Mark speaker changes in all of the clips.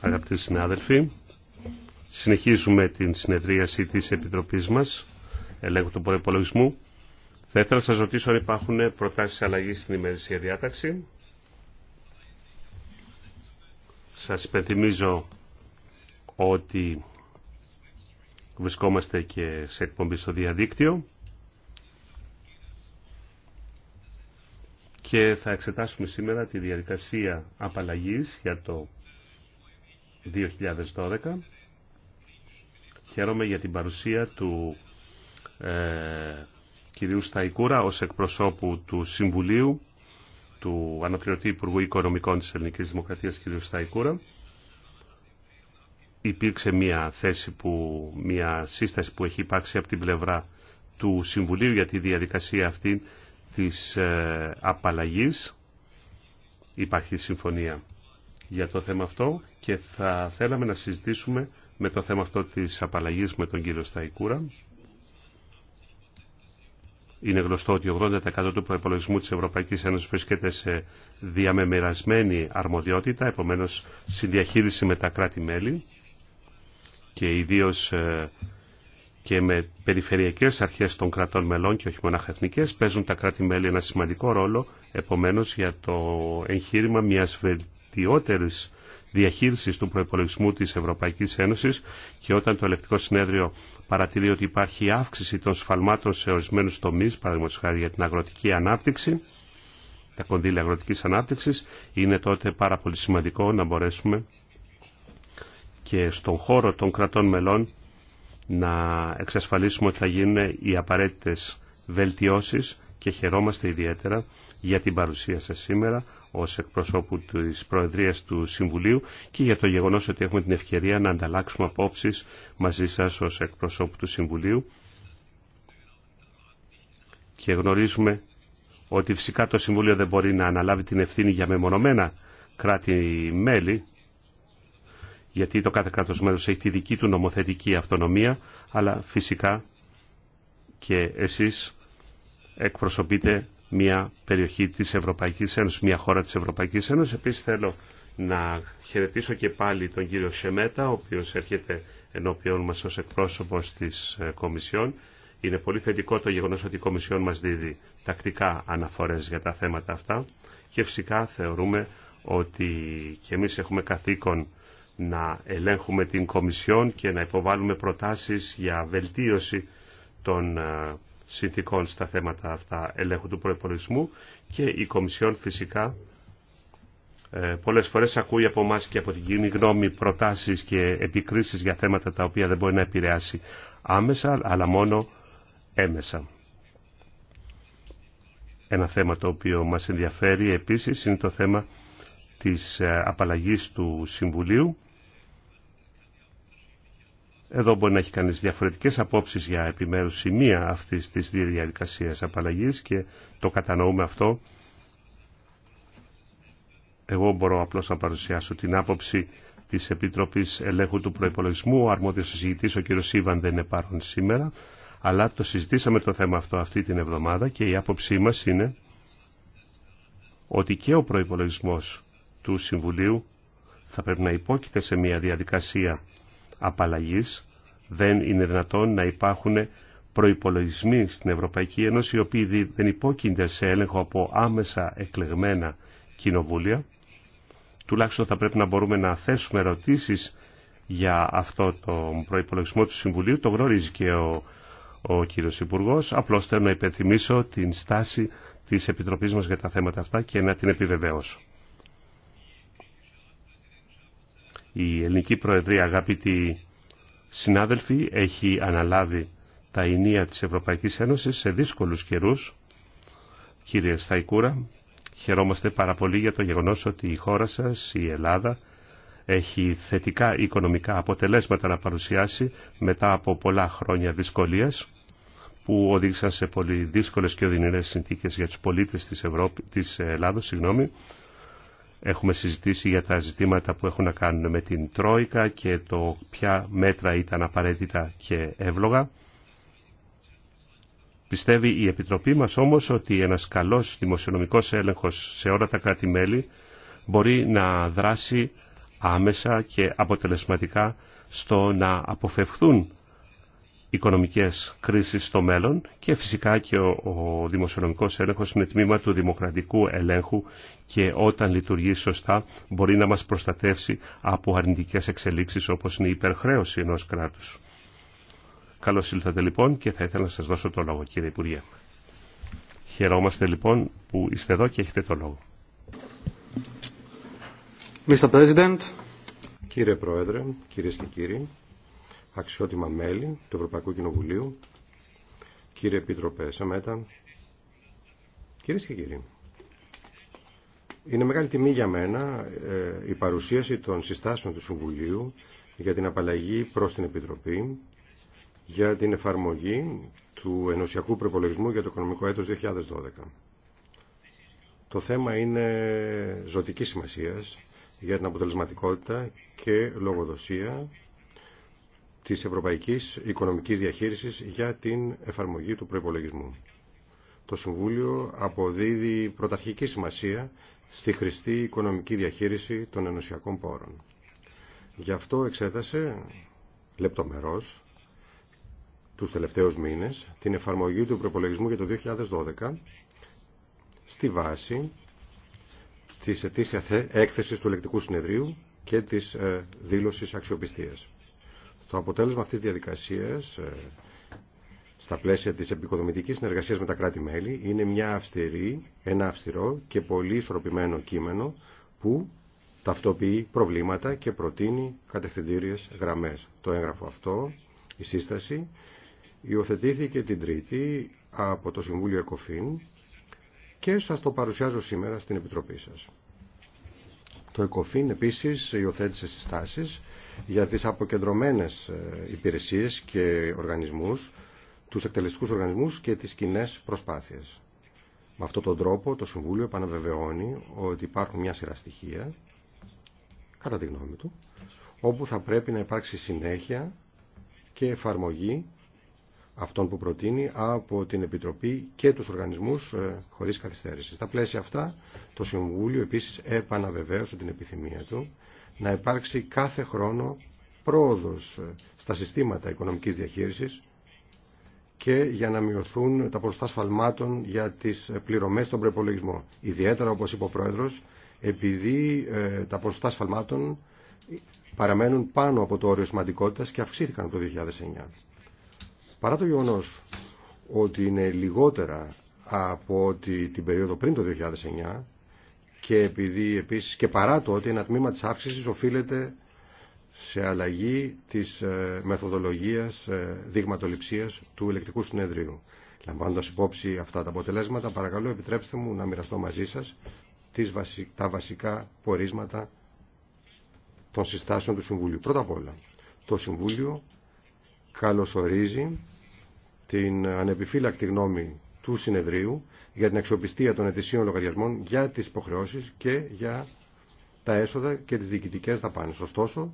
Speaker 1: Αγαπητοί συνάδελφοι, συνεχίζουμε την συνεδρίαση της Επιτροπής μας, ελέγχου του προϋπολογισμού. Θα ήθελα να σας ρωτήσω αν υπάρχουν προτάσεις αλλαγής στην ημερησία διάταξη. Σας υπενθυμίζω ότι βρισκόμαστε και σε εκπομπή στο διαδίκτυο. και θα εξετάσουμε σήμερα τη διαδικασία απαλλαγής για το 2012. Χαίρομαι για την παρουσία του ε, κυρίου Σταϊκούρα ως εκπροσώπου του Συμβουλίου του Αναπληρωτή Υπουργού Οικονομικών της Ελληνικής Δημοκρατίας κυρίου Σταϊκούρα. Υπήρξε μια θέση που, μια σύσταση που έχει υπάρξει από την πλευρά του Συμβουλίου για τη διαδικασία αυτή της ε, απαλλαγής. Υπάρχει συμφωνία για το θέμα αυτό και θα θέλαμε να συζητήσουμε με το θέμα αυτό της απαλλαγής με τον κύριο Σταϊκούρα. Είναι γνωστό ότι 80% του προπολογισμού της Ευρωπαϊκής Ένωσης βρίσκεται σε διαμεμερασμένη αρμοδιότητα, επομένως συνδιαχείριση με τα κράτη-μέλη και ιδίως ε, και με περιφερειακές αρχές των κρατών μελών και όχι μόνο εθνικέ, παίζουν τα κράτη-μέλη ένα σημαντικό ρόλο επομένω, για το εγχείρημα μια βελτιότερης διαχείριση του προπολογισμού τη Ευρωπαϊκή Ένωση, και όταν το Ελεκτικό Συνέδριο παρατηρεί ότι υπάρχει αύξηση των σφαλμάτων σε ορισμένου τομεί, παραδείγματο χάρη για την αγροτική ανάπτυξη, τα κονδύλια αγροτική ανάπτυξη, είναι τότε πάρα πολύ σημαντικό να μπορέσουμε και στον χώρο των κρατών μελών να εξασφαλίσουμε ότι θα γίνουν οι απαραίτητες βελτιώσεις και χαιρόμαστε ιδιαίτερα για την παρουσία σας σήμερα ως εκπροσώπου της Προεδρίας του Συμβουλίου και για το γεγονός ότι έχουμε την ευκαιρία να ανταλλάξουμε απόψεις μαζί σας ως εκπροσώπου του Συμβουλίου και γνωρίζουμε ότι φυσικά το Συμβούλιο δεν μπορεί να αναλάβει την ευθύνη για μεμονωμένα κράτη-μέλη γιατί το κάθε κράτος μέλος έχει τη δική του νομοθετική αυτονομία, αλλά φυσικά και εσείς εκπροσωπείτε μια περιοχή της Ευρωπαϊκής Ένωσης, μια χώρα της Ευρωπαϊκής Ένωσης. Επίσης θέλω να χαιρετήσω και πάλι τον κύριο Σεμέτα, ο οποίος έρχεται ενώπιον μας ως εκπρόσωπος της ε, Κομισιόν. Είναι πολύ θετικό το γεγονός ότι η Κομισιόν μας δίδει τακτικά αναφορές για τα θέματα αυτά και φυσικά θεωρούμε ότι και εμείς έχουμε καθήκον να ελέγχουμε την Κομισιόν και να υποβάλουμε προτάσεις για βελτίωση των ε, συνθήκων στα θέματα αυτά ελέγχου του προϋπολογισμού και η Κομισιόν φυσικά ε, πολλές φορές ακούει από εμά και από την κοινή γνώμη προτάσεις και επικρίσεις για θέματα τα οποία δεν μπορεί να επηρεάσει άμεσα αλλά μόνο έμεσα. Ένα θέμα το οποίο μας ενδιαφέρει επίσης είναι το θέμα της ε, απαλλαγής του Συμβουλίου εδώ μπορεί να έχει κανείς διαφορετικές απόψεις για επιμέρους σημεία αυτής της διαδικασίας απαλλαγής και το κατανοούμε αυτό. Εγώ μπορώ απλώς να παρουσιάσω την άποψη της Επιτροπής Ελέγχου του Προϋπολογισμού. Ο αρμόδιος συζητητής, ο κ. Σίβαν, δεν είναι παρόν σήμερα, αλλά το συζητήσαμε το θέμα αυτό αυτή την εβδομάδα και η άποψή μας είναι ότι και ο προϋπολογισμός του Συμβουλίου θα πρέπει να υπόκειται σε μια διαδικασία απαλλαγής δεν είναι δυνατόν να υπάρχουν προϋπολογισμοί στην Ευρωπαϊκή Ένωση οι οποίοι δεν υπόκεινται σε έλεγχο από άμεσα εκλεγμένα κοινοβούλια. Τουλάχιστον θα πρέπει να μπορούμε να θέσουμε ερωτήσεις για αυτό το προϋπολογισμό του Συμβουλίου. Το γνωρίζει και ο, ο κύριος Υπουργός. Απλώς θέλω να υπενθυμίσω την στάση της Επιτροπής μας για τα θέματα αυτά και να την επιβεβαιώσω. Η Ελληνική Προεδρία, αγαπητοί συνάδελφοι, έχει αναλάβει τα ηνία της Ευρωπαϊκής Ένωσης σε δύσκολους καιρούς. Κύριε Σταϊκούρα, χαιρόμαστε πάρα πολύ για το γεγονός ότι η χώρα σας, η Ελλάδα, έχει θετικά οικονομικά αποτελέσματα να παρουσιάσει μετά από πολλά χρόνια δυσκολίας που οδήγησαν σε πολύ δύσκολες και οδυνηρές συνθήκες για τους πολίτες της, Ευρώπη, της Συγγνώμη. Έχουμε συζητήσει για τα ζητήματα που έχουν να κάνουν με την Τρόικα και το ποια μέτρα ήταν απαραίτητα και εύλογα. Πιστεύει η Επιτροπή μας όμως ότι ένας καλός δημοσιονομικός έλεγχος σε όλα τα κράτη-μέλη μπορεί να δράσει άμεσα και αποτελεσματικά στο να αποφευχθούν οικονομικές κρίσεις στο μέλλον και φυσικά και ο, ο δημοσιονομικός έλεγχος είναι τμήμα του δημοκρατικού ελέγχου και όταν λειτουργεί σωστά μπορεί να μας προστατεύσει από αρνητικές εξελίξεις όπως είναι η υπερχρέωση ενός κράτους. Καλώς ήλθατε λοιπόν και θα ήθελα να σας δώσω το λόγο κύριε Υπουργέ. Χαιρόμαστε λοιπόν που είστε εδώ και έχετε το λόγο. Mr. President.
Speaker 2: Κύριε Πρόεδρε, κυρίες και κύριοι, αξιότιμα μέλη του Ευρωπαϊκού Κοινοβουλίου, κύριε Επίτροπε Σαμέτα, κυρίε και κύριοι. Είναι μεγάλη τιμή για μένα ε, η παρουσίαση των συστάσεων του Συμβουλίου για την απαλλαγή προς την Επιτροπή για την εφαρμογή του ενωσιακού προπολογισμού για το οικονομικό έτος 2012. Το θέμα είναι ζωτικής σημασίας για την αποτελεσματικότητα και λογοδοσία της Ευρωπαϊκής Οικονομικής Διαχείρισης για την εφαρμογή του προϋπολογισμού. Το Συμβούλιο αποδίδει πρωταρχική σημασία στη χρηστή οικονομική διαχείριση των ενωσιακών πόρων. Γι' αυτό εξέτασε λεπτομερώς τους τελευταίους μήνες την εφαρμογή του Προϋπολογισμού για το 2012 στη βάση της ετήσια έκθεσης του Ελεκτικού Συνεδρίου και της ε, δήλωσης αξιοπιστίας. Το αποτέλεσμα αυτής της διαδικασίας ε, στα πλαίσια της επικοδομητικής συνεργασίας με τα κράτη-μέλη είναι μια αυστηρή, ένα αυστηρό και πολύ ισορροπημένο κείμενο που ταυτοποιεί προβλήματα και προτείνει κατευθυντήριες γραμμές. Το έγγραφο αυτό, η σύσταση, υιοθετήθηκε την Τρίτη από το Συμβούλιο ΕΚΟΦΗΝ και σας το παρουσιάζω σήμερα στην Επιτροπή σας. Το ΕΚΟΦΗΝ επίσης υιοθέτησε συστάσεις για τις αποκεντρωμένες ε, υπηρεσίες και οργανισμούς, τους εκτελεστικούς οργανισμούς και τις κοινέ προσπάθειες. Με αυτόν τον τρόπο το Συμβούλιο επαναβεβαιώνει ότι υπάρχουν μια σειρά στοιχεία, κατά τη γνώμη του, όπου θα πρέπει να υπάρξει συνέχεια και εφαρμογή αυτών που προτείνει από την Επιτροπή και τους οργανισμούς ε, χωρίς καθυστέρηση. Στα πλαίσια αυτά το Συμβούλιο επίσης επαναβεβαίωσε την επιθυμία του να υπάρξει κάθε χρόνο πρόοδος στα συστήματα οικονομικής διαχείρισης και για να μειωθούν τα ποσοστά σφαλμάτων για τις πληρωμές στον προπολογισμό. Ιδιαίτερα, όπως είπε ο Πρόεδρος, επειδή ε, τα ποσοστά σφαλμάτων παραμένουν πάνω από το όριο σημαντικότητας και αυξήθηκαν το 2009. Παρά το γεγονός ότι είναι λιγότερα από την περίοδο πριν το 2009, και επειδή επίσης και παρά το ότι ένα τμήμα της αύξησης οφείλεται σε αλλαγή της ε, μεθοδολογίας ε, δειγματοληψίας του ηλεκτρικού συνεδρίου. Λαμβάνοντας υπόψη αυτά τα αποτελέσματα, παρακαλώ επιτρέψτε μου να μοιραστώ μαζί σας τις, τα βασικά πορίσματα των συστάσεων του Συμβουλίου. Πρώτα απ' όλα, το Συμβούλιο καλωσορίζει την ανεπιφύλακτη γνώμη του συνεδρίου για την αξιοπιστία των ετησίων λογαριασμών για τις υποχρεώσεις και για τα έσοδα και τις διοικητικές δαπάνες. Ωστόσο,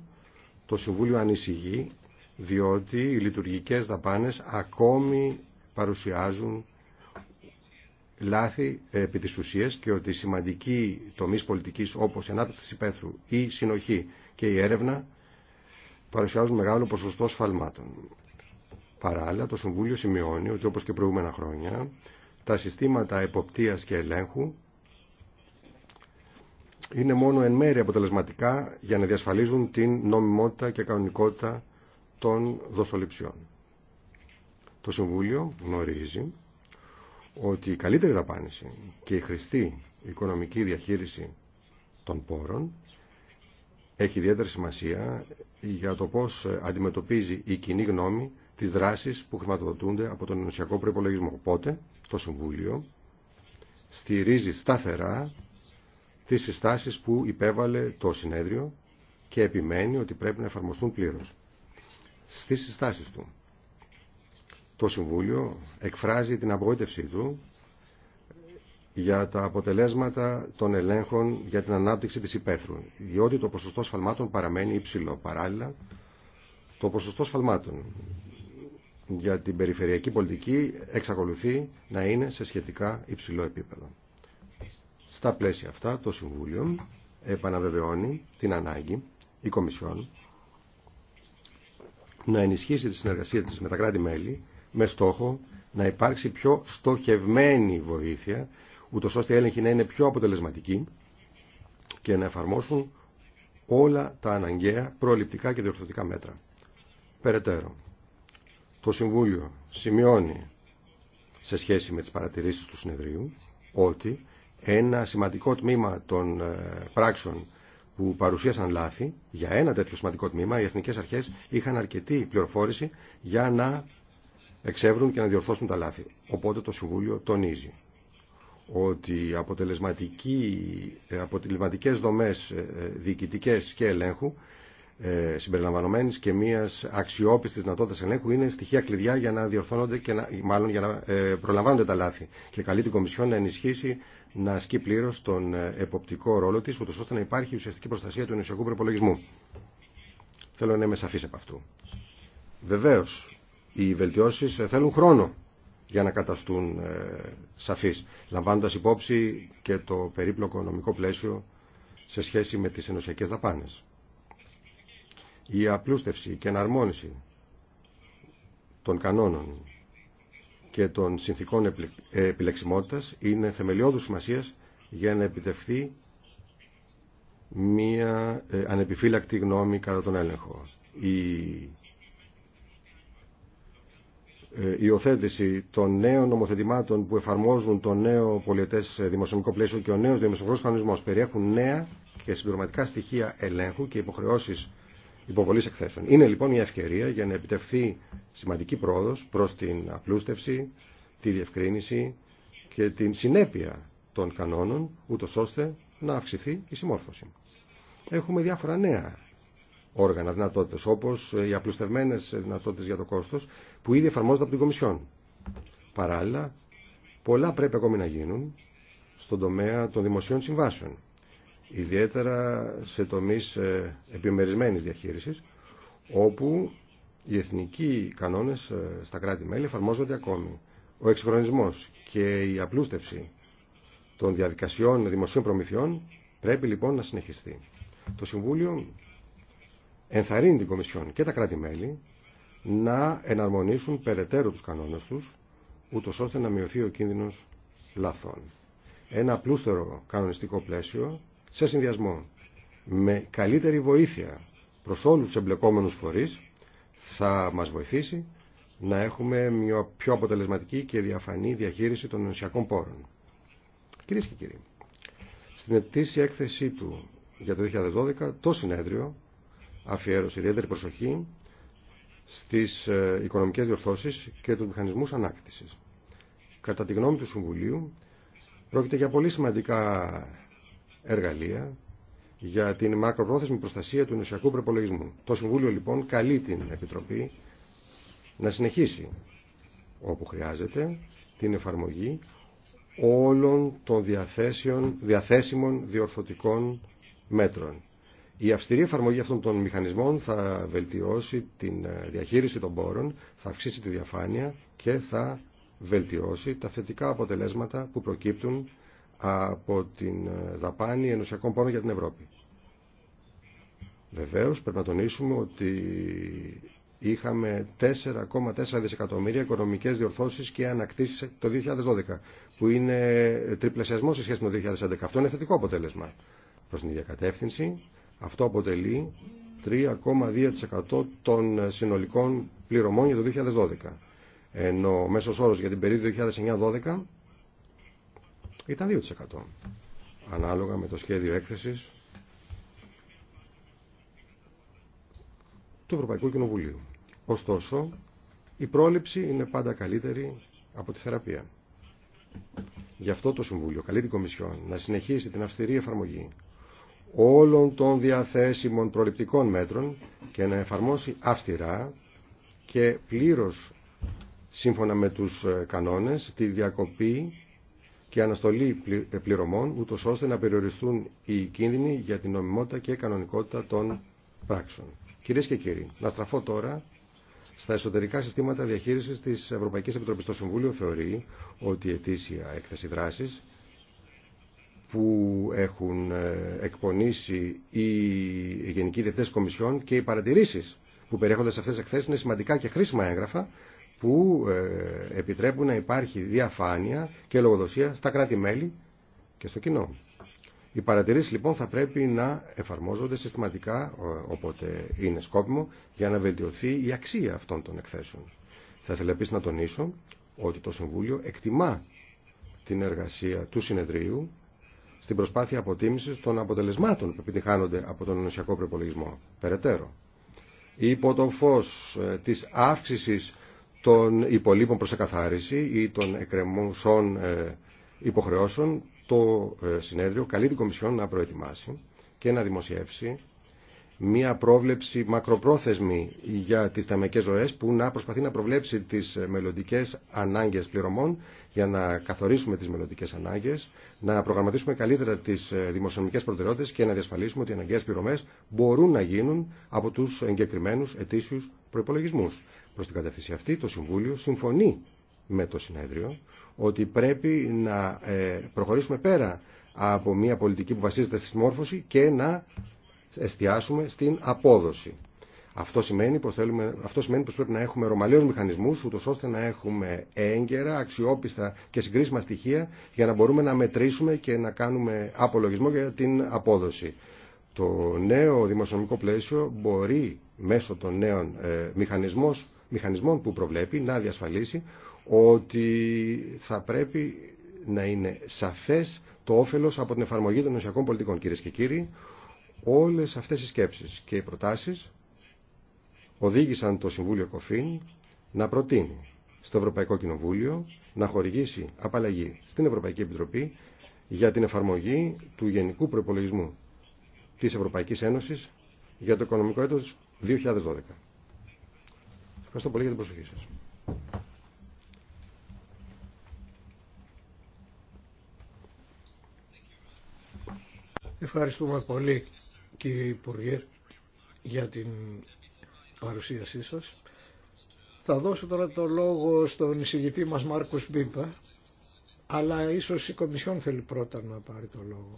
Speaker 2: το Συμβούλιο ανησυχεί διότι οι λειτουργικές δαπάνες ακόμη παρουσιάζουν λάθη επί ουσία και ότι σημαντικοί τομεί πολιτικής όπως η ανάπτυξη της υπαίθρου, η συνοχή και η έρευνα παρουσιάζουν μεγάλο ποσοστό σφαλμάτων. Παράλληλα, το Συμβούλιο σημειώνει ότι όπως και προηγούμενα χρόνια, τα συστήματα εποπτείας και ελέγχου είναι μόνο εν μέρει αποτελεσματικά για να διασφαλίζουν την νομιμότητα και κανονικότητα των δοσοληψιών. Το Συμβούλιο γνωρίζει ότι η καλύτερη δαπάνηση και η χρηστή οικονομική διαχείριση των πόρων έχει ιδιαίτερη σημασία για το πώς αντιμετωπίζει η κοινή γνώμη τις δράσει που χρηματοδοτούνται από τον ενωσιακό προπολογισμό. Οπότε, το Συμβούλιο στηρίζει σταθερά τις συστάσεις που υπέβαλε το συνέδριο και επιμένει ότι πρέπει να εφαρμοστούν πλήρως. Στις συστάσεις του, το Συμβούλιο εκφράζει την απογοήτευσή του για τα αποτελέσματα των ελέγχων για την ανάπτυξη της υπαίθρου, διότι το ποσοστό σφαλμάτων παραμένει υψηλό. Παράλληλα, το ποσοστό σφαλμάτων για την περιφερειακή πολιτική εξακολουθεί να είναι σε σχετικά υψηλό επίπεδο. Στα πλαίσια αυτά το Συμβούλιο επαναβεβαιώνει την ανάγκη η Κομισιόν να ενισχύσει τη συνεργασία της με τα κράτη-μέλη με στόχο να υπάρξει πιο στοχευμένη βοήθεια ούτως ώστε οι έλεγχοι να είναι πιο αποτελεσματική και να εφαρμόσουν όλα τα αναγκαία προληπτικά και διορθωτικά μέτρα. Περαιτέρω, το Συμβούλιο σημειώνει σε σχέση με τις παρατηρήσεις του συνεδρίου ότι ένα σημαντικό τμήμα των ε, πράξεων που παρουσίασαν λάθη, για ένα τέτοιο σημαντικό τμήμα, οι εθνικές αρχές είχαν αρκετή πληροφόρηση για να εξεύρουν και να διορθώσουν τα λάθη. Οπότε το Συμβούλιο τονίζει ότι ε, αποτελεσματικές δομές ε, διοικητικές και ελέγχου ε, συμπεριλαμβανομένης και μιας αξιόπιστης δυνατότητας ελέγχου είναι στοιχεία κλειδιά για να διορθώνονται και να, μάλλον για να ε, προλαμβάνονται τα λάθη και καλεί την Κομισιόν να ενισχύσει να ασκεί πλήρω τον ε, εποπτικό ρόλο της ούτως ώστε να υπάρχει ουσιαστική προστασία του ενωσιακού προπολογισμού. Θέλω να είμαι σαφής από αυτού. Βεβαίως, οι βελτιώσεις ε, θέλουν χρόνο για να καταστούν ε, σαφείς, λαμβάνοντα υπόψη και το περίπλοκο νομικό πλαίσιο σε σχέση με τις ενωσιακές δαπάνε η απλούστευση και εναρμόνιση των κανόνων και των συνθήκων ε, επιλεξιμότητας είναι θεμελιώδους σημασίας για να επιτευχθεί μία ε, ανεπιφύλακτη γνώμη κατά τον έλεγχο. Η υιοθέτηση ε, των νέων νομοθετημάτων που εφαρμόζουν το νέο πολιτέ δημοσιονομικό πλαίσιο και ο νέο δημοσιονομικό κανονισμός περιέχουν νέα και συμπληρωματικά στοιχεία ελέγχου και υποχρεώσεις εκθέσεων. Είναι λοιπόν μια ευκαιρία για να επιτευχθεί σημαντική πρόοδος προς την απλούστευση, τη διευκρίνηση και την συνέπεια των κανόνων, ούτω ώστε να αυξηθεί η συμμόρφωση. Έχουμε διάφορα νέα όργανα δυνατότητε, όπω οι απλουστευμένε δυνατότητε για το κόστο, που ήδη εφαρμόζονται από την Κομισιόν. Παράλληλα, πολλά πρέπει ακόμη να γίνουν στον τομέα των δημοσίων συμβάσεων ιδιαίτερα σε τομείς ε, επιμερισμένης διαχείρισης, όπου οι εθνικοί κανόνες ε, στα κράτη-μέλη εφαρμόζονται ακόμη. Ο εξυγχρονισμός και η απλούστευση των διαδικασιών δημοσίων προμηθειών πρέπει λοιπόν να συνεχιστεί. Το Συμβούλιο ενθαρρύνει την Κομισιόν και τα κράτη-μέλη να εναρμονίσουν περαιτέρω τους κανόνες τους, ούτως ώστε να μειωθεί ο κίνδυνος λαθών. Ένα απλούστερο κανονιστικό πλαίσιο σε συνδυασμό με καλύτερη βοήθεια προς όλους τους εμπλεκόμενους φορείς θα μας βοηθήσει να έχουμε μια πιο αποτελεσματική και διαφανή διαχείριση των ενωσιακών πόρων. Κυρίε και κύριοι, στην ετήσια έκθεσή του για το 2012 το συνέδριο αφιέρωσε ιδιαίτερη προσοχή στις ε, οικονομικές διορθώσεις και τους μηχανισμούς ανάκτησης. Κατά τη γνώμη του Συμβουλίου, πρόκειται για πολύ σημαντικά εργαλεία για την μακροπρόθεσμη προστασία του νοσιακού προπολογισμού. Το Συμβούλιο λοιπόν καλεί την Επιτροπή να συνεχίσει όπου χρειάζεται την εφαρμογή όλων των διαθέσιμων διορθωτικών μέτρων. Η αυστηρή εφαρμογή αυτών των μηχανισμών θα βελτιώσει την ε, διαχείριση των πόρων, θα αυξήσει τη διαφάνεια και θα βελτιώσει τα θετικά αποτελέσματα που προκύπτουν από την ε, δαπάνη ενωσιακών πόρων για την Ευρώπη. Βεβαίως πρέπει να τονίσουμε ότι είχαμε 4,4 δισεκατομμύρια οικονομικές διορθώσεις και ανακτήσεις το 2012 που είναι τριπλασιασμό σε σχέση με το 2011. Αυτό είναι θετικό αποτέλεσμα προς την ίδια Αυτό αποτελεί 3,2% των συνολικών πληρωμών για το 2012. Ενώ ο μέσος όρος για την περίοδο 2019-2012 ήταν 2%. Ανάλογα με το σχέδιο έκθεσης του Ευρωπαϊκού Κοινοβουλίου. Ωστόσο, η πρόληψη είναι πάντα καλύτερη από τη θεραπεία. Γι' αυτό το Συμβούλιο καλεί την Κομισιόν να συνεχίσει την αυστηρή εφαρμογή όλων των διαθέσιμων προληπτικών μέτρων και να εφαρμόσει αυστηρά και πλήρως σύμφωνα με τους ε, κανόνες τη διακοπή και αναστολή ε, πληρωμών, ούτω ώστε να περιοριστούν οι κίνδυνοι για την νομιμότητα και κανονικότητα των πράξεων. Κυρίε και κύριοι, να στραφώ τώρα στα εσωτερικά συστήματα διαχείριση τη Ευρωπαϊκή Επιτροπή. Το Συμβούλιο θεωρεί ότι η ετήσια έκθεση δράση που έχουν ε, εκπονήσει οι Γενικοί Διευθυντέ Κομισιών και οι παρατηρήσει που περιέχονται σε αυτέ τι εκθέσει είναι σημαντικά και χρήσιμα έγγραφα που ε, επιτρέπουν να υπάρχει διαφάνεια και λογοδοσία στα κράτη-μέλη και στο κοινό. Οι παρατηρήσεις λοιπόν θα πρέπει να εφαρμόζονται συστηματικά όποτε είναι σκόπιμο για να βελτιωθεί η αξία αυτών των εκθέσεων. Θα ήθελα επίσης να τονίσω ότι το Συμβούλιο εκτιμά την εργασία του συνεδρίου στην προσπάθεια αποτίμησης των αποτελεσμάτων που επιτυχάνονται από τον ενωσιακό προπολογισμό. Περαιτέρω, υπό το φως ε, της αύξησης των υπολείπων προς εκαθάριση ή των εκκρεμούσων ε, υποχρεώσεων, το ε, συνέδριο καλεί την Κομισιόν να προετοιμάσει και να δημοσιεύσει μία πρόβλεψη μακροπρόθεσμη για τις ταμιακές ζωές που να προσπαθεί να προβλέψει τις μελλοντικέ ανάγκες πληρωμών για να καθορίσουμε τις μελλοντικέ ανάγκες, να προγραμματίσουμε καλύτερα τις ε, δημοσιονομικές προτεραιότητες και να διασφαλίσουμε ότι οι αναγκαίες πληρωμές μπορούν να γίνουν από τους εγκεκριμένους ετήσιους προϋπολογισμούς. Προς την κατεύθυνση αυτή το Συμβούλιο συμφωνεί με το συνέδριο ότι πρέπει να ε, προχωρήσουμε πέρα από μια πολιτική που βασίζεται στη συμμόρφωση και να εστιάσουμε στην απόδοση. Αυτό σημαίνει, πως αυτό σημαίνει πως πρέπει να έχουμε ρωμαλαίους μηχανισμούς, ούτως ώστε να έχουμε έγκαιρα, αξιόπιστα και συγκρίσιμα στοιχεία για να μπορούμε να μετρήσουμε και να κάνουμε απολογισμό για την απόδοση. Το νέο δημοσιονομικό πλαίσιο μπορεί μέσω των νέων ε, μηχανισμών μηχανισμών που προβλέπει να διασφαλίσει ότι θα πρέπει να είναι σαφές το όφελος από την εφαρμογή των νοσιακών πολιτικών. Κυρίε και κύριοι, όλες αυτές οι σκέψεις και οι προτάσεις οδήγησαν το Συμβούλιο Κοφίν να προτείνει στο Ευρωπαϊκό Κοινοβούλιο να χορηγήσει απαλλαγή στην Ευρωπαϊκή Επιτροπή για την εφαρμογή του Γενικού Προπολογισμού της Ευρωπαϊκής Ένωσης για το οικονομικό έτος 2012. Ευχαριστώ πολύ για την προσοχή σας.
Speaker 3: Ευχαριστούμε πολύ κύριε Υπουργέ για την παρουσίασή σας. Θα δώσω τώρα το λόγο στον εισηγητή μας Μάρκος Μπίμπα, αλλά ίσως η Κομισιόν θέλει πρώτα να πάρει το λόγο.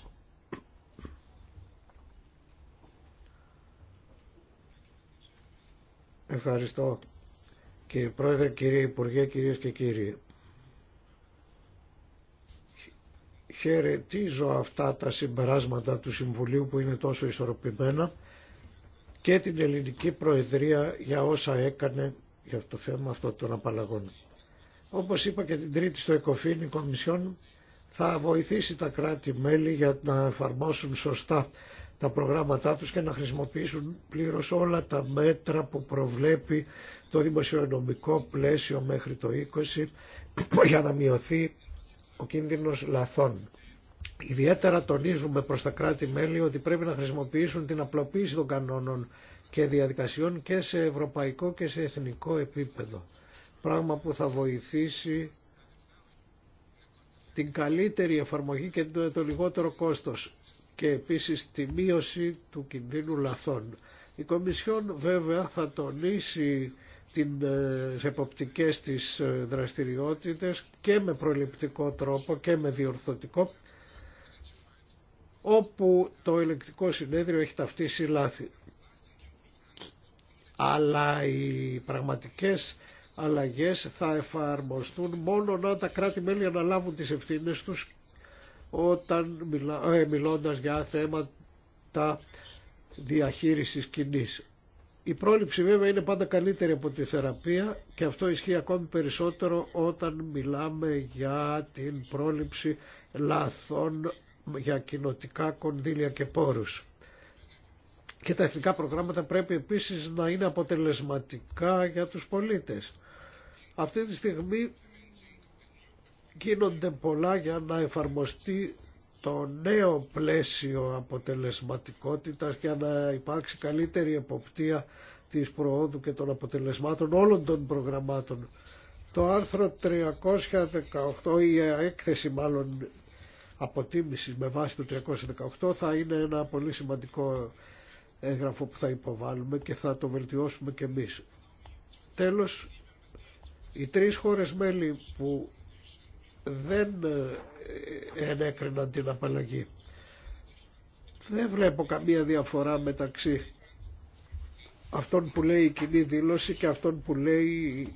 Speaker 3: Ευχαριστώ Κύριε Πρόεδρε, κύριε Υπουργέ, κυρίες και κύριοι. Χαιρετίζω αυτά τα συμπεράσματα του Συμβουλίου που είναι τόσο ισορροπημένα και την Ελληνική Προεδρία για όσα έκανε για το θέμα αυτό των απαλλαγών. Όπως είπα και την Τρίτη στο ΕΚΟΦΗΝ, η Κομισιόν θα βοηθήσει τα κράτη-μέλη για να εφαρμόσουν σωστά τα προγράμματά τους και να χρησιμοποιήσουν πλήρως όλα τα μέτρα που προβλέπει το δημοσιονομικό πλαίσιο μέχρι το 20 για να μειωθεί ο κίνδυνος λαθών. Ιδιαίτερα τονίζουμε προς τα κράτη-μέλη ότι πρέπει να χρησιμοποιήσουν την απλοποίηση των κανόνων και διαδικασιών και σε ευρωπαϊκό και σε εθνικό επίπεδο. Πράγμα που θα βοηθήσει την καλύτερη εφαρμογή και το λιγότερο κόστος και επίσης τη μείωση του κινδύνου λαθών. Η Κομισιόν βέβαια θα τονίσει τις ε, εποπτικές της ε, δραστηριότητες και με προληπτικό τρόπο και με διορθωτικό όπου το ελεκτικό συνέδριο έχει ταυτίσει λάθη. Αλλά οι πραγματικές αλλαγές θα εφαρμοστούν μόνο όταν τα κράτη-μέλη αναλάβουν τις ευθύνες τους όταν μιλά, ε, μιλώντας για θέματα διαχείρισης κοινή. Η πρόληψη βέβαια είναι πάντα καλύτερη από τη θεραπεία και αυτό ισχύει ακόμη περισσότερο όταν μιλάμε για την πρόληψη λαθών για κοινοτικά κονδύλια και πόρους. Και τα εθνικά προγράμματα πρέπει επίσης να είναι αποτελεσματικά για τους πολίτες. Αυτή τη στιγμή γίνονται πολλά για να εφαρμοστεί το νέο πλαίσιο αποτελεσματικότητας για να υπάρξει καλύτερη εποπτεία της προόδου και των αποτελεσμάτων όλων των προγραμμάτων. Το άρθρο 318 ή η έκθεση μάλλον αποτίμησης με βάση το 318 θα είναι ένα πολύ σημαντικό έγγραφο που θα υποβάλουμε και θα το βελτιώσουμε και εμείς. Τέλος, οι τρεις χώρες μέλη που δεν ε, ε, ενέκριναν την απαλλαγή. Δεν βλέπω καμία διαφορά μεταξύ αυτών που λέει η κοινή δήλωση και αυτών που λέει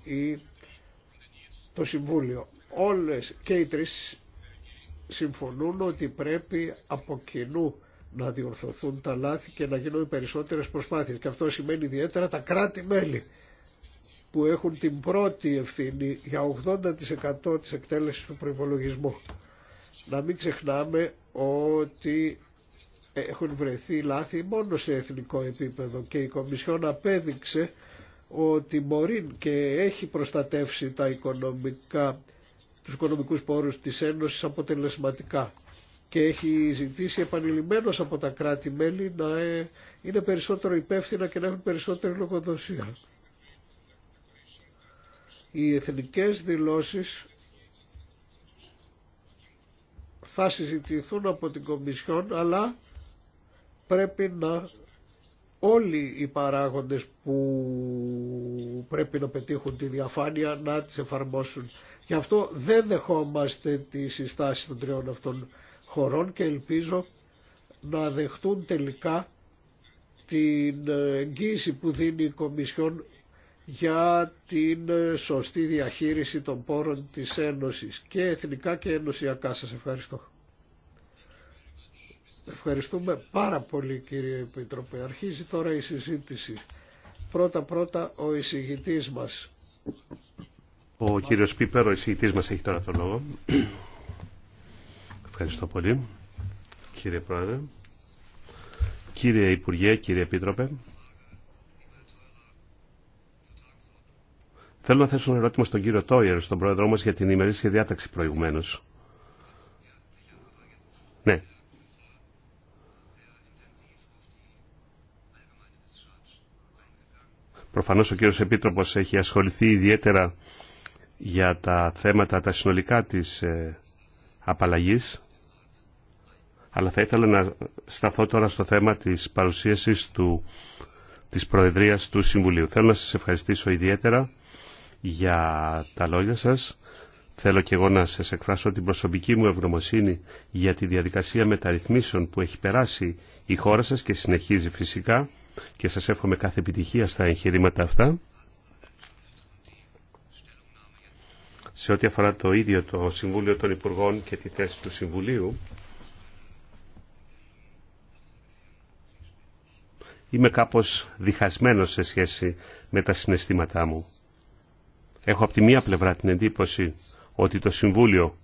Speaker 3: το Συμβούλιο. Όλες και οι τρεις συμφωνούν ότι πρέπει από κοινού να διορθωθούν τα λάθη και να γίνουν περισσότερες προσπάθειες. Και αυτό σημαίνει ιδιαίτερα τα κράτη-μέλη που έχουν την πρώτη ευθύνη για 80% της εκτέλεσης του προϋπολογισμού. Να μην ξεχνάμε ότι έχουν βρεθεί λάθη μόνο σε εθνικό επίπεδο και η Κομισιόν απέδειξε ότι μπορεί και έχει προστατεύσει τα οικονομικά, τους οικονομικούς πόρους της Ένωσης αποτελεσματικά και έχει ζητήσει επανειλημμένως από τα κράτη-μέλη να ε, είναι περισσότερο υπεύθυνα και να έχουν περισσότερη λογοδοσία οι εθνικές δηλώσεις θα συζητηθούν από την Κομισιόν αλλά πρέπει να όλοι οι παράγοντες που πρέπει να πετύχουν τη διαφάνεια να τις εφαρμόσουν. Γι' αυτό δεν δεχόμαστε τη συστάση των τριών αυτών χωρών και ελπίζω να δεχτούν τελικά την εγγύηση που δίνει η Κομισιόν για την ε, σωστή διαχείριση των πόρων της Ένωσης και εθνικά και ενωσιακά. Σας ευχαριστώ. Ευχαριστούμε πάρα πολύ κύριε Επιτροπέ. Αρχίζει τώρα η συζήτηση. Πρώτα πρώτα ο εισηγητής μας.
Speaker 1: Ο κύριος Πίπερ, ο εισηγητής μας έχει τώρα το λόγο. Ευχαριστώ πολύ κύριε Πρόεδρε. Κύριε Υπουργέ, κύριε Επίτροπε, Θέλω να θέσω ένα ερώτημα στον κύριο Τόιερ, στον πρόεδρό μας για την ημερήσια διάταξη προηγουμένως. Ναι. Προφανώς ο κύριος Επίτροπος έχει ασχοληθεί ιδιαίτερα για τα θέματα τα συνολικά της ε, απαλλαγής αλλά θα ήθελα να σταθώ τώρα στο θέμα της παρουσίασης του, της Προεδρίας του Συμβουλίου. Θέλω να σας ευχαριστήσω ιδιαίτερα για τα λόγια σας. Θέλω και εγώ να σας εκφράσω την προσωπική μου ευγνωμοσύνη για τη διαδικασία μεταρρυθμίσεων που έχει περάσει η χώρα σας και συνεχίζει φυσικά και σας εύχομαι κάθε επιτυχία στα εγχειρήματα αυτά. Σε ό,τι αφορά το ίδιο το Συμβούλιο των Υπουργών και τη θέση του Συμβουλίου, είμαι κάπως διχασμένος σε σχέση με τα συναισθήματά μου. Έχω από τη μία πλευρά την εντύπωση ότι το Συμβούλιο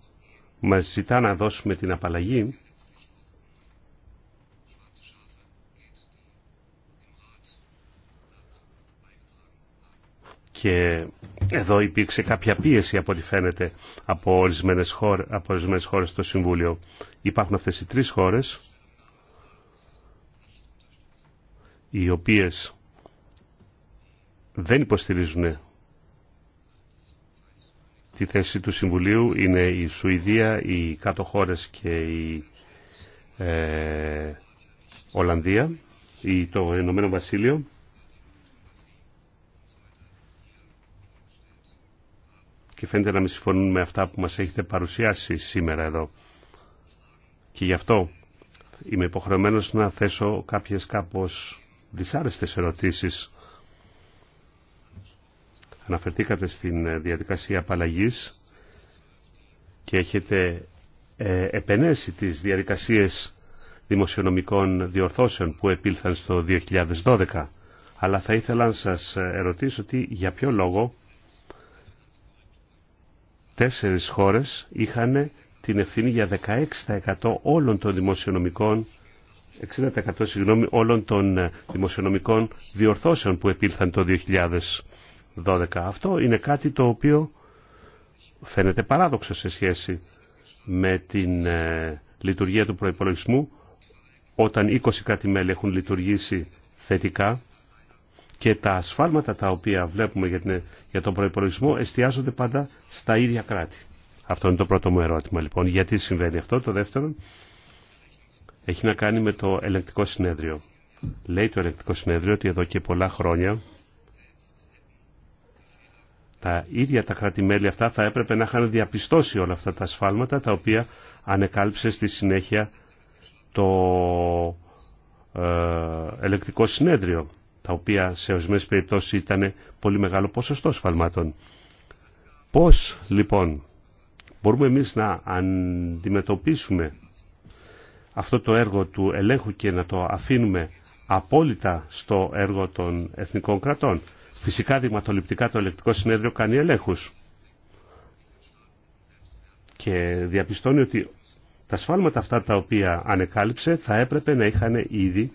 Speaker 1: μας ζητά να δώσουμε την απαλλαγή και εδώ υπήρξε κάποια πίεση από ό,τι φαίνεται από ορισμένες, χώρες, στο Συμβούλιο. Υπάρχουν αυτές οι τρεις χώρες οι οποίες δεν υποστηρίζουν τη θέση του Συμβουλίου είναι η Σουηδία, οι κάτω χώρες και η ε, Ολλανδία, ή το Ηνωμένο Βασίλειο. Και φαίνεται να μην συμφωνούν με αυτά που μας έχετε παρουσιάσει σήμερα εδώ. Και γι' αυτό είμαι υποχρεωμένος να θέσω κάποιες κάπως δυσάρεστες ερωτήσεις Αναφερθήκατε στην ε, διαδικασία απαλλαγή και έχετε ε, επενέσει τις διαδικασίες δημοσιονομικών διορθώσεων που επήλθαν στο 2012. Αλλά θα ήθελα να σας ε, ερωτήσω τι, για ποιο λόγο τέσσερις χώρες είχαν την ευθύνη για 16% όλων των δημοσιονομικών 60% συγγνώμη, όλων των δημοσιονομικών διορθώσεων που επήλθαν το 12. Αυτό είναι κάτι το οποίο φαίνεται παράδοξο σε σχέση με την ε, λειτουργία του προϋπολογισμού όταν 20 κράτη-μέλη έχουν λειτουργήσει θετικά και τα ασφάλματα τα οποία βλέπουμε για, την, ε, για τον προϋπολογισμό εστιάζονται πάντα στα ίδια κράτη. Αυτό είναι το πρώτο μου ερώτημα λοιπόν. Γιατί συμβαίνει αυτό. Το δεύτερο έχει να κάνει με το Ελεκτικό συνέδριο. Λέει το Ελεκτικό συνέδριο ότι εδώ και πολλά χρόνια τα ίδια τα κράτη-μέλη αυτά θα έπρεπε να είχαν διαπιστώσει όλα αυτά τα σφάλματα τα οποία ανεκάλυψε στη συνέχεια το ε, ελεκτικό συνέδριο τα οποία σε ορισμένε περιπτώσεις ήταν πολύ μεγάλο ποσοστό σφαλμάτων. Πώς λοιπόν μπορούμε εμείς να αντιμετωπίσουμε αυτό το έργο του ελέγχου και να το αφήνουμε απόλυτα στο έργο των εθνικών κρατών. Φυσικά δειγματοληπτικά το ελεκτικό συνέδριο κάνει ελέγχους και διαπιστώνει ότι τα σφάλματα αυτά τα οποία ανεκάλυψε θα έπρεπε να είχαν ήδη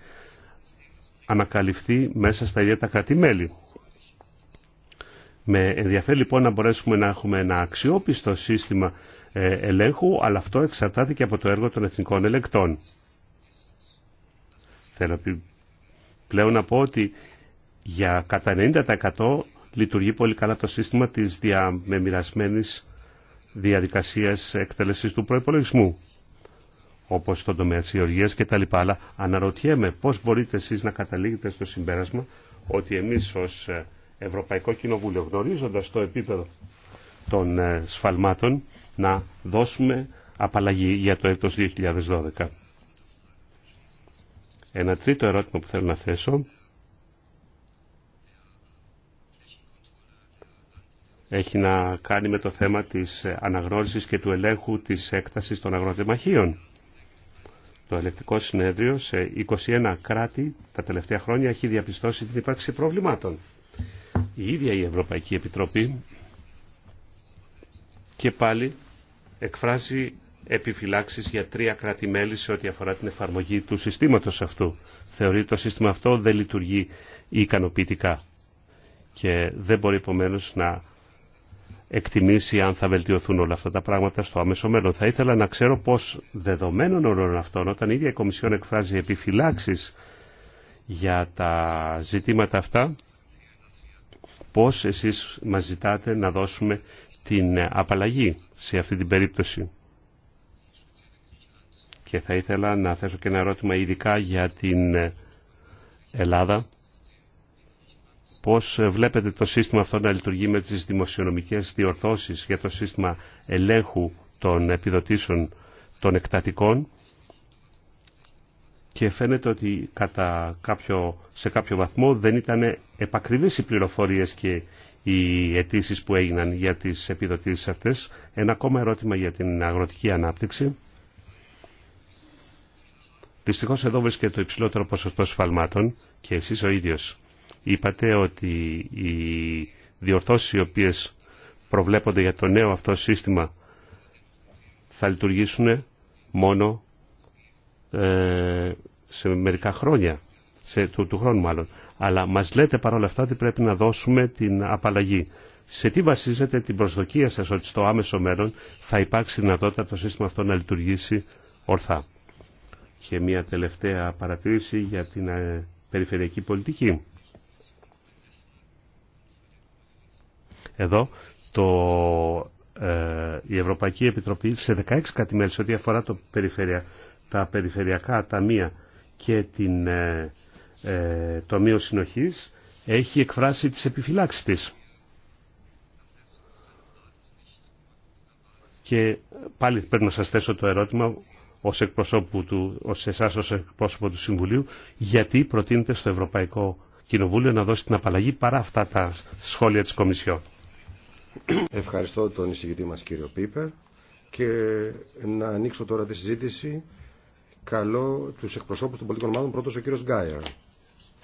Speaker 1: ανακαλυφθεί μέσα στα ίδια τα κρατημέλη. Με ενδιαφέρει λοιπόν να μπορέσουμε να έχουμε ένα αξιόπιστο σύστημα ε, ελέγχου, αλλά αυτό εξαρτάται και από το έργο των εθνικών ελεκτών. Θέλω πλέον να πω ότι για κατά 90% λειτουργεί πολύ καλά το σύστημα της διαμεμοιρασμένης διαδικασίας εκτέλεσης του προϋπολογισμού όπως στον τομέα της υγειοργίας και τα λοιπά. Αλλά αναρωτιέμαι πώς μπορείτε εσείς να καταλήγετε στο συμπέρασμα ότι εμείς ως ε, Ευρωπαϊκό Κοινοβούλιο γνωρίζοντας το επίπεδο των ε, σφαλμάτων να δώσουμε απαλλαγή για το έτος 2012. Ένα τρίτο ερώτημα που θέλω να θέσω έχει να κάνει με το θέμα της αναγνώρισης και του ελέγχου της έκτασης των αγροτεμαχίων. Το ελεκτικό συνέδριο σε 21 κράτη τα τελευταία χρόνια έχει διαπιστώσει την ύπαρξη προβλημάτων. Η ίδια η Ευρωπαϊκή Επιτροπή και πάλι εκφράζει επιφυλάξεις για τρία κράτη-μέλη σε ό,τι αφορά την εφαρμογή του συστήματος αυτού. Θεωρεί το σύστημα αυτό δεν λειτουργεί ικανοποιητικά και δεν μπορεί επομένω να εκτιμήσει αν θα βελτιωθούν όλα αυτά τα πράγματα στο άμεσο μέλλον. Θα ήθελα να ξέρω πώς δεδομένων όλων αυτών, όταν η ίδια η Κομισιόν εκφράζει επιφυλάξεις για τα ζητήματα αυτά, πώς εσείς μας ζητάτε να δώσουμε την απαλλαγή σε αυτή την περίπτωση. Και θα ήθελα να θέσω και ένα ερώτημα ειδικά για την Ελλάδα πώς ε, βλέπετε το σύστημα αυτό να λειτουργεί με τις δημοσιονομικές διορθώσεις για το σύστημα ελέγχου των επιδοτήσεων των εκτατικών και φαίνεται ότι κατά κάποιο, σε κάποιο βαθμό δεν ήταν επακριβείς οι πληροφορίες και οι αιτήσει που έγιναν για τις επιδοτήσεις αυτές. Ένα ακόμα ερώτημα για την αγροτική ανάπτυξη. Δυστυχώς εδώ βρίσκεται το υψηλότερο ποσοστό σφαλμάτων και εσείς ο ίδιος Είπατε ότι οι διορθώσεις οι οποίες προβλέπονται για το νέο αυτό σύστημα θα λειτουργήσουν μόνο ε, σε μερικά χρόνια, σε, του, του χρόνου μάλλον. Αλλά μας λέτε παρόλα αυτά ότι πρέπει να δώσουμε την απαλλαγή. Σε τι βασίζεται την προσδοκία σας ότι στο άμεσο μέλλον θα υπάρξει δυνατότητα το σύστημα αυτό να λειτουργήσει ορθά. Και μια τελευταία παρατήρηση για την ε, περιφερειακή πολιτική. Εδώ το, ε, η Ευρωπαϊκή Επιτροπή σε 16 κατημέρες ό,τι αφορά το περιφερεια, τα περιφερειακά ταμεία και την, ε, ε, το Μείο Συνοχής έχει εκφράσει τις επιφυλάξεις της. Και πάλι πρέπει να σας θέσω το ερώτημα ως, εκπροσώπου του, ως εσάς ως εκπρόσωπο του Συμβουλίου γιατί προτείνεται στο Ευρωπαϊκό Κοινοβούλιο να δώσει την απαλλαγή παρά αυτά τα σχόλια της Κομισιόν. Ευχαριστώ τον εισηγητή μας κύριο Πίπερ
Speaker 2: και να ανοίξω τώρα τη συζήτηση. καλό τους εκπροσώπους των πολιτικών ομάδων, πρώτος ο κύριος Γκάιερ.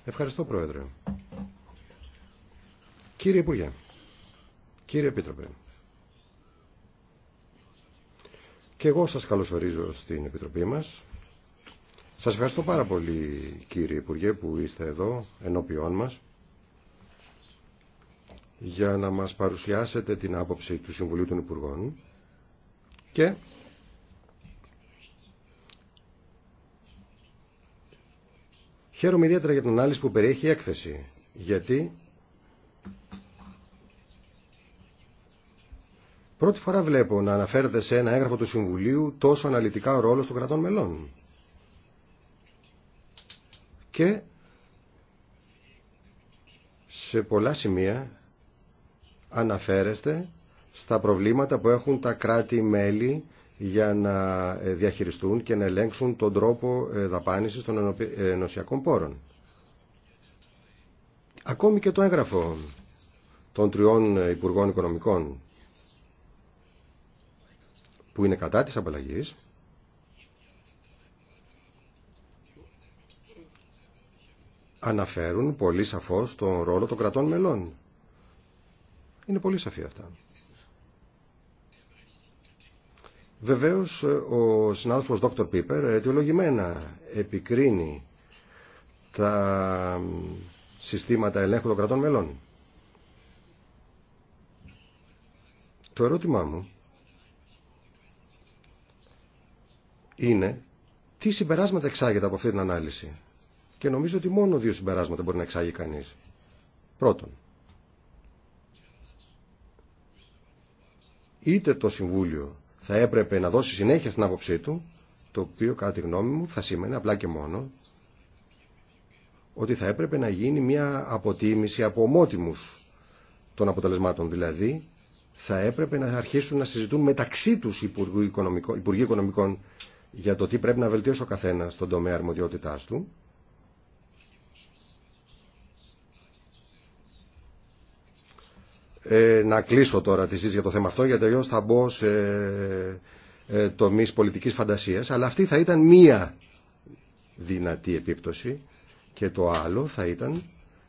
Speaker 2: Ευχαριστώ Πρόεδρε. Κύριε Υπουργέ, κύριε Επίτροπε, και εγώ σας καλωσορίζω στην Επιτροπή μας. Σας ευχαριστώ πάρα πολύ κύριε Υπουργέ που είστε εδώ ενώπιόν μας για να μας παρουσιάσετε την άποψη του Συμβουλίου των Υπουργών και χαίρομαι ιδιαίτερα για την ανάλυση που περιέχει η έκθεση γιατί πρώτη φορά βλέπω να αναφέρεται σε ένα έγγραφο του Συμβουλίου τόσο αναλυτικά ο ρόλος των κρατών μελών και σε πολλά σημεία αναφέρεστε στα προβλήματα που έχουν τα κράτη-μέλη για να ε, διαχειριστούν και να ελέγξουν τον τρόπο ε, δαπάνησης των ε, ενωσιακών πόρων. Ακόμη και το έγγραφο των τριών Υπουργών Οικονομικών που είναι κατά της απαλλαγής αναφέρουν πολύ σαφώς τον ρόλο των κρατών μελών είναι πολύ σαφή αυτά. Βεβαίως ο συνάδελφος Δόκτωρ Πίπερ αιτιολογημένα επικρίνει τα συστήματα ελέγχου των κρατών μελών. Το ερώτημά μου είναι τι συμπεράσματα εξάγεται από αυτή την ανάλυση. Και νομίζω ότι μόνο δύο συμπεράσματα μπορεί να εξάγει κανείς. Πρώτον, είτε το Συμβούλιο θα έπρεπε να δώσει συνέχεια στην άποψή του, το οποίο κατά τη γνώμη μου θα σήμαινε απλά και μόνο ότι θα έπρεπε να γίνει μια αποτίμηση από ομότιμους των αποτελεσμάτων. Δηλαδή, θα έπρεπε να αρχίσουν να συζητούν μεταξύ τους Υπουργοί Οικονομικών, για το τι πρέπει να βελτιώσει ο καθένας στον τομέα αρμοδιότητάς του Ε, να κλείσω τώρα τη συζήτηση για το θέμα αυτό, γιατί αλλιώ θα μπω σε ε, τομεί πολιτική φαντασία. Αλλά αυτή θα ήταν μία δυνατή επίπτωση. Και το άλλο θα ήταν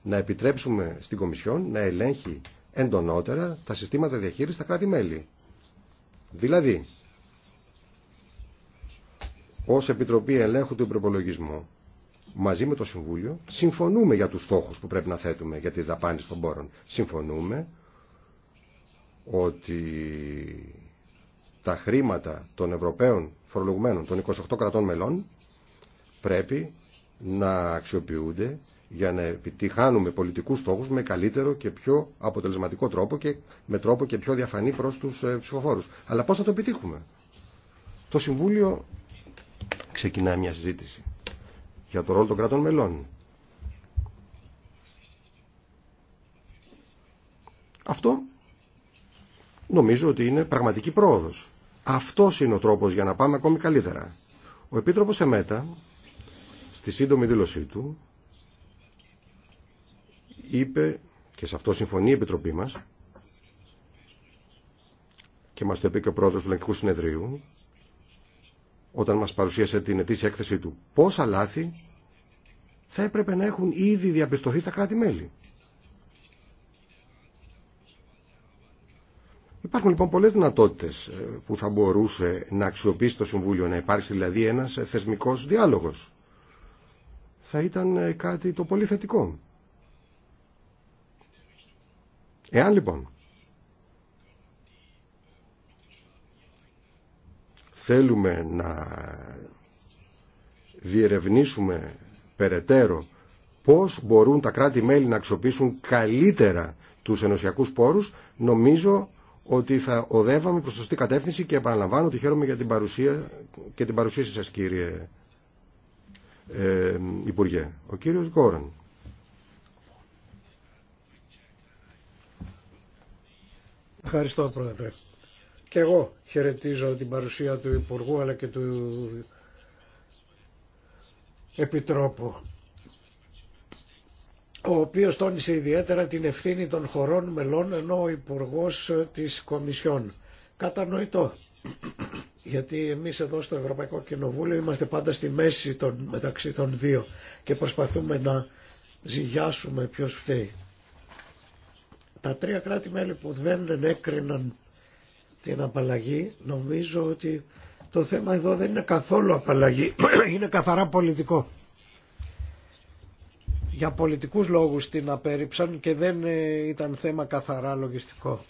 Speaker 2: να επιτρέψουμε στην Κομισιόν να ελέγχει εντονότερα τα συστήματα διαχείριση στα κράτη-μέλη. Δηλαδή, ω Επιτροπή Ελέγχου του Υπροπολογισμού, μαζί με το Συμβούλιο, συμφωνούμε για του στόχου που πρέπει να θέτουμε για τη δαπάνη των πόρων. Συμφωνούμε ότι τα χρήματα των Ευρωπαίων φορολογουμένων των 28 κρατών μελών πρέπει να αξιοποιούνται για να επιτυχάνουμε πολιτικούς στόχους με καλύτερο και πιο αποτελεσματικό τρόπο και με τρόπο και πιο διαφανή προς τους ε, ψηφοφόρους. Αλλά πώς θα το επιτύχουμε. Το Συμβούλιο ξεκινά μια συζήτηση για το ρόλο των κρατών μελών. Αυτό νομίζω ότι είναι πραγματική πρόοδος. Αυτός είναι ο τρόπος για να πάμε ακόμη καλύτερα. Ο Επίτροπος Εμέτα, στη σύντομη δήλωσή του, είπε, και σε αυτό συμφωνεί η Επιτροπή μας, και μας το είπε και ο πρόεδρος του Λεγκτικού Συνεδρίου, όταν μας παρουσίασε την ετήσια έκθεση του, πόσα λάθη θα έπρεπε να έχουν ήδη διαπιστωθεί στα κράτη-μέλη. Υπάρχουν λοιπόν πολλές δυνατότητες ε, που θα μπορούσε να αξιοποιήσει το Συμβούλιο, να υπάρξει δηλαδή ένας ε, θεσμικός διάλογος. Θα ήταν ε, κάτι το πολύ θετικό. Εάν λοιπόν θέλουμε να διερευνήσουμε περαιτέρω πώς μπορούν τα κράτη-μέλη να αξιοποιήσουν καλύτερα τους ενωσιακούς πόρους, νομίζω ότι θα οδεύαμε προς σωστή κατεύθυνση και επαναλαμβάνω ότι χαίρομαι για την παρουσία και την παρουσίαση σας κύριε ε, Υπουργέ. Ο κύριος Γκόραν.
Speaker 3: Ευχαριστώ Πρόεδρε. Και εγώ χαιρετίζω την παρουσία του Υπουργού αλλά και του Επιτρόπου ο οποίος τόνισε ιδιαίτερα την ευθύνη των χωρών μελών ενώ ο υπουργό της Κομισιόν. Κατανοητό, γιατί εμείς εδώ στο Ευρωπαϊκό Κοινοβούλιο είμαστε πάντα στη μέση των, μεταξύ των δύο και προσπαθούμε να ζυγιάσουμε ποιος φταίει. Τα τρία κράτη-μέλη που δεν ενέκριναν την απαλλαγή νομίζω ότι το θέμα εδώ δεν είναι καθόλου απαλλαγή, είναι καθαρά πολιτικό για πολιτικούς λόγους την απέρριψαν και δεν ε, ήταν θέμα καθαρά λογιστικό.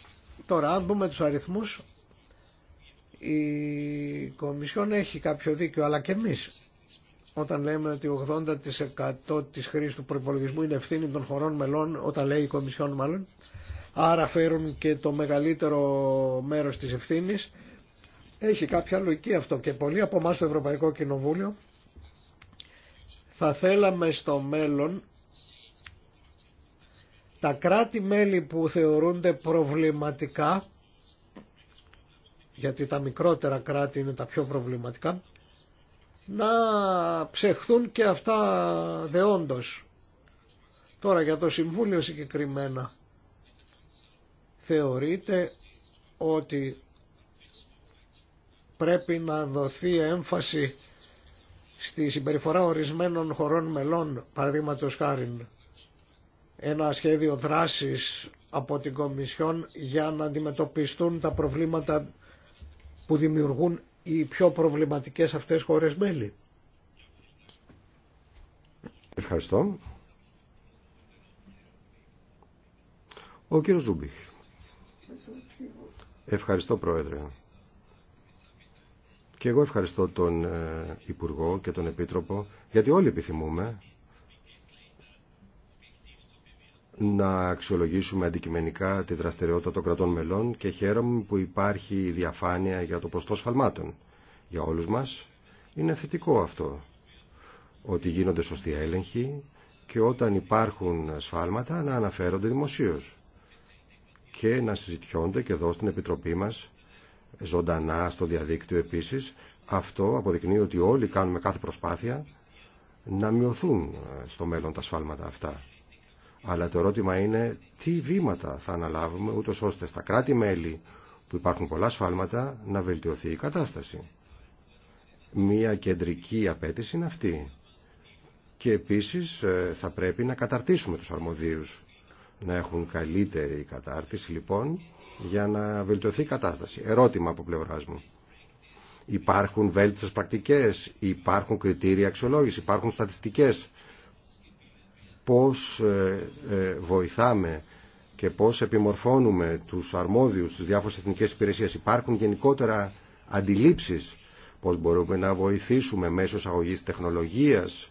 Speaker 3: Τώρα αν δούμε τους αριθμούς η Κομισιόν έχει κάποιο δίκιο αλλά και εμείς όταν λέμε ότι 80% της χρήσης του προπολογισμού είναι ευθύνη των χωρών μελών όταν λέει η Κομισιόν μάλλον άρα φέρουν και το μεγαλύτερο μέρος της ευθύνης έχει κάποια λογική αυτό και πολλοί από εμά στο Ευρωπαϊκό Κοινοβούλιο θα θέλαμε στο μέλλον τα κράτη-μέλη που θεωρούνται προβληματικά, γιατί τα μικρότερα κράτη είναι τα πιο προβληματικά, να ψεχθούν και αυτά δεόντως. Τώρα για το Συμβούλιο συγκεκριμένα. Θεωρείται ότι πρέπει να δοθεί έμφαση στη συμπεριφορά ορισμένων χωρών μελών, παραδείγματος χάρη ένα σχέδιο δράσης από την Κομισιόν για να αντιμετωπιστούν τα προβλήματα που δημιουργούν οι πιο προβληματικές αυτές χώρες μέλη.
Speaker 2: Ευχαριστώ. Ο κύριος Ζούμπιχ. Ευχαριστώ Πρόεδρε. Και εγώ ευχαριστώ τον ε, Υπουργό και τον Επίτροπο γιατί όλοι επιθυμούμε να αξιολογήσουμε αντικειμενικά τη δραστηριότητα των κρατών μελών και χαίρομαι που υπάρχει διαφάνεια για το ποστό σφαλμάτων. Για όλους μας είναι θετικό αυτό, ότι γίνονται σωστοί έλεγχοι και όταν υπάρχουν σφάλματα να αναφέρονται δημοσίως και να συζητιώνται και εδώ στην Επιτροπή μας ζωντανά στο διαδίκτυο επίσης. Αυτό αποδεικνύει ότι όλοι κάνουμε κάθε προσπάθεια να μειωθούν στο μέλλον τα σφάλματα αυτά. Αλλά το ερώτημα είναι τι βήματα θα αναλάβουμε ούτω ώστε στα κράτη-μέλη που υπάρχουν πολλά σφάλματα να βελτιωθεί η κατάσταση. Μία κεντρική απέτηση είναι αυτή. Και επίσης ε, θα πρέπει να καταρτήσουμε τους αρμοδίους. Να έχουν καλύτερη κατάρτιση λοιπόν για να βελτιωθεί η κατάσταση. Ερώτημα από πλευρά μου. Υπάρχουν βέλτιστες πρακτικές, υπάρχουν κριτήρια αξιολόγηση, υπάρχουν στατιστικές πώς ε, ε, βοηθάμε και πώς επιμορφώνουμε τους αρμόδιους στις διάφορες εθνικές υπηρεσίες. Υπάρχουν γενικότερα αντιλήψεις πώς μπορούμε να βοηθήσουμε μέσω αγωγής τεχνολογίας,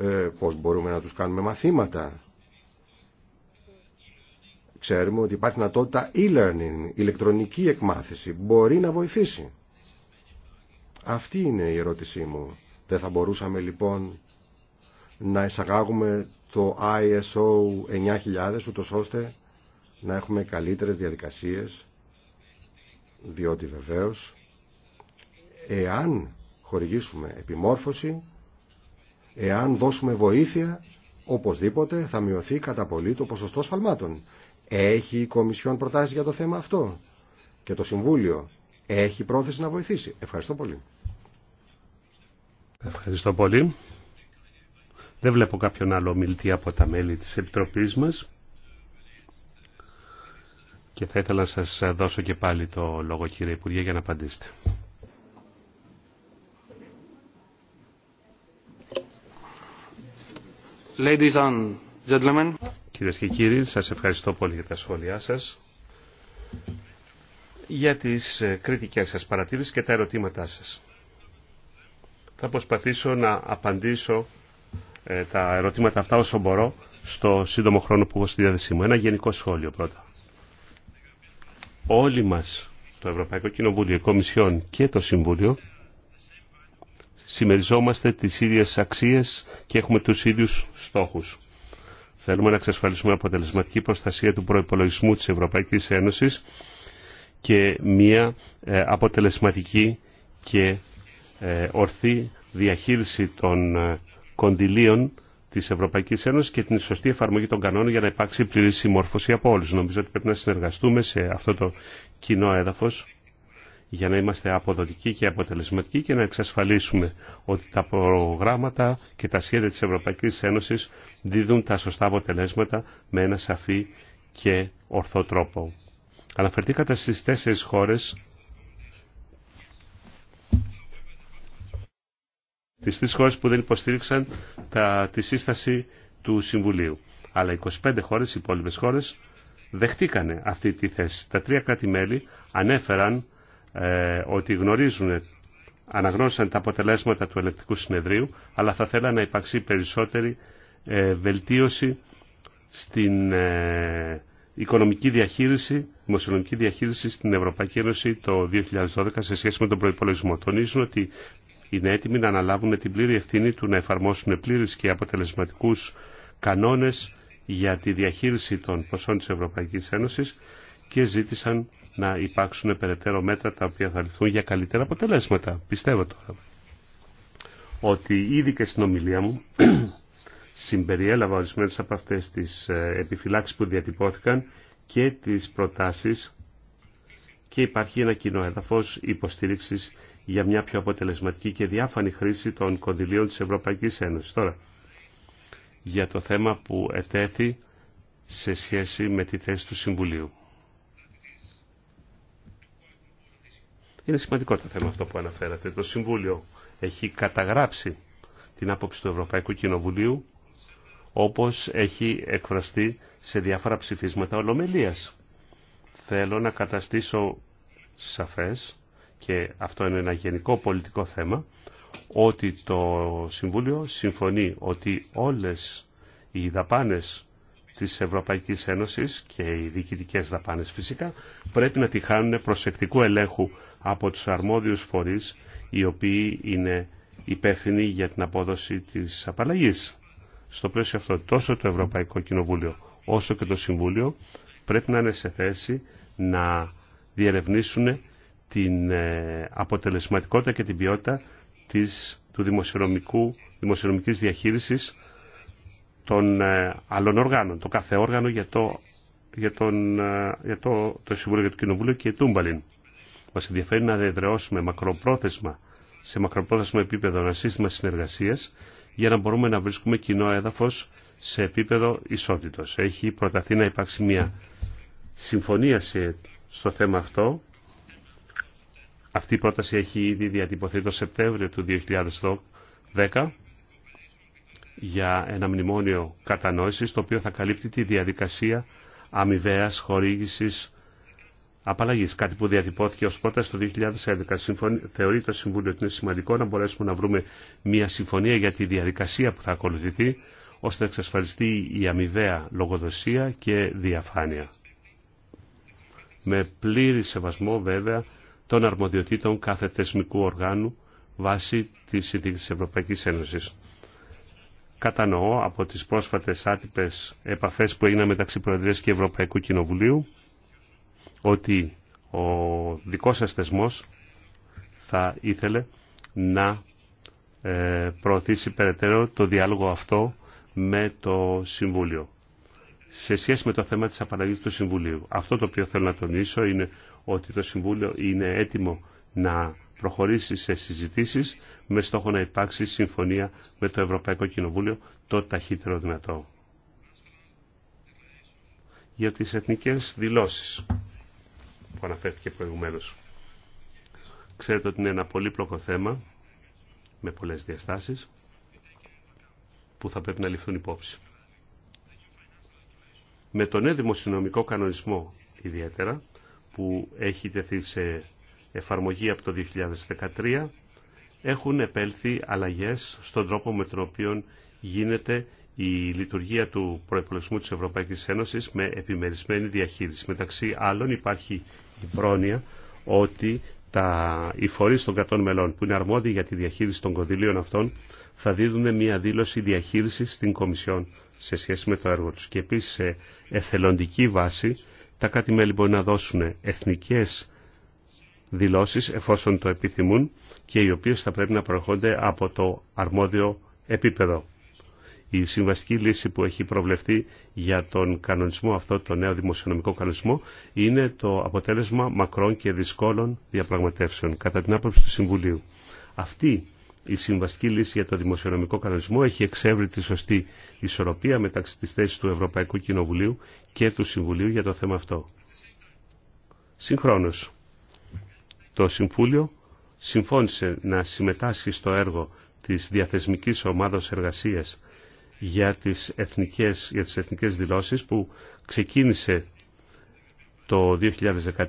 Speaker 2: ε, πώς μπορούμε να τους κάνουμε μαθήματα. Ξέρουμε ότι υπάρχει δυνατότητα e-learning, ηλεκτρονική εκμάθηση. Μπορεί να βοηθήσει. Αυτή είναι η ερώτησή μου. Δεν θα μπορούσαμε λοιπόν να εισαγάγουμε το ISO 9000 ούτως ώστε να έχουμε καλύτερες διαδικασίες διότι βεβαίως εάν χορηγήσουμε επιμόρφωση εάν δώσουμε βοήθεια οπωσδήποτε θα μειωθεί κατά πολύ το ποσοστό σφαλμάτων έχει η Κομισιόν προτάσει για το θέμα αυτό και το Συμβούλιο έχει πρόθεση να βοηθήσει. Ευχαριστώ πολύ.
Speaker 1: Ευχαριστώ πολύ. Δεν βλέπω κάποιον άλλο μιλτή από τα μέλη της Επιτροπής μας και θα ήθελα να σας δώσω και πάλι το λόγο κύριε Υπουργέ για να απαντήσετε.
Speaker 4: Ladies and gentlemen.
Speaker 1: Κυρίες και κύριοι, σας ευχαριστώ πολύ για τα σχόλιά σας, για τις ε, κριτικές σας παρατήρησεις και τα ερωτήματά σας. Θα προσπαθήσω να απαντήσω ε, τα ερωτήματα αυτά όσο μπορώ στο σύντομο χρόνο που έχω στη διάθεσή μου. Ένα γενικό σχόλιο πρώτα. Όλοι μας, το Ευρωπαϊκό Κοινοβούλιο, η Κομισιόν και το Συμβούλιο, συμμεριζόμαστε τις ίδιες αξίες και έχουμε τους ίδιους στόχους. Θέλουμε να εξασφαλίσουμε αποτελεσματική προστασία του προϋπολογισμού της Ευρωπαϊκής Ένωσης και μια ε, αποτελεσματική και ε, ορθή διαχείριση των κονδυλίων της Ευρωπαϊκής Ένωσης και την σωστή εφαρμογή των κανόνων για να υπάρξει πλήρη συμμόρφωση από όλους. Νομίζω ότι πρέπει να συνεργαστούμε σε αυτό το κοινό έδαφος για να είμαστε αποδοτικοί και αποτελεσματικοί και να εξασφαλίσουμε ότι τα προγράμματα και τα σχέδια της Ευρωπαϊκής Ένωσης δίδουν τα σωστά αποτελέσματα με ένα σαφή και ορθό τρόπο. Αναφερθήκατε στις τέσσερις χώρες τις τρεις χώρες που δεν υποστήριξαν τα, τη σύσταση του Συμβουλίου. Αλλά 25 χώρες, οι υπόλοιπες χώρες, δεχτήκανε αυτή τη θέση. Τα τρία κράτη-μέλη ανέφεραν ε, ότι γνωρίζουν, αναγνώρισαν τα αποτελέσματα του ελεκτικού συνεδρίου, αλλά θα θέλανε να υπάρξει περισσότερη ε, βελτίωση στην ε, οικονομική διαχείριση, δημοσιονομική διαχείριση στην Ευρωπαϊκή Ένωση το 2012 σε σχέση με τον προϋπολογισμό. Τονίζουν ότι είναι έτοιμοι να αναλάβουν την πλήρη ευθύνη του να εφαρμόσουν πλήρες και αποτελεσματικούς κανόνες για τη διαχείριση των ποσών της Ευρωπαϊκής Ένωσης και ζήτησαν να υπάρξουν περαιτέρω μέτρα τα οποία θα ληφθούν για καλύτερα αποτελέσματα. Πιστεύω τώρα ότι ήδη και στην ομιλία μου συμπεριέλαβα ορισμένες από αυτές τις ε, επιφυλάξεις που διατυπώθηκαν και τις προτάσεις και υπάρχει ένα κοινό έδαφο υποστήριξης για μια πιο αποτελεσματική και διάφανη χρήση των κονδυλίων της Ευρωπαϊκής Ένωσης. Τώρα, για το θέμα που ετέθη σε σχέση με τη θέση του Συμβουλίου. Είναι σημαντικό το θέμα αυτό που αναφέρατε. Το Συμβούλιο έχει καταγράψει την άποψη του Ευρωπαϊκού Κοινοβουλίου όπως έχει εκφραστεί σε διάφορα ψηφίσματα ολομελίας θέλω να καταστήσω σαφές και αυτό είναι ένα γενικό πολιτικό θέμα ότι το Συμβούλιο συμφωνεί ότι όλες οι δαπάνες της Ευρωπαϊκής Ένωσης και οι διοικητικές δαπάνες φυσικά πρέπει να τη χάνουν προσεκτικού ελέγχου από τους αρμόδιους φορείς οι οποίοι είναι υπεύθυνοι για την απόδοση της απαλλαγής. Στο πλαίσιο αυτό τόσο το Ευρωπαϊκό Κοινοβούλιο όσο και το Συμβούλιο πρέπει να είναι σε θέση να διερευνήσουν την ε, αποτελεσματικότητα και την ποιότητα της, του δημοσιονομικού, δημοσιονομικής διαχείρισης των ε, άλλων οργάνων, το κάθε όργανο για το, για τον, ε, για το, το Συμβούλιο για το Κοινοβούλιο και τούμπαλιν. Μας ενδιαφέρει να διεδρεώσουμε μακροπρόθεσμα, σε μακροπρόθεσμο επίπεδο ένα σύστημα συνεργασίας για να μπορούμε να βρίσκουμε κοινό έδαφος σε επίπεδο ισότητος. Έχει προταθεί να υπάρξει μια Συμφωνίασε στο θέμα αυτό. Αυτή η πρόταση έχει ήδη διατυπωθεί το Σεπτέμβριο του 2010 για ένα μνημόνιο κατανόησης το οποίο θα καλύπτει τη διαδικασία αμοιβαία χορήγησης απαλλαγή. Κάτι που διατυπώθηκε ω πρόταση το 2011. Συμφωνή, θεωρεί το Συμβούλιο ότι είναι σημαντικό να μπορέσουμε να βρούμε μια συμφωνία για τη διαδικασία που θα ακολουθηθεί, ώστε να εξασφαλιστεί η αμοιβαία λογοδοσία και διαφάνεια με πλήρη σεβασμό βέβαια των αρμοδιοτήτων κάθε θεσμικού οργάνου βάσει της Συνθήκης Ευρωπαϊκής Ένωσης. Κατανοώ από τις πρόσφατες άτυπες επαφές που έγιναν μεταξύ Προεδρίας και Ευρωπαϊκού Κοινοβουλίου ότι ο δικός σας θεσμός θα ήθελε να ε, προωθήσει περαιτέρω το διάλογο αυτό με το Συμβούλιο σε σχέση με το θέμα της απαλλαγής του Συμβουλίου. Αυτό το οποίο θέλω να τονίσω είναι ότι το Συμβούλιο είναι έτοιμο να προχωρήσει σε συζητήσεις με στόχο να υπάρξει συμφωνία με το Ευρωπαϊκό Κοινοβούλιο το ταχύτερο δυνατό. Για τις εθνικές δηλώσεις που αναφέρθηκε προηγουμένως. Ξέρετε ότι είναι ένα πολύπλοκο θέμα με πολλές διαστάσεις που θα πρέπει να ληφθούν υπόψη με τον νέο δημοσιονομικό κανονισμό ιδιαίτερα που έχει τεθεί σε εφαρμογή από το 2013 έχουν επέλθει αλλαγές στον τρόπο με τον οποίο γίνεται η λειτουργία του προεπολογισμού της Ευρωπαϊκής Ένωσης με επιμερισμένη διαχείριση. Μεταξύ άλλων υπάρχει η πρόνοια ότι τα, οι φορεί των κρατών μελών που είναι αρμόδιοι για τη διαχείριση των κονδυλίων αυτών θα δίδουν μια δήλωση διαχείρισης στην Κομισιόν σε σχέση με το έργο τους. Και επίσης σε εθελοντική βάση τα κάτι μέλη μπορεί να δώσουν εθνικές δηλώσεις εφόσον το επιθυμούν και οι οποίες θα πρέπει να προερχόνται από το αρμόδιο επίπεδο. Η συμβαστική λύση που έχει προβλεφθεί για τον κανονισμό αυτό, το νέο δημοσιονομικό κανονισμό, είναι το αποτέλεσμα μακρών και δυσκόλων διαπραγματεύσεων, κατά την άποψη του Συμβουλίου. Αυτή η συμβαστική λύση για το δημοσιονομικό κανονισμό έχει εξεύρει τη σωστή ισορροπία μεταξύ της θέσης του Ευρωπαϊκού Κοινοβουλίου και του Συμβουλίου για το θέμα αυτό. Συγχρόνως, το Συμφούλιο συμφώνησε να συμμετάσχει στο έργο της διαθεσμικής ομάδος εργασίας για τις εθνικές, για τις εθνικές δηλώσεις που ξεκίνησε το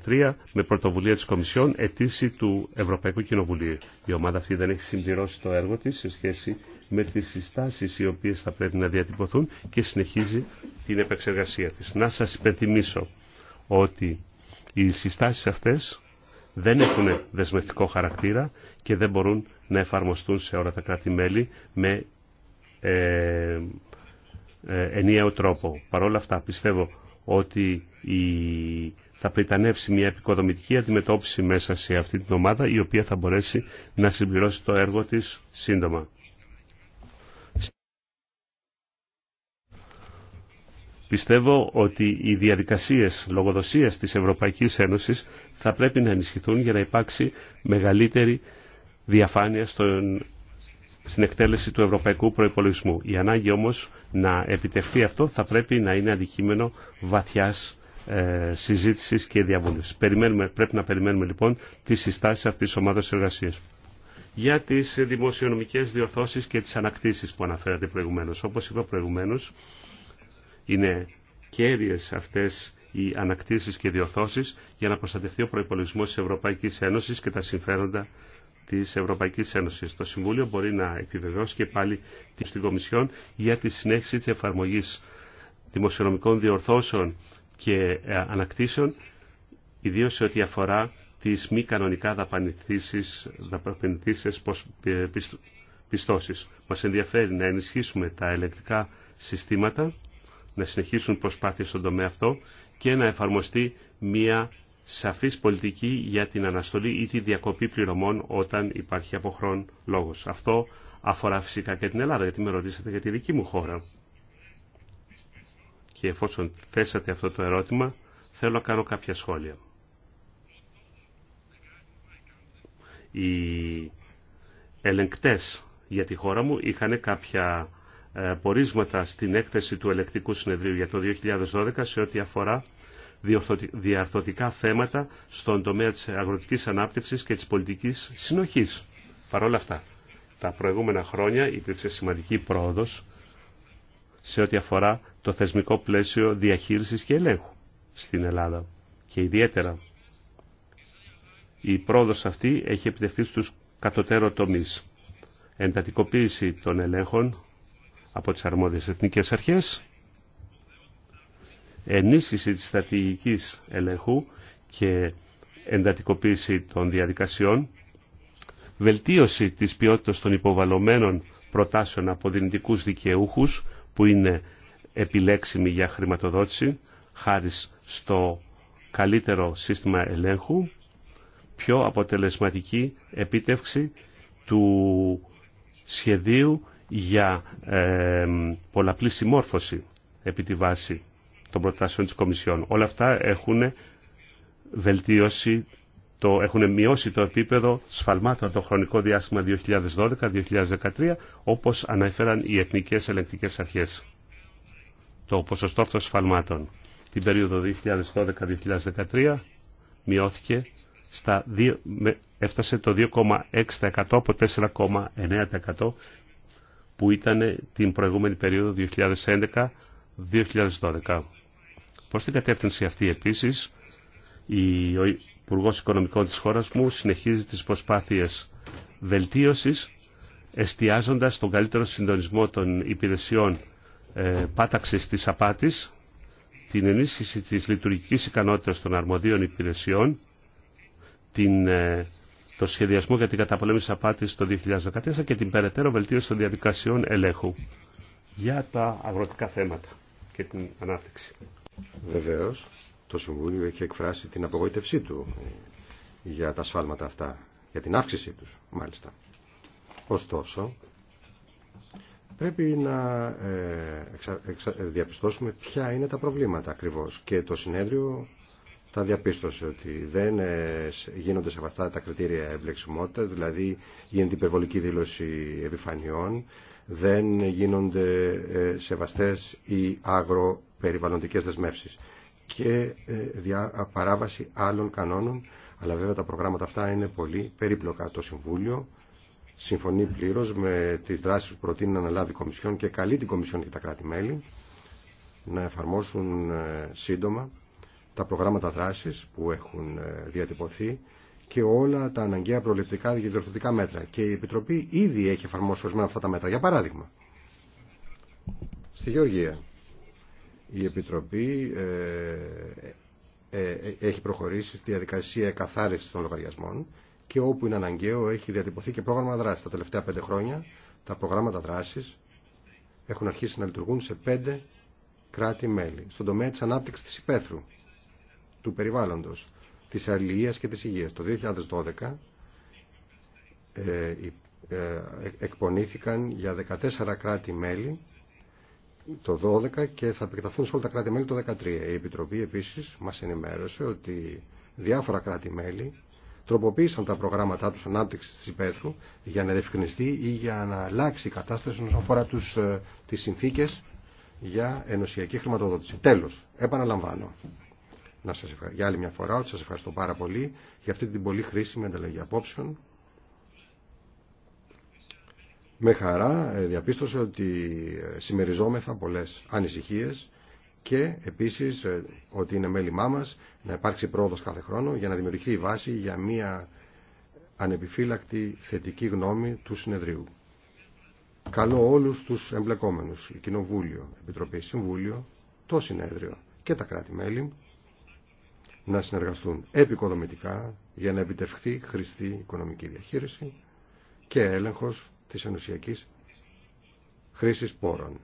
Speaker 1: 2013 με πρωτοβουλία της Κομισιόν ετήσι του Ευρωπαϊκού Κοινοβουλίου. Η ομάδα αυτή δεν έχει συμπληρώσει το έργο της σε σχέση με τις συστάσεις οι οποίες θα πρέπει να διατυπωθούν και συνεχίζει την επεξεργασία της. Να σας υπενθυμίσω ότι οι συστάσεις αυτές δεν έχουν δεσμευτικό χαρακτήρα και δεν μπορούν να εφαρμοστούν σε όλα τα κράτη-μέλη με ε, ε, ενιαίο τρόπο. Παρ' όλα αυτά πιστεύω ότι θα πριτανεύσει μια επικοδομητική αντιμετώπιση μέσα σε αυτή την ομάδα η οποία θα μπορέσει να συμπληρώσει το έργο της σύντομα. Πιστεύω ότι οι διαδικασίες λογοδοσίας της Ευρωπαϊκής Ένωσης θα πρέπει να ενισχυθούν για να υπάρξει μεγαλύτερη διαφάνεια στον, στην εκτέλεση του ευρωπαϊκού προϋπολογισμού. Η ανάγκη όμως να επιτευχθεί αυτό θα πρέπει να είναι αντικείμενο βαθιάς ε, συζήτησης και διαβούλευσης. Περιμένουμε, πρέπει να περιμένουμε λοιπόν τις συστάσεις αυτής της ομάδας εργασίας. Για τις δημοσιονομικές διορθώσεις και τις ανακτήσεις που αναφέρατε προηγουμένως. Όπως είπα προηγουμένως, είναι κέρυες αυτές οι ανακτήσεις και διορθώσεις για να προστατευτεί ο προϋπολογισμός της Ευρωπαϊκής Ένωσης και τα συμφέροντα τη Ευρωπαϊκή Ένωση. Το Συμβούλιο μπορεί να επιβεβαιώσει και πάλι την Κομισιόν για τη συνέχιση τη εφαρμογή δημοσιονομικών διορθώσεων και ε, ανακτήσεων, ιδίως σε ό,τι αφορά τις μη κανονικά δαπανηθήσει ε, πιστώσεις. Μας ενδιαφέρει να ενισχύσουμε τα ελεκτικά συστήματα, να συνεχίσουν προσπάθειες στον τομέα αυτό και να εφαρμοστεί μια σαφής πολιτική για την αναστολή ή τη διακοπή πληρωμών όταν υπάρχει αποχρόν λόγος. Αυτό αφορά φυσικά και την Ελλάδα, γιατί με ρωτήσατε για τη δική μου χώρα και εφόσον θέσατε αυτό το ερώτημα, θέλω να κάνω κάποια σχόλια. Οι ελεγκτές για τη χώρα μου είχαν κάποια ε, πορίσματα στην έκθεση του ελεκτικού συνεδρίου για το 2012 σε ό,τι αφορά διαρθωτικά θέματα στον τομέα της αγροτικής ανάπτυξης και της πολιτικής συνοχής. Παρ' όλα αυτά, τα προηγούμενα χρόνια υπήρξε σημαντική πρόοδος σε ό,τι αφορά το θεσμικό πλαίσιο διαχείρισης και ελέγχου στην Ελλάδα. Και ιδιαίτερα η πρόοδος αυτή έχει επιτευχθεί στους κατωτέρω τομείς. Εντατικοποίηση των ελέγχων από τις αρμόδιες εθνικές αρχές, ενίσχυση της στρατηγικής ελέγχου και εντατικοποίηση των διαδικασιών, βελτίωση της ποιότητας των υποβαλωμένων προτάσεων από δυνητικούς δικαιούχους, που είναι επιλέξιμη για χρηματοδότηση χάρη στο καλύτερο σύστημα ελέγχου, πιο αποτελεσματική επίτευξη του σχεδίου για ε, πολλαπλή συμμόρφωση επί τη βάση των προτάσεων της Κομισιόν. Όλα αυτά έχουν βελτίωσει το, έχουν μειώσει το επίπεδο σφαλμάτων το χρονικό διάστημα 2012-2013, όπως αναφέραν οι εθνικές ελεγκτικές αρχές το ποσοστό αυτών σφαλμάτων. Την περίοδο 2012-2013 μειώθηκε στα 2, έφτασε το 2,6% από 4,9% που ήταν την προηγούμενη περίοδο 2011-2012. Προς την κατεύθυνση αυτή επίσης, η, ο Υπουργό Οικονομικών της χώρας μου συνεχίζει τις προσπάθειες βελτίωσης, εστιάζοντας τον καλύτερο συντονισμό των υπηρεσιών ε, πάταξη της απάτης, την ενίσχυση της λειτουργικής ικανότητας των αρμοδίων υπηρεσιών, την, ε, το σχεδιασμό για την καταπολέμηση της απάτης το 2014 και την περαιτέρω βελτίωση των διαδικασιών ελέγχου για τα αγροτικά θέματα και την ανάπτυξη. Βεβαίως, το Συμβούλιο έχει εκφράσει την απογοήτευσή
Speaker 2: του ε, για τα σφάλματα αυτά, για την αύξησή τους μάλιστα. Ωστόσο, Πρέπει να ε, ε, διαπιστώσουμε ποια είναι τα προβλήματα ακριβώς. Και το συνέδριο τα διαπίστωσε ότι δεν ε, γίνονται σεβαστά τα κριτήρια ευλεξιμότητας δηλαδή γίνεται υπερβολική δήλωση επιφανειών, δεν γίνονται σεβαστές οι αγροπεριβαλλοντικές δεσμεύσεις και δια παράβαση άλλων κανόνων, αλλά βέβαια τα προγράμματα αυτά είναι πολύ περίπλοκα. Το Συμβούλιο συμφωνεί πλήρως με τις δράσεις που προτείνει να αναλάβει η Κομισιόν και καλεί την Κομισιόν και τα κράτη-μέλη να εφαρμόσουν ε, σύντομα τα προγράμματα δράση που έχουν ε, διατυπωθεί και όλα τα αναγκαία προληπτικά διορθωτικά μέτρα. Και η Επιτροπή ήδη έχει εφαρμόσει ορισμένα αυτά τα μέτρα. Για παράδειγμα, στη Γεωργία η Επιτροπή ε, έχει προχωρήσει στη διαδικασία εκαθάρισης των λογαριασμών και όπου είναι αναγκαίο έχει διατυπωθεί και πρόγραμμα δράση. Τα τελευταία πέντε χρόνια τα προγράμματα δράση έχουν αρχίσει να λειτουργούν σε πέντε κράτη-μέλη. Στον τομέα τη ανάπτυξη τη υπαίθρου, του περιβάλλοντο, τη αλληλεία και τη υγεία. Το 2012 ε, ε, εκπονήθηκαν για 14 κράτη-μέλη το 12 και θα επεκταθούν σε όλα τα κράτη-μέλη το 2013. Η Επιτροπή επίσης μας ενημέρωσε ότι διάφορα κράτη-μέλη τροποποίησαν τα προγράμματά τους ανάπτυξης της υπαίθρου για να διευκρινιστεί ή για να αλλάξει η κατάσταση όσον αφορά τους, ε, τις συνθήκες για ενωσιακή χρηματοδότηση. Τέλος, επαναλαμβάνω να σας για άλλη μια φορά ότι σας ευχαριστώ πάρα πολύ για αυτή την πολύ χρήσιμη ανταλλαγή απόψεων. Με χαρά ε, διαπίστωσε ότι ε, συμμεριζόμεθα πολλές ανησυχίες και επίσης ε, ότι είναι μέλημά μας να υπάρξει πρόοδος κάθε χρόνο για να δημιουργηθεί η βάση για μια ανεπιφύλακτη θετική γνώμη του συνεδρίου. Καλώ όλους τους εμπλεκόμενους, Κοινοβούλιο, Επιτροπή, Συμβούλιο, το Συνέδριο και τα κράτη-μέλη να συνεργαστούν επικοδομητικά για να επιτευχθεί χρηστή οικονομική διαχείριση και έλεγχος της ενωσιακής χρήσης πόρων.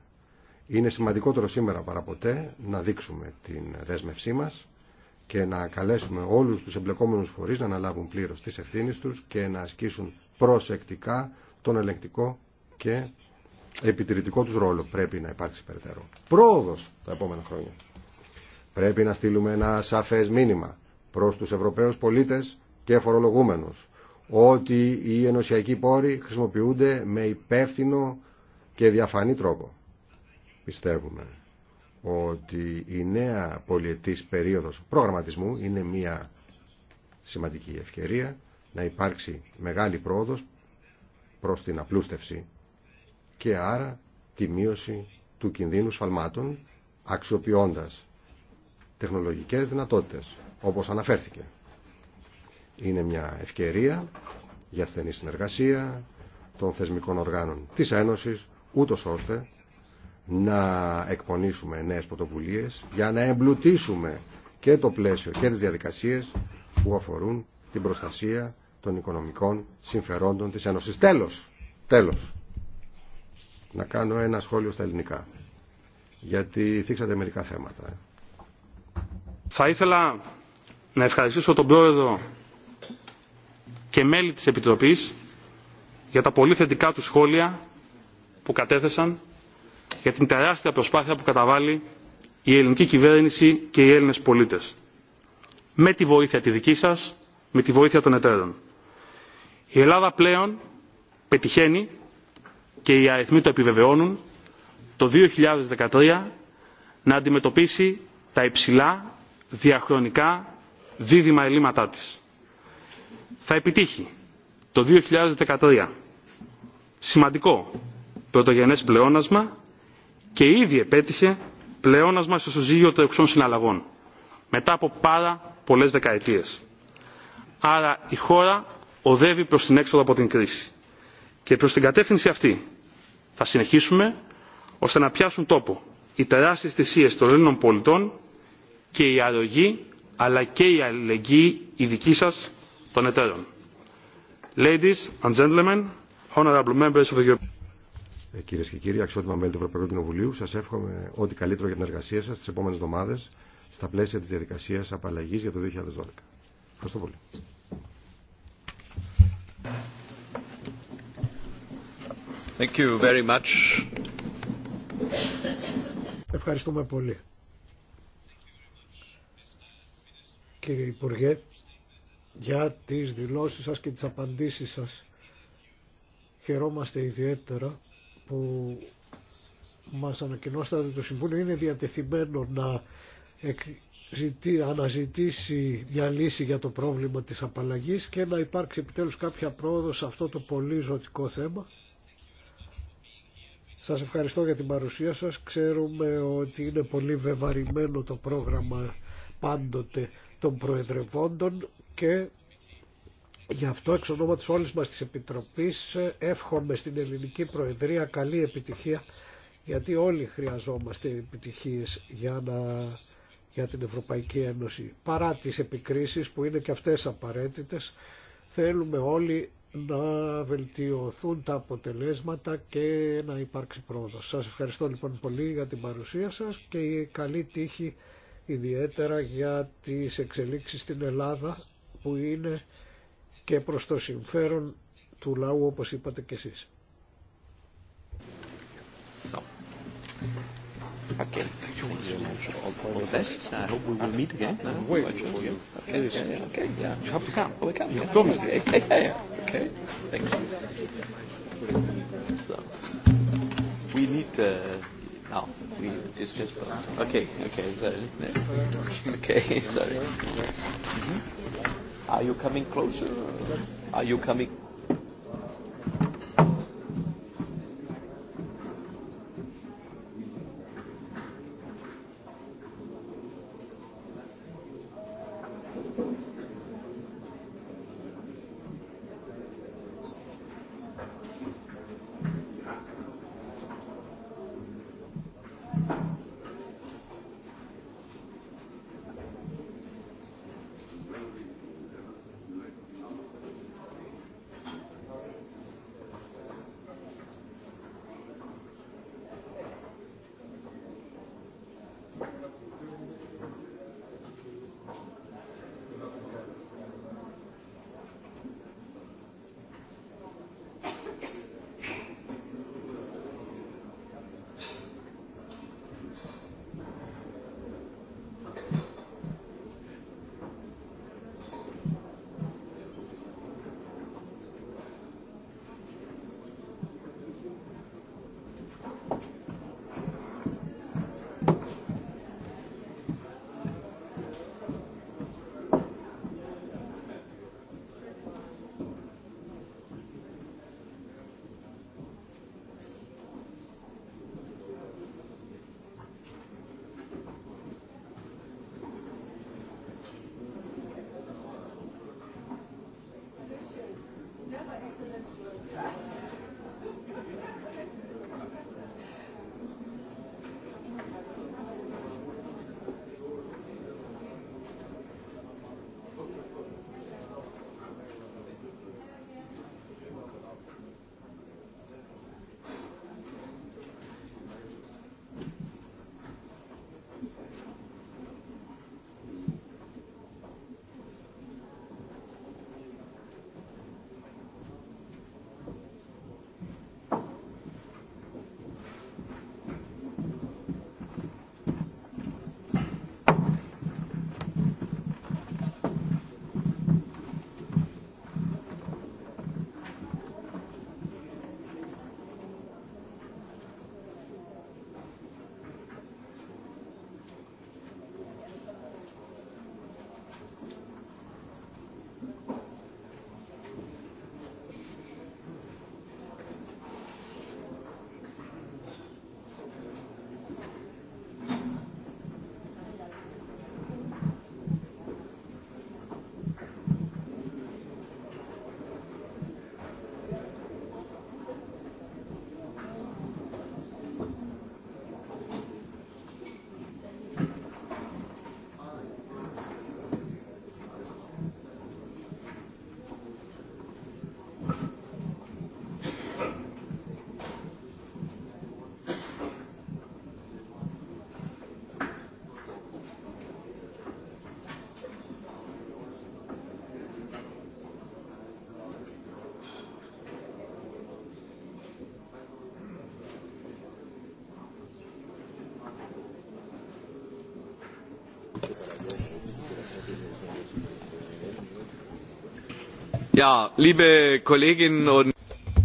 Speaker 2: Είναι σημαντικότερο σήμερα παρά ποτέ να δείξουμε την δέσμευσή μας και να καλέσουμε όλους τους εμπλεκόμενους φορείς να αναλάβουν πλήρως τις ευθύνες τους και να ασκήσουν προσεκτικά τον ελεγκτικό και επιτηρητικό τους ρόλο. Πρέπει να υπάρξει περαιτέρω. Πρόοδος τα επόμενα χρόνια. Πρέπει να στείλουμε ένα σαφές μήνυμα προς τους Ευρωπαίους πολίτες και φορολογούμενους ότι οι ενωσιακοί πόροι χρησιμοποιούνται με υπεύθυνο και διαφανή τρόπο. Πιστεύουμε ότι η νέα πολιετής περίοδος προγραμματισμού είναι μια σημαντική ευκαιρία να υπάρξει μεγάλη πρόοδος προς την απλούστευση και άρα τη μείωση του κινδύνου σφαλμάτων αξιοποιώντας τεχνολογικές δυνατότητες όπως αναφέρθηκε. Είναι μια ευκαιρία για στενή συνεργασία των θεσμικών οργάνων της Ένωσης ούτως ώστε να εκπονήσουμε νέες πρωτοβουλίες για να εμπλουτίσουμε και το πλαίσιο και τις διαδικασίες που αφορούν την προστασία των οικονομικών συμφερόντων της Ένωσης. Τέλος, να κάνω ένα σχόλιο στα ελληνικά, γιατί
Speaker 4: θίξατε μερικά θέματα. Ε. Θα ήθελα να ευχαριστήσω τον πρόεδρο και μέλη της Επιτροπής για τα πολύ θετικά του σχόλια που κατέθεσαν για την τεράστια προσπάθεια που καταβάλει η ελληνική κυβέρνηση και οι Έλληνες πολίτες. Με τη βοήθεια τη δική σας, με τη βοήθεια των εταίρων. Η Ελλάδα πλέον πετυχαίνει και οι αριθμοί το επιβεβαιώνουν το 2013 να αντιμετωπίσει τα υψηλά διαχρονικά δίδυμα ελλείμματά της. Θα επιτύχει το 2013 σημαντικό πρωτογενές πλεόνασμα και ήδη επέτυχε πλεόνασμα στο συζύγιο των συναλλαγών μετά από πάρα πολλές δεκαετίες. Άρα η χώρα οδεύει προς την έξοδο από την κρίση. Και προς την κατεύθυνση αυτή θα συνεχίσουμε ώστε να πιάσουν τόπο οι τεράστιες θυσίες των Ελλήνων πολιτών και η αρρωγή αλλά και η αλληλεγγύη η δική σας των εταίρων. Ladies and gentlemen, honorable
Speaker 2: members of the ε, Κυρίε και κύριοι, αξιότιμα μέλη του Ευρωπαϊκού Κοινοβουλίου, σα εύχομαι ό,τι καλύτερο για την εργασία σα τι επόμενε εβδομάδε στα πλαίσια τη διαδικασία απαλλαγή για το 2012. Ευχαριστώ πολύ. Thank
Speaker 3: Ευχαριστούμε πολύ. Κύριε Υπουργέ, για τις δηλώσεις σας και τις απαντήσεις σας χαιρόμαστε ιδιαίτερα που μας ανακοινώσατε το Συμβούλιο είναι διατεθειμένο να αναζητήσει μια λύση για το πρόβλημα της απαλλαγής και να υπάρξει επιτέλους κάποια πρόοδο σε αυτό το πολύ ζωτικό θέμα. Σας ευχαριστώ για την παρουσία σας. Ξέρουμε ότι είναι πολύ βεβαρημένο το πρόγραμμα πάντοτε των προεδρευόντων και Γι' αυτό εξ ονόματος όλη μας της Επιτροπής εύχομαι στην Ελληνική Προεδρία καλή επιτυχία γιατί όλοι χρειαζόμαστε επιτυχίες για, να, για την Ευρωπαϊκή Ένωση. Παρά τις επικρίσεις που είναι και αυτές απαραίτητε. θέλουμε όλοι να βελτιωθούν τα αποτελέσματα και να υπάρξει πρόοδος. Σας ευχαριστώ λοιπόν πολύ για την παρουσία σας και καλή τύχη ιδιαίτερα για τις εξελίξεις στην Ελλάδα που είναι και προς το συμφέρον του λαού όπως είπατε και εσείς.
Speaker 4: Ευχαριστώ.
Speaker 1: Are you coming closer? Are you coming?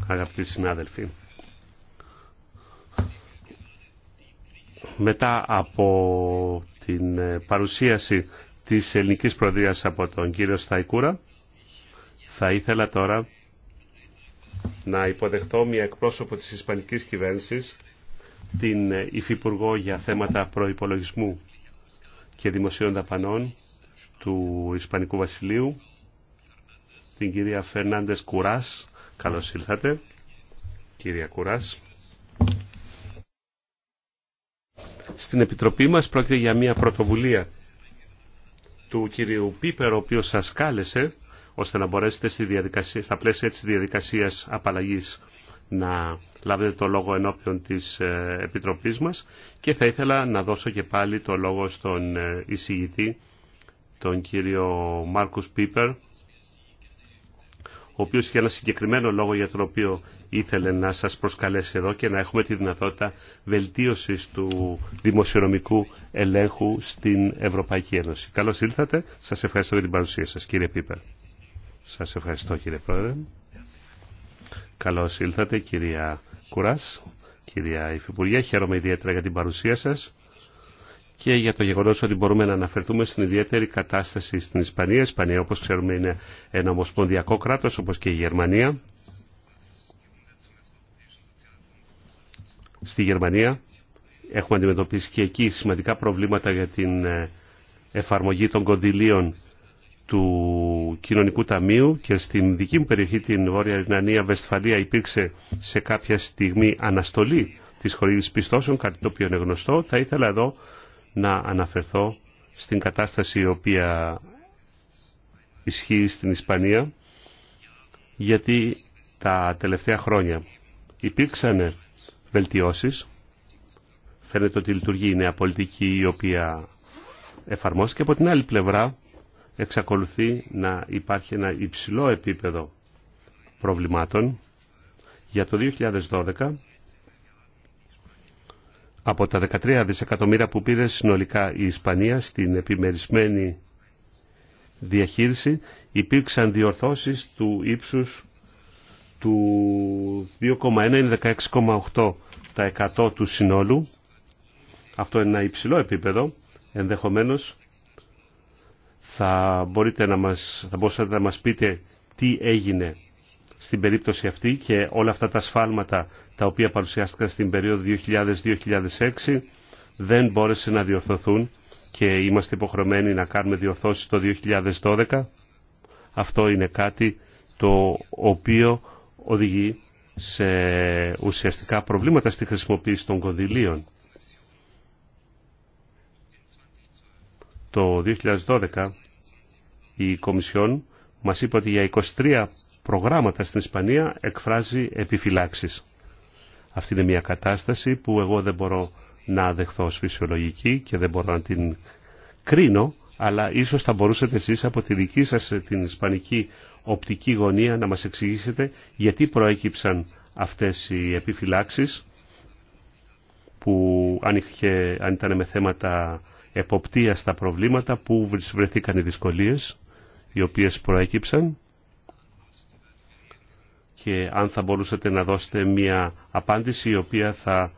Speaker 1: Αγαπητοί συνάδελφοι, μετά από την ε, παρουσίαση της ελληνικής προεδρίας από τον κύριο Σταϊκούρα, θα ήθελα τώρα να υποδεχτώ μια εκπρόσωπο της Ισπανικής κυβέρνησης, την ε, Υφυπουργό για θέματα προϋπολογισμού και δημοσίων δαπανών του Ισπανικού Βασιλείου, κυρία Φερνάντες Κουράς. Καλώς κυρία Κουράς. Στην Επιτροπή μας πρόκειται για μια πρωτοβουλία του κυρίου Πίπερ, ο οποίος σας κάλεσε, ώστε να μπορέσετε στη διαδικασία, στα πλαίσια της διαδικασίας απαλλαγής να λάβετε το λόγο ενώπιον της ε, Επιτροπής μας και θα ήθελα να δώσω και πάλι το λόγο στον ε, εισηγητή, τον κύριο Μάρκους Πίπερ, ο οποίος είχε ένα συγκεκριμένο λόγο για τον οποίο ήθελε να σας προσκαλέσει εδώ και να έχουμε τη δυνατότητα βελτίωσης του δημοσιονομικού ελέγχου στην Ευρωπαϊκή Ένωση. Καλώς ήρθατε, Σας ευχαριστώ για την παρουσία σας κύριε Πίπερ. Σας ευχαριστώ κύριε Πρόεδρε. Καλώς ήλθατε κυρία Κουράς, κυρία Υφυπουργέ. Χαίρομαι ιδιαίτερα για την παρουσία σας και για το γεγονός ότι μπορούμε να αναφερθούμε στην ιδιαίτερη κατάσταση στην Ισπανία. Η Ισπανία όπως ξέρουμε είναι ένα ομοσπονδιακό κράτος όπως και η Γερμανία. Στη Γερμανία έχουμε αντιμετωπίσει και εκεί σημαντικά προβλήματα για την ε, εφαρμογή των κονδυλίων του Κοινωνικού Ταμείου και στην δική μου περιοχή, την Βόρεια Ρινανία, Βεσφαλία, υπήρξε σε κάποια στιγμή αναστολή της χορήγησης πιστώσεων, κάτι το οποίο είναι γνωστό. Θα ήθελα εδώ να αναφερθώ στην κατάσταση η οποία ισχύει στην Ισπανία γιατί τα τελευταία χρόνια υπήρξαν βελτιώσεις. Φαίνεται ότι λειτουργεί η νέα πολιτική η οποία εφαρμόστηκε. Από την άλλη πλευρά εξακολουθεί να υπάρχει ένα υψηλό επίπεδο προβλημάτων. Για το 2012 από τα 13 δισεκατομμύρια που πήρε συνολικά η Ισπανία στην επιμερισμένη διαχείριση υπήρξαν διορθώσεις του ύψους του 2,1 16,8 του συνόλου. Αυτό είναι ένα υψηλό επίπεδο. Ενδεχομένως θα, μπορείτε να μας, θα μπορούσατε να μας πείτε τι έγινε στην περίπτωση αυτή και όλα αυτά τα σφάλματα τα οποία παρουσιάστηκαν στην περίοδο 2000-2006 δεν μπόρεσε να διορθωθούν και είμαστε υποχρεωμένοι να κάνουμε διορθώσεις το 2012. Αυτό είναι κάτι το οποίο οδηγεί σε ουσιαστικά προβλήματα στη χρησιμοποίηση των κονδυλίων. Το 2012 η Κομισιόν μας είπε ότι για 23 προγράμματα στην Ισπανία εκφράζει επιφυλάξεις. Αυτή είναι μια κατάσταση που εγώ δεν μπορώ να δεχθώ ως φυσιολογική και δεν μπορώ να την κρίνω, αλλά ίσως θα μπορούσατε εσείς από τη δική σας ε, την ισπανική οπτική γωνία να μας εξηγήσετε γιατί προέκυψαν αυτές οι επιφυλάξεις που αν, είχε, αν ήταν με θέματα εποπτείας τα προβλήματα, που βρεθήκαν οι δυσκολίες οι οποίες προέκυψαν και αν θα μπορούσατε να δώσετε μια απάντηση η οποία θα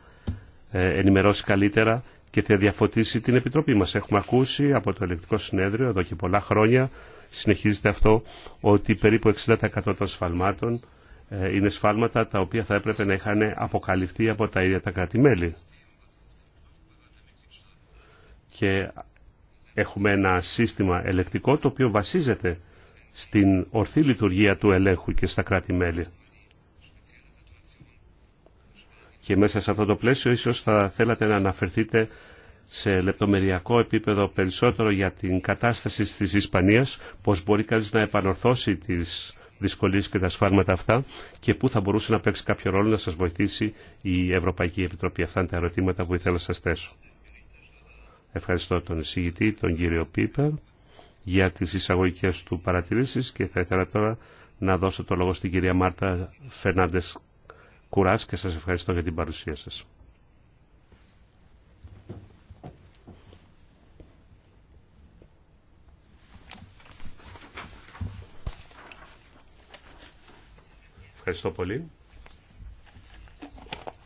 Speaker 1: ε, ενημερώσει καλύτερα και θα διαφωτίσει την Επιτροπή μας. Έχουμε ακούσει από το Ελεκτικό Συνέδριο εδώ και πολλά χρόνια, συνεχίζεται αυτό, ότι περίπου 60% των σφαλμάτων ε, είναι σφάλματα τα οποία θα έπρεπε να είχαν αποκαλυφθεί από τα ίδια τα κράτη-μέλη. Και έχουμε ένα σύστημα ελεκτικό το οποίο βασίζεται στην ορθή λειτουργία του ελέγχου και στα κράτη-μέλη. Και μέσα σε αυτό το πλαίσιο ίσως θα θέλατε να αναφερθείτε σε λεπτομεριακό επίπεδο περισσότερο για την κατάσταση της Ισπανίας, πώς μπορεί κανείς να επανορθώσει τις δυσκολίες και τα σφάλματα αυτά και πού θα μπορούσε να παίξει κάποιο ρόλο να σας βοηθήσει η Ευρωπαϊκή Επιτροπή. Αυτά είναι τα ερωτήματα που ήθελα να σας θέσω. Ευχαριστώ τον εισηγητή, τον κύριο Πίπερ για τις εισαγωγικές του παρατηρήσεις και θα ήθελα τώρα να δώσω το λόγο στην κυρία Μάρτα Φερνάντες Κουράς και σας ευχαριστώ για την παρουσία σας. Ευχαριστώ πολύ.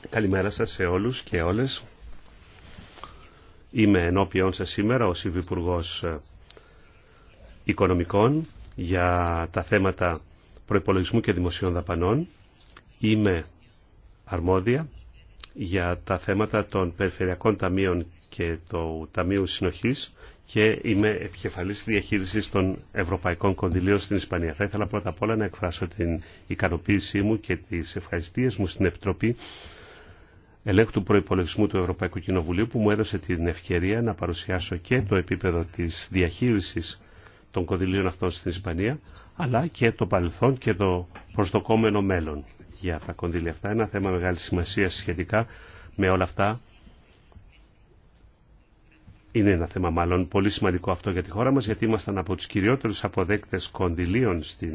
Speaker 1: Καλημέρα σας σε όλους και όλες. Είμαι ενώπιον σας σήμερα ως Υφυπουργός Οικονομικών για τα θέματα προϋπολογισμού και δημοσίων δαπανών. Είμαι αρμόδια για τα θέματα των Περιφερειακών Ταμείων και του Ταμείου Συνοχής και είμαι επικεφαλής διαχείρισης των Ευρωπαϊκών Κονδυλίων στην Ισπανία. Θα ήθελα πρώτα απ' όλα να εκφράσω την ικανοποίησή μου και τις ευχαριστίες μου στην Επιτροπή Ελέγχου του Προϋπολογισμού του Ευρωπαϊκού Κοινοβουλίου που μου έδωσε την ευκαιρία να παρουσιάσω και το επίπεδο της διαχείρισης των κονδυλίων αυτών στην Ισπανία, αλλά και το παρελθόν και το προσδοκόμενο μέλλον για τα κονδύλια αυτά. Ένα θέμα μεγάλη σημασία σχετικά με όλα αυτά. Είναι ένα θέμα μάλλον πολύ σημαντικό αυτό για τη χώρα μας, γιατί ήμασταν από τους κυριότερους αποδέκτες κονδυλίων στην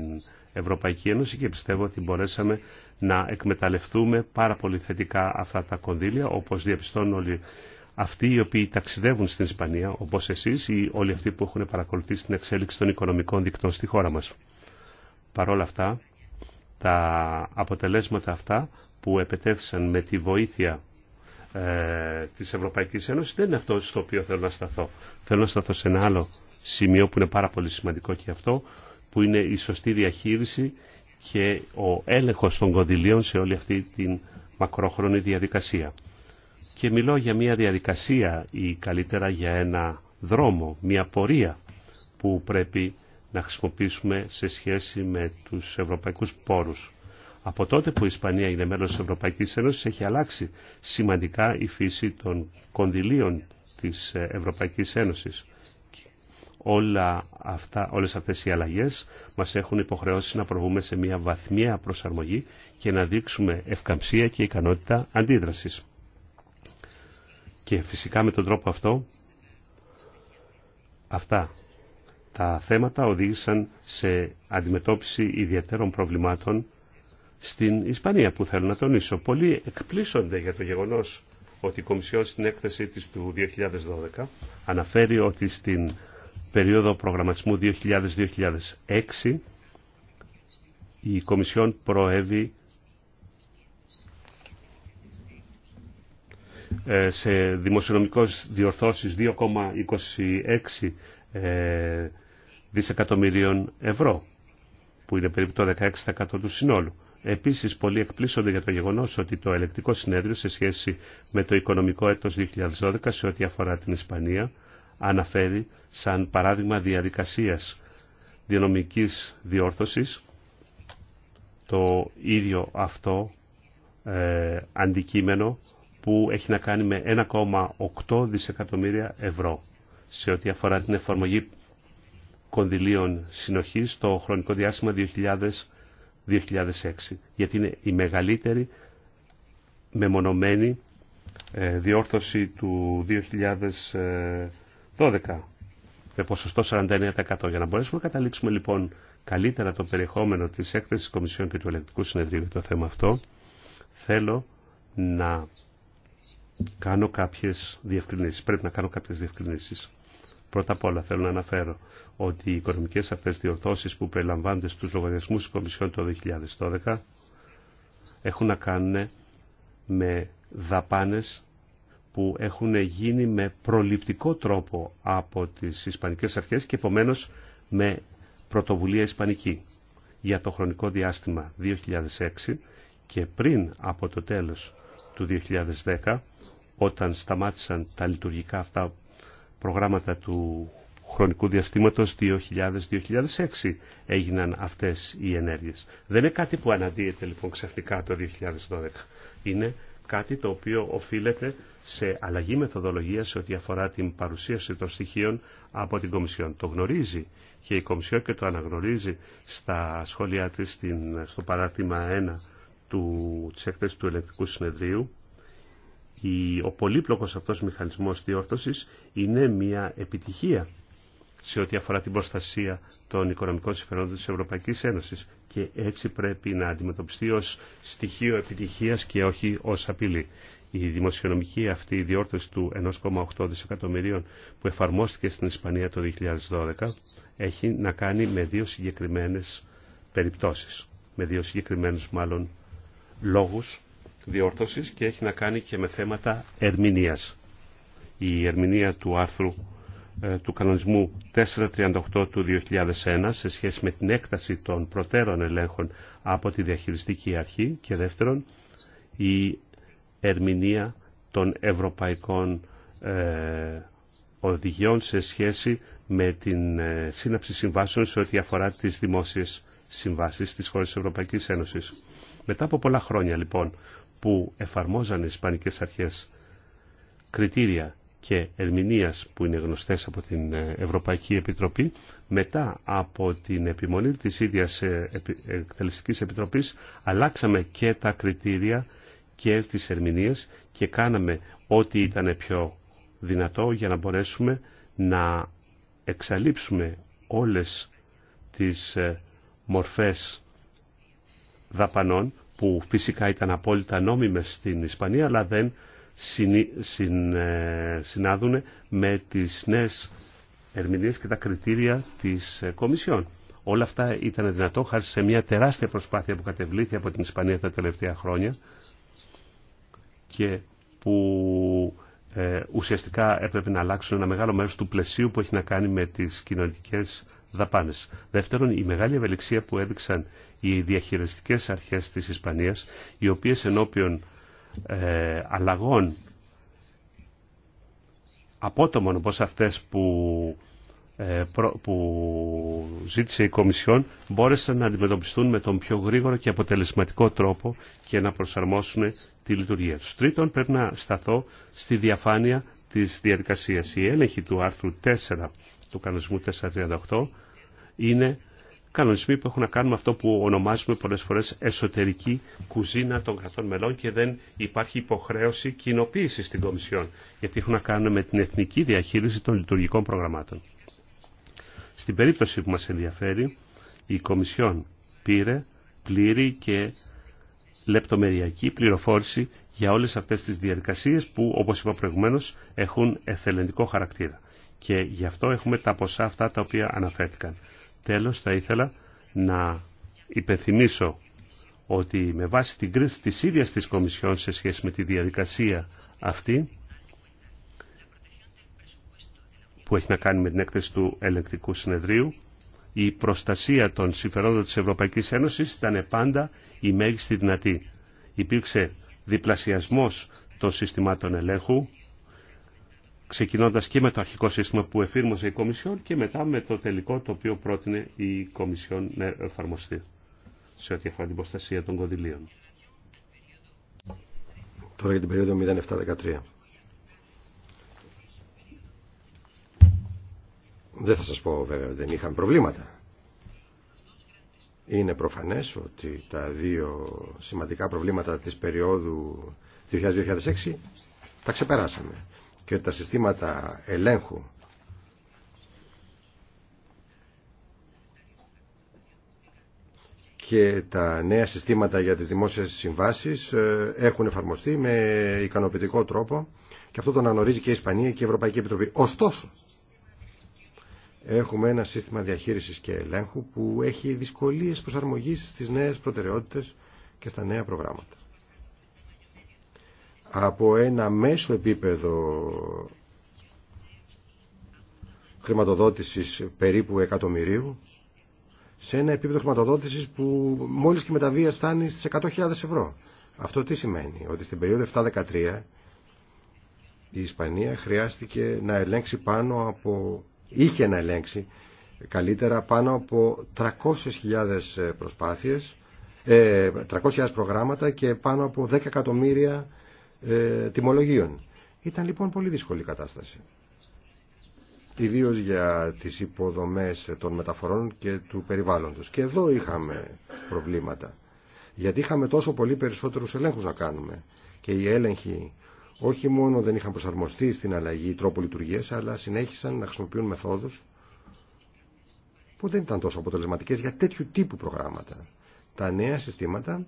Speaker 1: Ευρωπαϊκή Ένωση και πιστεύω ότι μπορέσαμε να εκμεταλλευτούμε πάρα πολύ θετικά αυτά τα κονδύλια, όπως διαπιστώνουν όλοι αυτοί οι οποίοι ταξιδεύουν στην Ισπανία, όπως εσείς ή όλοι αυτοί που έχουν παρακολουθήσει την εξέλιξη των οικονομικών δικτών στη χώρα μας. Παρ' όλα αυτά, τα αποτελέσματα αυτά που επετέθησαν με τη βοήθεια ε, της Ευρωπαϊκής Ένωσης δεν είναι αυτό στο οποίο θέλω να σταθώ. Θέλω να σταθώ σε ένα άλλο σημείο που είναι πάρα πολύ σημαντικό και αυτό, που είναι η σωστή διαχείριση και ο έλεγχος των κονδυλίων σε όλη αυτή την μακρόχρονη διαδικασία και μιλώ για μια διαδικασία ή καλύτερα για ένα δρόμο, μια πορεία που πρέπει να χρησιμοποιήσουμε σε σχέση με τους ευρωπαϊκούς πόρους. Από τότε που η Ισπανία είναι μέλος της Ευρωπαϊκής Ένωσης έχει αλλάξει σημαντικά η φύση των κονδυλίων της Ευρωπαϊκής Ένωσης. Όλα αυτά, όλες αυτές οι αλλαγές μας έχουν υποχρεώσει να προβούμε σε μια βαθμία προσαρμογή και να δείξουμε ευκαμψία και ικανότητα αντίδρασης. Και φυσικά με τον τρόπο αυτό, αυτά τα θέματα οδήγησαν σε αντιμετώπιση ιδιαίτερων προβλημάτων στην Ισπανία που θέλω να τονίσω. Πολλοί εκπλήσονται για το γεγονός ότι η Κομισιόν στην έκθεση της του 2012 αναφέρει ότι στην περίοδο προγραμματισμού 2000-2006 η Κομισιόν προέβη Ε, σε δημοσιονομικές διορθώσεις 2,26 ε, δισεκατομμυρίων ευρώ, που είναι περίπου το 16% του συνόλου. Επίσης, πολλοί εκπλήσονται για το γεγονός ότι το ελεκτικό συνέδριο σε σχέση με το οικονομικό έτος 2012 σε ό,τι αφορά την Ισπανία αναφέρει σαν παράδειγμα διαδικασίας διανομικής διόρθωσης το ίδιο αυτό ε, αντικείμενο που έχει να κάνει με 1,8 δισεκατομμύρια ευρώ σε ό,τι αφορά την εφαρμογή κονδυλίων συνοχής στο χρονικό διάστημα 2000-2006, γιατί είναι η μεγαλύτερη μεμονωμένη ε, διόρθωση του 2012 ε, με ποσοστό 49%. Για να μπορέσουμε να καταλήξουμε λοιπόν καλύτερα το περιεχόμενο της έκθεσης Κομισιών και του Ελεκτικού Συνεδρίου για το θέμα αυτό, θέλω να κάνω κάποιες διευκρινήσεις. Πρέπει να κάνω κάποιες διευκρινήσεις. Πρώτα απ' όλα θέλω να αναφέρω ότι οι οικονομικές αυτές διορθώσεις που περιλαμβάνονται στους λογαριασμούς της Κομισιόν το 2012 έχουν να κάνουν με δαπάνες που έχουν γίνει με προληπτικό τρόπο από τις Ισπανικές Αρχές και επομένως με πρωτοβουλία Ισπανική για το χρονικό διάστημα 2006 και πριν από το τέλος του 2010 όταν σταμάτησαν τα λειτουργικά αυτά προγράμματα του χρονικού διαστήματος 2000-2006 έγιναν αυτές οι ενέργειες. Δεν είναι κάτι που αναδύεται λοιπόν ξαφνικά το 2012. Είναι κάτι το οποίο οφείλεται σε αλλαγή μεθοδολογίας ό,τι αφορά την παρουσίαση των στοιχείων από την Κομισιόν. Το γνωρίζει και η Κομισιόν και το αναγνωρίζει στα σχόλιά της στο παράρτημα 1 του, της έκθεσης του ελεκτικού συνεδρίου, η, ο πολύπλοκος αυτός μηχανισμός διόρθωσης είναι μια επιτυχία σε ό,τι αφορά την προστασία των οικονομικών συμφερόντων της Ευρωπαϊκής Ένωσης και έτσι πρέπει να αντιμετωπιστεί ως στοιχείο επιτυχίας και όχι ως απειλή. Η δημοσιονομική αυτή διόρθωση του 1,8 δισεκατομμυρίων που εφαρμόστηκε στην Ισπανία το 2012 έχει να κάνει με δύο συγκεκριμένες περιπτώσεις, με δύο συγκεκριμένους μάλλον λόγους διόρθωσης και έχει να κάνει και με θέματα ερμηνείας. Η ερμηνεία του άρθρου ε, του κανονισμού 438 του 2001 σε σχέση με την έκταση των προτέρων ελέγχων από τη διαχειριστική αρχή και δεύτερον η ερμηνεία των ευρωπαϊκών ε, οδηγιών σε σχέση με την ε, σύναψη συμβάσεων σε ό,τι αφορά τις δημόσιες συμβάσεις της χώρας της Ευρωπαϊκής Ένωσης. Μετά από πολλά χρόνια λοιπόν που εφαρμόζαν οι Ισπανικές αρχές κριτήρια και ερμηνείας που είναι γνωστές από την ε, Ευρωπαϊκή Επιτροπή μετά από την επιμονή της ίδιας ε, Εκτελεστικής Επιτροπής αλλάξαμε και τα κριτήρια και τις ερμηνείες και κάναμε ό,τι ήταν πιο δυνατό για να μπορέσουμε να εξαλείψουμε όλες τις ε, μορφές δαπανών που φυσικά ήταν απόλυτα νόμιμες στην Ισπανία αλλά δεν ε, συνάδουν με τις νέες ερμηνείες και τα κριτήρια της ε, Κομισιόν. Όλα αυτά ήταν δυνατό χάρη σε μια τεράστια προσπάθεια που κατεβλήθη από την Ισπανία τα τελευταία χρόνια και που ε, ουσιαστικά έπρεπε να αλλάξουν ένα μεγάλο μέρος του πλαισίου που έχει να κάνει με τις κοινωνικές δαπάνες. Δεύτερον, η μεγάλη ευελιξία που έδειξαν οι διαχειριστικές αρχές της Ισπανίας, οι οποίες ενώπιον ε, αλλαγών απότομων όπως αυτές που ε, που ζήτησε η Κομισιόν μπόρεσαν να αντιμετωπιστούν με τον πιο γρήγορο και αποτελεσματικό τρόπο και να προσαρμόσουν τη λειτουργία τους. Τρίτον, πρέπει να σταθώ στη διαφάνεια της διαδικασίας. Η έλεγχη του άρθρου 4 του κανονισμού 438 είναι κανονισμοί που έχουν να κάνουν αυτό που ονομάζουμε πολλές φορές εσωτερική κουζίνα των κρατών μελών και δεν υπάρχει υποχρέωση κοινοποίηση στην Κομισιόν, γιατί έχουν να κάνουν με την εθνική διαχείριση των λειτουργικών προγραμμάτων. Στην περίπτωση που μας ενδιαφέρει, η Κομισιόν πήρε πλήρη και λεπτομεριακή πληροφόρηση για όλες αυτές τις διαδικασίες που, όπως είπα προηγουμένως, έχουν εθελεντικό χαρακτήρα. Και γι' αυτό έχουμε τα ποσά αυτά τα οποία αναφέρθηκαν. Τέλος, θα ήθελα να υπενθυμίσω ότι με βάση την κρίση της ίδιας της Κομισιόν σε σχέση με τη διαδικασία αυτή, που έχει να κάνει με την έκθεση του ελεκτικού συνεδρίου. Η προστασία των συμφερόντων της Ευρωπαϊκής Ένωσης ήταν πάντα η μέγιστη δυνατή. Υπήρξε διπλασιασμός των συστημάτων ελέγχου, ξεκινώντας και με το αρχικό σύστημα που εφήρμοσε η Κομισιόν και μετά με το τελικό το οποίο πρότεινε η Κομισιόν να εφαρμοστεί σε ό,τι αφορά την προστασία των κονδυλίων. Τώρα για την περίοδο 07-13.
Speaker 2: Δεν θα σας πω βέβαια ότι δεν είχαν προβλήματα. Είναι προφανές ότι τα δύο σημαντικά προβλήματα της περιοδου του 2000-2006 τα ξεπεράσαμε και τα συστήματα ελέγχου και τα νέα συστήματα για τις δημόσιες συμβάσεις ε, έχουν εφαρμοστεί με ικανοποιητικό τρόπο και αυτό το αναγνωρίζει και η Ισπανία και η Ευρωπαϊκή Επιτροπή. Ωστόσο, έχουμε ένα σύστημα διαχείρισης και ελέγχου που έχει δυσκολίες προσαρμογής στις νέες προτεραιότητες και στα νέα προγράμματα. Από ένα μέσο επίπεδο χρηματοδότησης περίπου εκατομμυρίου σε ένα επίπεδο χρηματοδότησης που μόλις και μεταβία στάνει στις 100.000 ευρώ. Αυτό τι σημαίνει, ότι στην περίοδο 7-13 η Ισπανία χρειάστηκε να ελέγξει πάνω από είχε να ελέγξει καλύτερα πάνω από 300.000 ε, προσπάθειες, 300.000 ε, προγράμματα και πάνω από 10 εκατομμύρια ε, τιμολογίων. Ήταν λοιπόν πολύ δύσκολη η κατάσταση. Ιδίω για τις υποδομές των μεταφορών και του περιβάλλοντος. Και εδώ είχαμε προβλήματα. Γιατί είχαμε τόσο πολύ περισσότερους ελέγχους να κάνουμε. Και οι έλεγχοι όχι μόνο δεν είχαν προσαρμοστεί στην αλλαγή τρόπο λειτουργία, αλλά συνέχισαν να χρησιμοποιούν μεθόδους που δεν ήταν τόσο αποτελεσματικέ για τέτοιου τύπου προγράμματα. Τα νέα συστήματα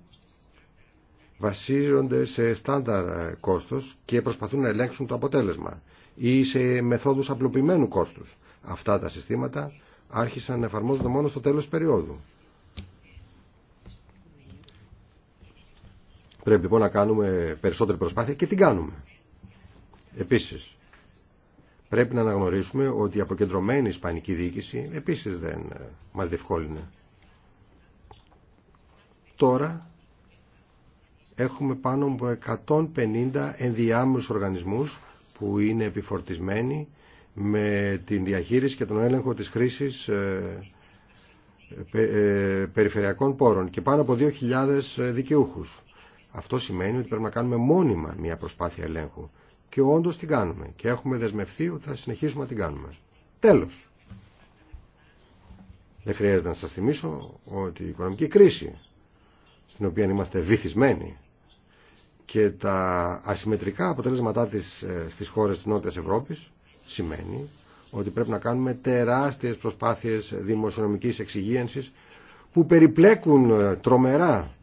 Speaker 2: βασίζονται σε στάνταρ κόστος και προσπαθούν να ελέγξουν το αποτέλεσμα ή σε μεθόδους απλοποιημένου κόστου. Αυτά τα συστήματα άρχισαν να εφαρμόζονται μόνο στο τέλο περίοδου. Πρέπει λοιπόν να κάνουμε περισσότερη προσπάθεια και την κάνουμε. Επίσης, πρέπει να αναγνωρίσουμε ότι η αποκεντρωμένη ισπανική διοίκηση επίσης δεν ε, μας διευκόλυνε. Τώρα έχουμε πάνω από 150 ενδιάμεσους οργανισμούς που είναι επιφορτισμένοι με την διαχείριση και τον έλεγχο της χρήσης ε, ε, περιφερειακών πόρων και πάνω από 2.000 δικαιούχους. Αυτό σημαίνει ότι πρέπει να κάνουμε μόνιμα μια προσπάθεια ελέγχου. Και όντω την κάνουμε. Και έχουμε δεσμευθεί ότι θα συνεχίσουμε να την κάνουμε. Τέλο. Δεν χρειάζεται να σα θυμίσω ότι η οικονομική κρίση στην οποία είμαστε βυθισμένοι και τα ασυμμετρικά αποτελέσματά της ε, στι χώρε τη Νότιας Ευρώπη σημαίνει ότι πρέπει να κάνουμε τεράστιες προσπάθειες δημοσιονομικής εξυγίανσης που περιπλέκουν ε, τρομερά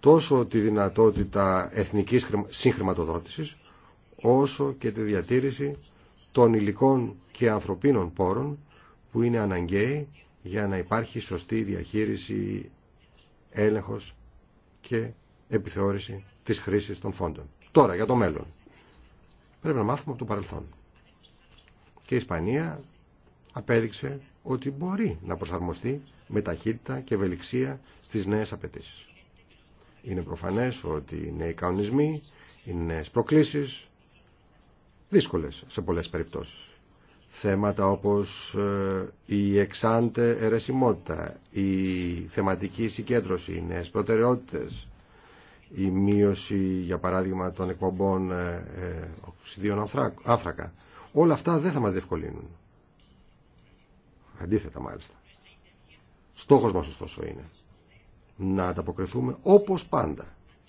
Speaker 2: τόσο τη δυνατότητα εθνικής συγχρηματοδότησης, όσο και τη διατήρηση των υλικών και ανθρωπίνων πόρων που είναι αναγκαίοι για να υπάρχει σωστή διαχείριση, έλεγχος και επιθεώρηση της χρήσης των φόντων. Τώρα, για το μέλλον. Πρέπει να μάθουμε από το παρελθόν. Και η Ισπανία απέδειξε ότι μπορεί να προσαρμοστεί με ταχύτητα και ευελιξία στις νέες απαιτήσεις. Είναι προφανές ότι οι νέοι κανονισμοί, οι νέες προκλήσεις, δύσκολες σε πολλές περιπτώσεις. Θέματα όπως ε, η εξάντε ερεσιμότητα, η θεματική συγκέντρωση, οι νέες προτεραιότητες, η μείωση, για παράδειγμα, των εκπομπών ε, ε, οξυδίων άφρακα. Όλα αυτά δεν θα μας διευκολύνουν. Αντίθετα, μάλιστα. Στόχος μας, ωστόσο, είναι να ανταποκριθούμε όπως πάντα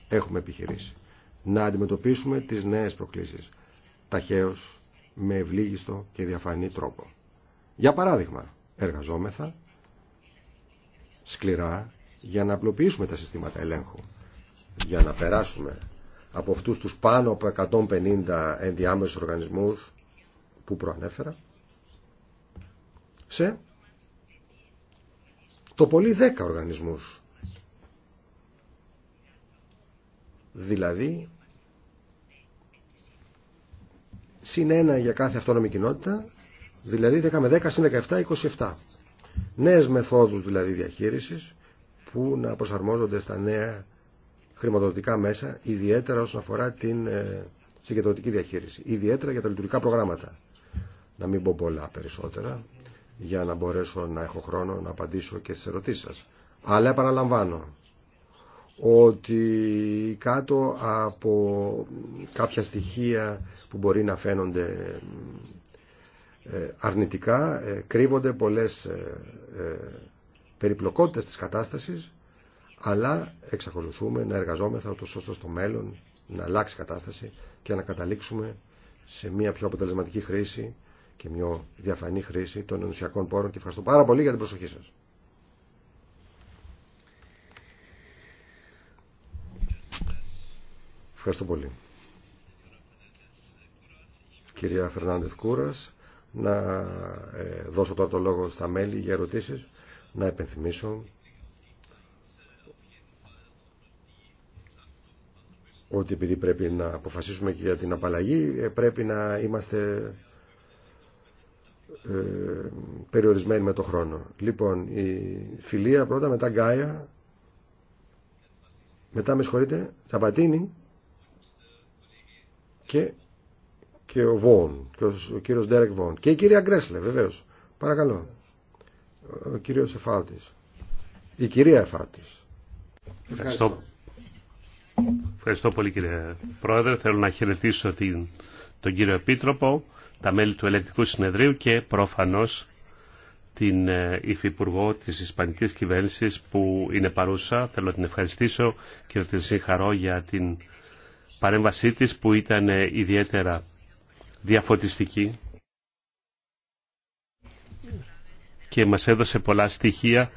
Speaker 2: έχουμε επιχειρήσει. Να αντιμετωπίσουμε τις νέες προκλήσεις ταχαίως, με ευλίγιστο και διαφανή τρόπο. Για παράδειγμα, εργαζόμεθα σκληρά για να απλοποιήσουμε τα συστήματα ελέγχου, για να περάσουμε από αυτούς τους πάνω από 150 ενδιάμεσους οργανισμούς που προανέφερα, σε το πολύ 10 οργανισμούς δηλαδή συν 1 για κάθε αυτόνομη κοινότητα, δηλαδή 10 με 10 συν 17, 27. Νέες μεθόδους δηλαδή διαχείρισης που να προσαρμόζονται στα νέα χρηματοδοτικά μέσα, ιδιαίτερα όσον αφορά την ε, συγκεντρωτική διαχείριση, ιδιαίτερα για τα λειτουργικά προγράμματα. Να μην πω πολλά περισσότερα, για να μπορέσω να έχω χρόνο να απαντήσω και στις ερωτήσεις σας. Αλλά επαναλαμβάνω, ότι κάτω από κάποια στοιχεία που μπορεί να φαίνονται ε, αρνητικά ε, κρύβονται πολλές ε, περιπλοκότητες της κατάστασης αλλά εξακολουθούμε να εργαζόμεθα ούτως ώστε στο μέλλον να αλλάξει η κατάσταση και να καταλήξουμε σε μια πιο αποτελεσματική χρήση και μια διαφανή χρήση των ενωσιακών πόρων και ευχαριστώ πάρα πολύ για την προσοχή σας. Ευχαριστώ πολύ. Κυρία Φερνάντες Κούρας, να ε, δώσω τώρα το λόγο στα μέλη για ερωτήσεις, να επενθυμίσω ότι επειδή πρέπει να αποφασίσουμε και για την απαλλαγή, ε, πρέπει να είμαστε ε, περιορισμένοι με το χρόνο. Λοιπόν, η Φιλία πρώτα, μετά Γκάια, μετά με συγχωρείτε, Τσαπατίνι, και, και ο Βόν, και ο, ο κύριος Ντέρεκ Βόν και η κυρία Γκρέσλε βεβαίω, Παρακαλώ. Ο κύριος Εφάτη, Η κυρία Εφάτη. Ευχαριστώ.
Speaker 1: Ευχαριστώ πολύ κύριε Πρόεδρε. Θέλω να χαιρετήσω την, τον κύριο Επίτροπο, τα μέλη του Ελεκτικού Συνεδρίου και προφανώς την ε, Υφυπουργό της Ισπανικής Κυβέρνησης που είναι παρούσα. Θέλω να την ευχαριστήσω και να την συγχαρώ για την παρέμβασή της που ήταν ιδιαίτερα διαφωτιστική και μας έδωσε πολλά στοιχεία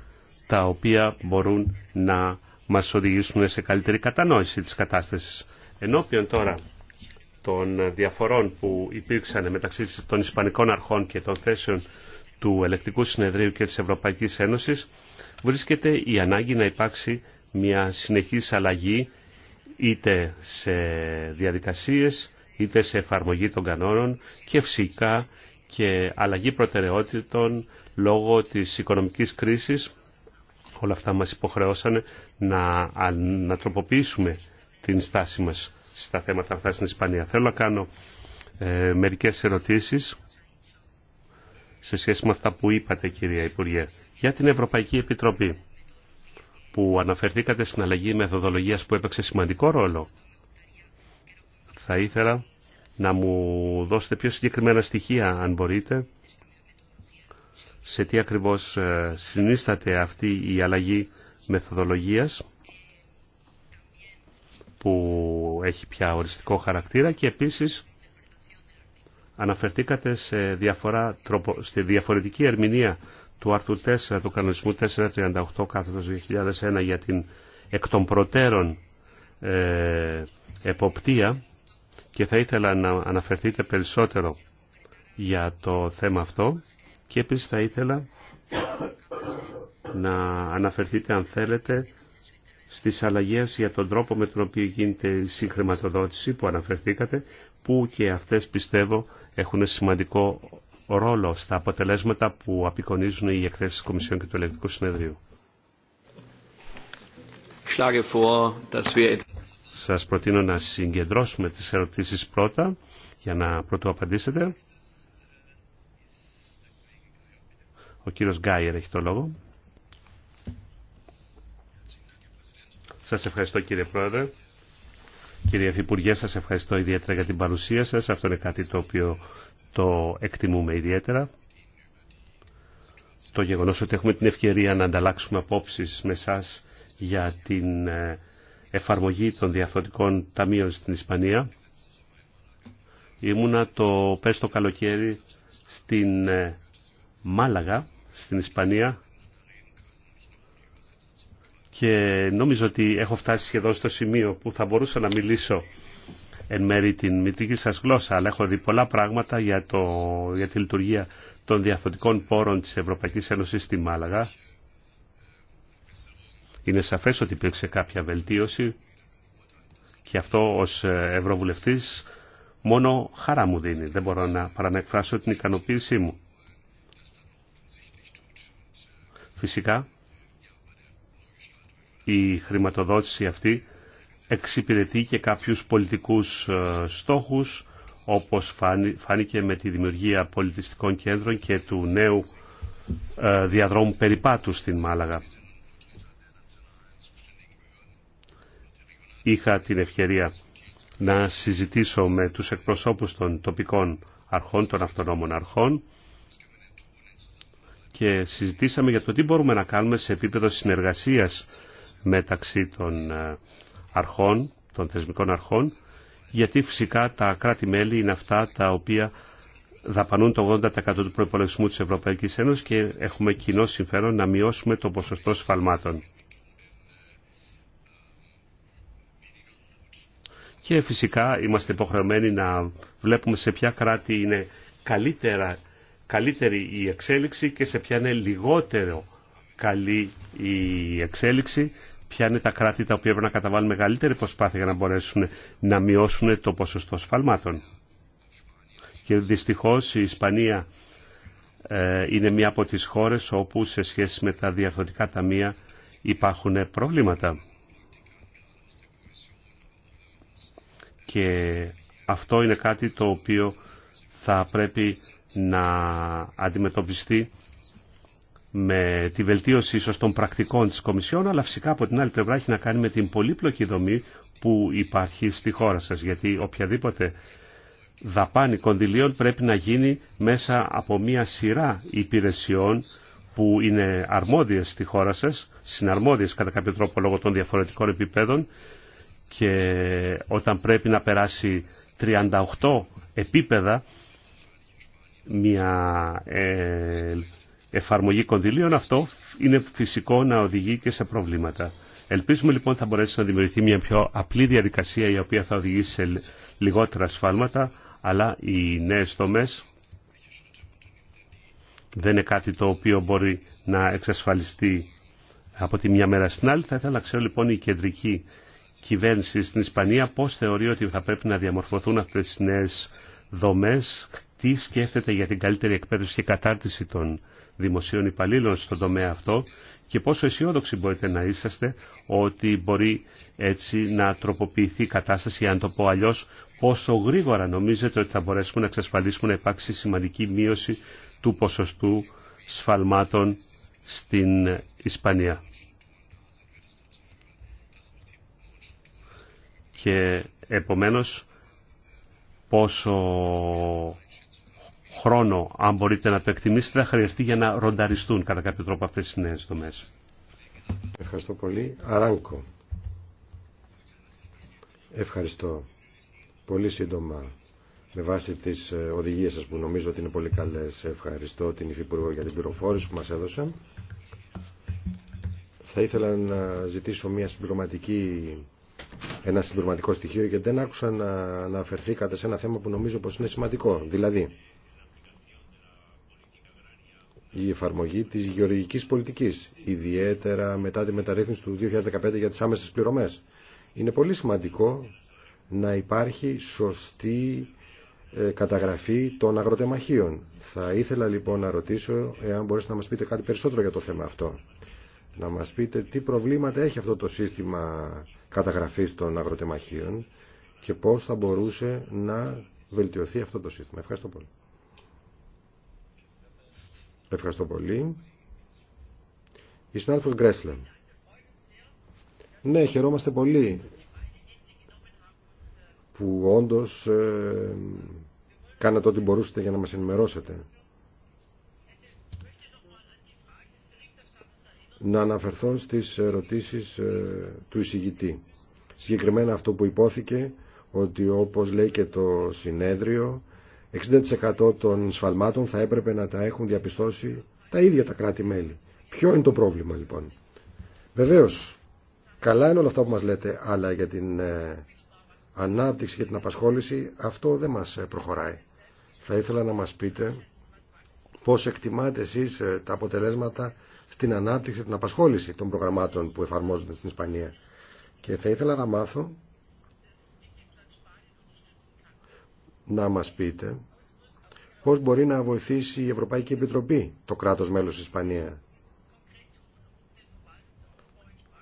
Speaker 1: τα οποία μπορούν να μας οδηγήσουν σε καλύτερη κατανόηση της κατάστασης. Ενώπιον τώρα των διαφορών που υπήρξαν μεταξύ των Ισπανικών αρχών και των θέσεων του Ελεκτικού Συνεδρίου και της Ευρωπαϊκής Ένωσης βρίσκεται η ανάγκη να υπάρξει μια συνεχής αλλαγή είτε σε διαδικασίες, είτε σε εφαρμογή των κανόνων και φυσικά και αλλαγή προτεραιότητων λόγω της οικονομικής κρίσης. Όλα αυτά μας υποχρεώσαν να, να τροποποιήσουμε την στάση μας στα θέματα αυτά στην Ισπανία. Θέλω να κάνω ε, μερικές ερωτήσεις σε σχέση με αυτά που είπατε κυρία Υπουργέ για την Ευρωπαϊκή Επιτροπή που αναφερθήκατε στην αλλαγή μεθοδολογίας που έπαιξε σημαντικό ρόλο. Θα ήθελα να μου δώσετε πιο συγκεκριμένα στοιχεία, αν μπορείτε, σε τι ακριβώς ε, συνίσταται αυτή η αλλαγή μεθοδολογίας που έχει πια οριστικό χαρακτήρα και επίσης αναφερθήκατε σε διαφορά, στη διαφορετική ερμηνεία του άρθρου 4 του κανονισμού 438 κάθετος 2001 για την εκ των προτέρων ε, εποπτεία και θα ήθελα να αναφερθείτε περισσότερο για το θέμα αυτό και επίσης θα ήθελα να αναφερθείτε αν θέλετε στις αλλαγές για τον τρόπο με τον οποίο γίνεται η συγχρηματοδότηση που αναφερθήκατε που και αυτές πιστεύω έχουν σημαντικό ρόλο στα αποτελέσματα που απεικονίζουν οι εκθέσει τη Κομισιόν και του Ελεκτικού Συνεδρίου. Σας προτείνω να συγκεντρώσουμε τις ερωτήσεις πρώτα για να πρώτο απαντήσετε. Ο κύριος Γκάιερ έχει το λόγο. Σας ευχαριστώ κύριε Πρόεδρε. Κύριε Υφυπουργέ, σας ευχαριστώ ιδιαίτερα για την παρουσία σας. Αυτό είναι κάτι το οποίο το εκτιμούμε ιδιαίτερα. Το γεγονός ότι έχουμε την ευκαιρία να ανταλλάξουμε απόψεις με για την ε, εφαρμογή των διαφορετικών ταμείων στην Ισπανία. Ήμουνα το πες το καλοκαίρι στην ε, Μάλαγα, στην Ισπανία και νομίζω ότι έχω φτάσει σχεδόν στο σημείο που θα μπορούσα να μιλήσω εν μέρη την μητρική σας γλώσσα, αλλά έχω δει πολλά πράγματα για, τη λειτουργία των διαφορετικών πόρων της Ευρωπαϊκής Ένωσης στη Μάλαγα. Είναι σαφές ότι υπήρξε κάποια βελτίωση και αυτό ως Ευρωβουλευτής μόνο χαρά μου δίνει. Δεν μπορώ να παραμεκφράσω την ικανοποίησή μου. Φυσικά, η χρηματοδότηση αυτή εξυπηρετεί και κάποιους πολιτικούς ε, στόχους όπως φάνηκε με τη δημιουργία πολιτιστικών κέντρων και του νέου ε, διαδρόμου περιπάτου στην Μάλαγα. Είχα την ευκαιρία να συζητήσω με τους εκπροσώπους των τοπικών αρχών, των αυτονόμων αρχών και συζητήσαμε για το τι μπορούμε να κάνουμε σε επίπεδο συνεργασίας μεταξύ των ε, αρχών, των θεσμικών αρχών, γιατί φυσικά τα κράτη-μέλη είναι αυτά τα οποία δαπανούν το 80% του προϋπολογισμού της Ευρωπαϊκής Ένωσης και έχουμε κοινό συμφέρον να μειώσουμε το ποσοστό σφαλμάτων. Και φυσικά είμαστε υποχρεωμένοι να βλέπουμε σε ποια κράτη είναι καλύτερα, καλύτερη η εξέλιξη και σε ποια είναι λιγότερο καλή η εξέλιξη ποια είναι τα κράτη τα οποία πρέπει να καταβάλουν μεγαλύτερη προσπάθεια για να μπορέσουν να μειώσουν το ποσοστό σφαλμάτων. Και δυστυχώς η Ισπανία ε, είναι μία από τις χώρες όπου σε σχέση με τα διαφορετικά ταμεία υπάρχουν προβλήματα. Και αυτό είναι κάτι το οποίο θα πρέπει να αντιμετωπιστεί με τη βελτίωση ίσως των πρακτικών της Κομισιόν, αλλά φυσικά από την άλλη πλευρά έχει να κάνει με την πολύπλοκη δομή που υπάρχει στη χώρα σας, γιατί οποιαδήποτε δαπάνη κονδυλίων πρέπει να γίνει μέσα από μια σειρά υπηρεσιών που είναι αρμόδιες στη χώρα σας, συναρμόδιες κατά κάποιο τρόπο λόγω των διαφορετικών επιπέδων και όταν πρέπει να περάσει 38 επίπεδα μια ε, εφαρμογή κονδυλίων, αυτό είναι φυσικό να οδηγεί και σε προβλήματα. Ελπίζουμε λοιπόν θα μπορέσει να δημιουργηθεί μια πιο απλή διαδικασία η οποία θα οδηγήσει σε λιγότερα σφάλματα, αλλά οι νέες δομές δεν είναι κάτι το οποίο μπορεί να εξασφαλιστεί από τη μια μέρα στην άλλη. Θα ήθελα να ξέρω λοιπόν η κεντρική κυβέρνηση στην Ισπανία πώς θεωρεί ότι θα πρέπει να διαμορφωθούν αυτές τις νέες δομές, τι σκέφτεται για την καλύτερη εκπαίδευση και κατάρτιση των δημοσίων υπαλλήλων στον τομέα αυτό και πόσο αισιόδοξοι μπορείτε να είσαστε ότι μπορεί έτσι να τροποποιηθεί η κατάσταση, αν το πω αλλιώ, πόσο γρήγορα νομίζετε ότι θα μπορέσουμε να εξασφαλίσουμε να υπάρξει σημαντική μείωση του ποσοστού σφαλμάτων στην Ισπανία. Και επομένως πόσο χρόνο, αν μπορείτε να το εκτιμήσετε, θα χρειαστεί για να ρονταριστούν κατά κάποιο τρόπο αυτές τι νέες δομές. Ευχαριστώ πολύ.
Speaker 2: Αράνκο. Ευχαριστώ. Πολύ σύντομα. Με βάση τις ε, οδηγίες σας που νομίζω ότι είναι πολύ καλές, ευχαριστώ την Υφυπουργό για την πληροφόρηση που μας έδωσε. Θα ήθελα να ζητήσω μια συμπληρωματική, ένα συμπληρωματικό στοιχείο γιατί δεν άκουσα να αναφερθήκατε σε ένα θέμα που νομίζω πως είναι σημαντικό. Δηλαδή, η εφαρμογή της γεωργικής πολιτικής, ιδιαίτερα μετά τη μεταρρύθμιση του 2015 για τις άμεσες πληρωμές. Είναι πολύ σημαντικό να υπάρχει σωστή ε, καταγραφή των αγροτεμαχίων. Θα ήθελα λοιπόν να ρωτήσω εάν μπορέσετε να μας πείτε κάτι περισσότερο για το θέμα αυτό. Να μας πείτε τι προβλήματα έχει αυτό το σύστημα καταγραφής των αγροτεμαχίων και πώς θα μπορούσε να βελτιωθεί αυτό το σύστημα. Ευχαριστώ πολύ. Ευχαριστώ πολύ. Η συνάδελφος Γκρέσλε. Ναι, χαιρόμαστε πολύ που όντως ε, κάνατε ό,τι μπορούσατε για να μας ενημερώσετε. Να αναφερθώ στις ερωτήσεις ε, του εισηγητή. Συγκεκριμένα αυτό που υπόθηκε ότι όπως λέει και το συνέδριο 60% των σφαλμάτων θα έπρεπε να τα έχουν διαπιστώσει τα ίδια τα κράτη-μέλη. Ποιο είναι το πρόβλημα λοιπόν. Βεβαίως, καλά είναι όλα αυτά που μας λέτε, αλλά για την ε, ανάπτυξη και την απασχόληση αυτό δεν μας ε, προχωράει. Θα ήθελα να μας πείτε πώς εκτιμάτε εσείς ε, τα αποτελέσματα στην ανάπτυξη, και την απασχόληση των προγραμμάτων που εφαρμόζονται στην Ισπανία. Και θα ήθελα να μάθω να μας πείτε πώς μπορεί να βοηθήσει η Ευρωπαϊκή Επιτροπή το κράτος μέλος της Ισπανία.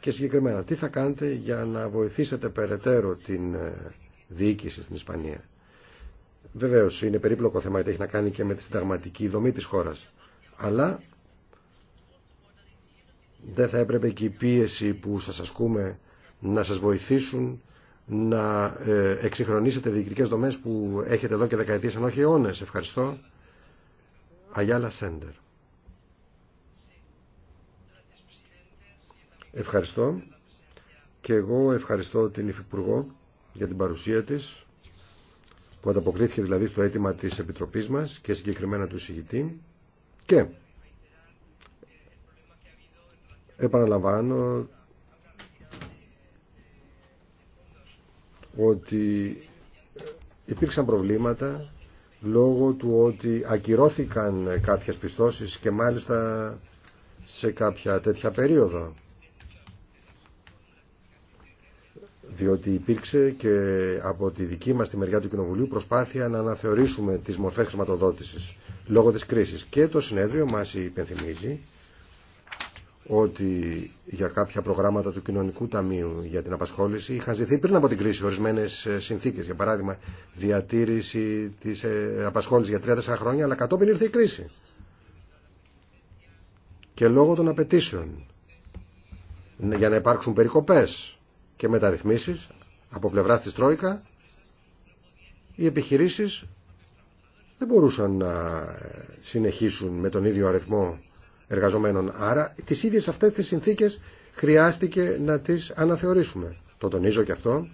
Speaker 2: Και συγκεκριμένα, τι θα κάνετε για να βοηθήσετε περαιτέρω την ε, διοίκηση στην Ισπανία. Βεβαίως, είναι περίπλοκο θέμα γιατί έχει να κάνει και με τη συνταγματική δομή της χώρας. Αλλά δεν θα έπρεπε και η πίεση που σας ασκούμε να σας βοηθήσουν να ε, εξυγχρονίσετε διοικητικές δομές που έχετε εδώ και δεκαετίες αν όχι αιώνες. Ευχαριστώ. Αγιάλα Σέντερ. Ευχαριστώ και εγώ ευχαριστώ την Υφυπουργό για την παρουσία της που ανταποκρίθηκε δηλαδή στο αίτημα της Επιτροπής μας και συγκεκριμένα του εισηγητή και επαναλαμβάνω ότι υπήρξαν προβλήματα λόγω του ότι ακυρώθηκαν κάποιες πιστώσεις και μάλιστα σε κάποια τέτοια περίοδο. διότι υπήρξε και από τη δική μας τη μεριά του Κοινοβουλίου προσπάθεια να αναθεωρήσουμε τις μορφές χρηματοδότησης λόγω της κρίσης. Και το συνέδριο μας υπενθυμίζει ότι για κάποια προγράμματα του Κοινωνικού Ταμείου για την απασχόληση είχαν ζηθεί πριν από την κρίση ορισμένε συνθήκε. Για παράδειγμα, διατήρηση της ε, απασχόλησης για 3-4 χρόνια, αλλά κατόπιν ήρθε η κρίση. Και λόγω των απαιτήσεων ναι, για να υπάρξουν περικοπές και μεταρρυθμίσεις από πλευρά της Τρόικα, οι επιχειρήσεις δεν μπορούσαν να ε, συνεχίσουν με τον ίδιο αριθμό εργαζομένων. Άρα τις ίδιες αυτές τις συνθήκες χρειάστηκε να τις αναθεωρήσουμε. Το τονίζω και αυτό,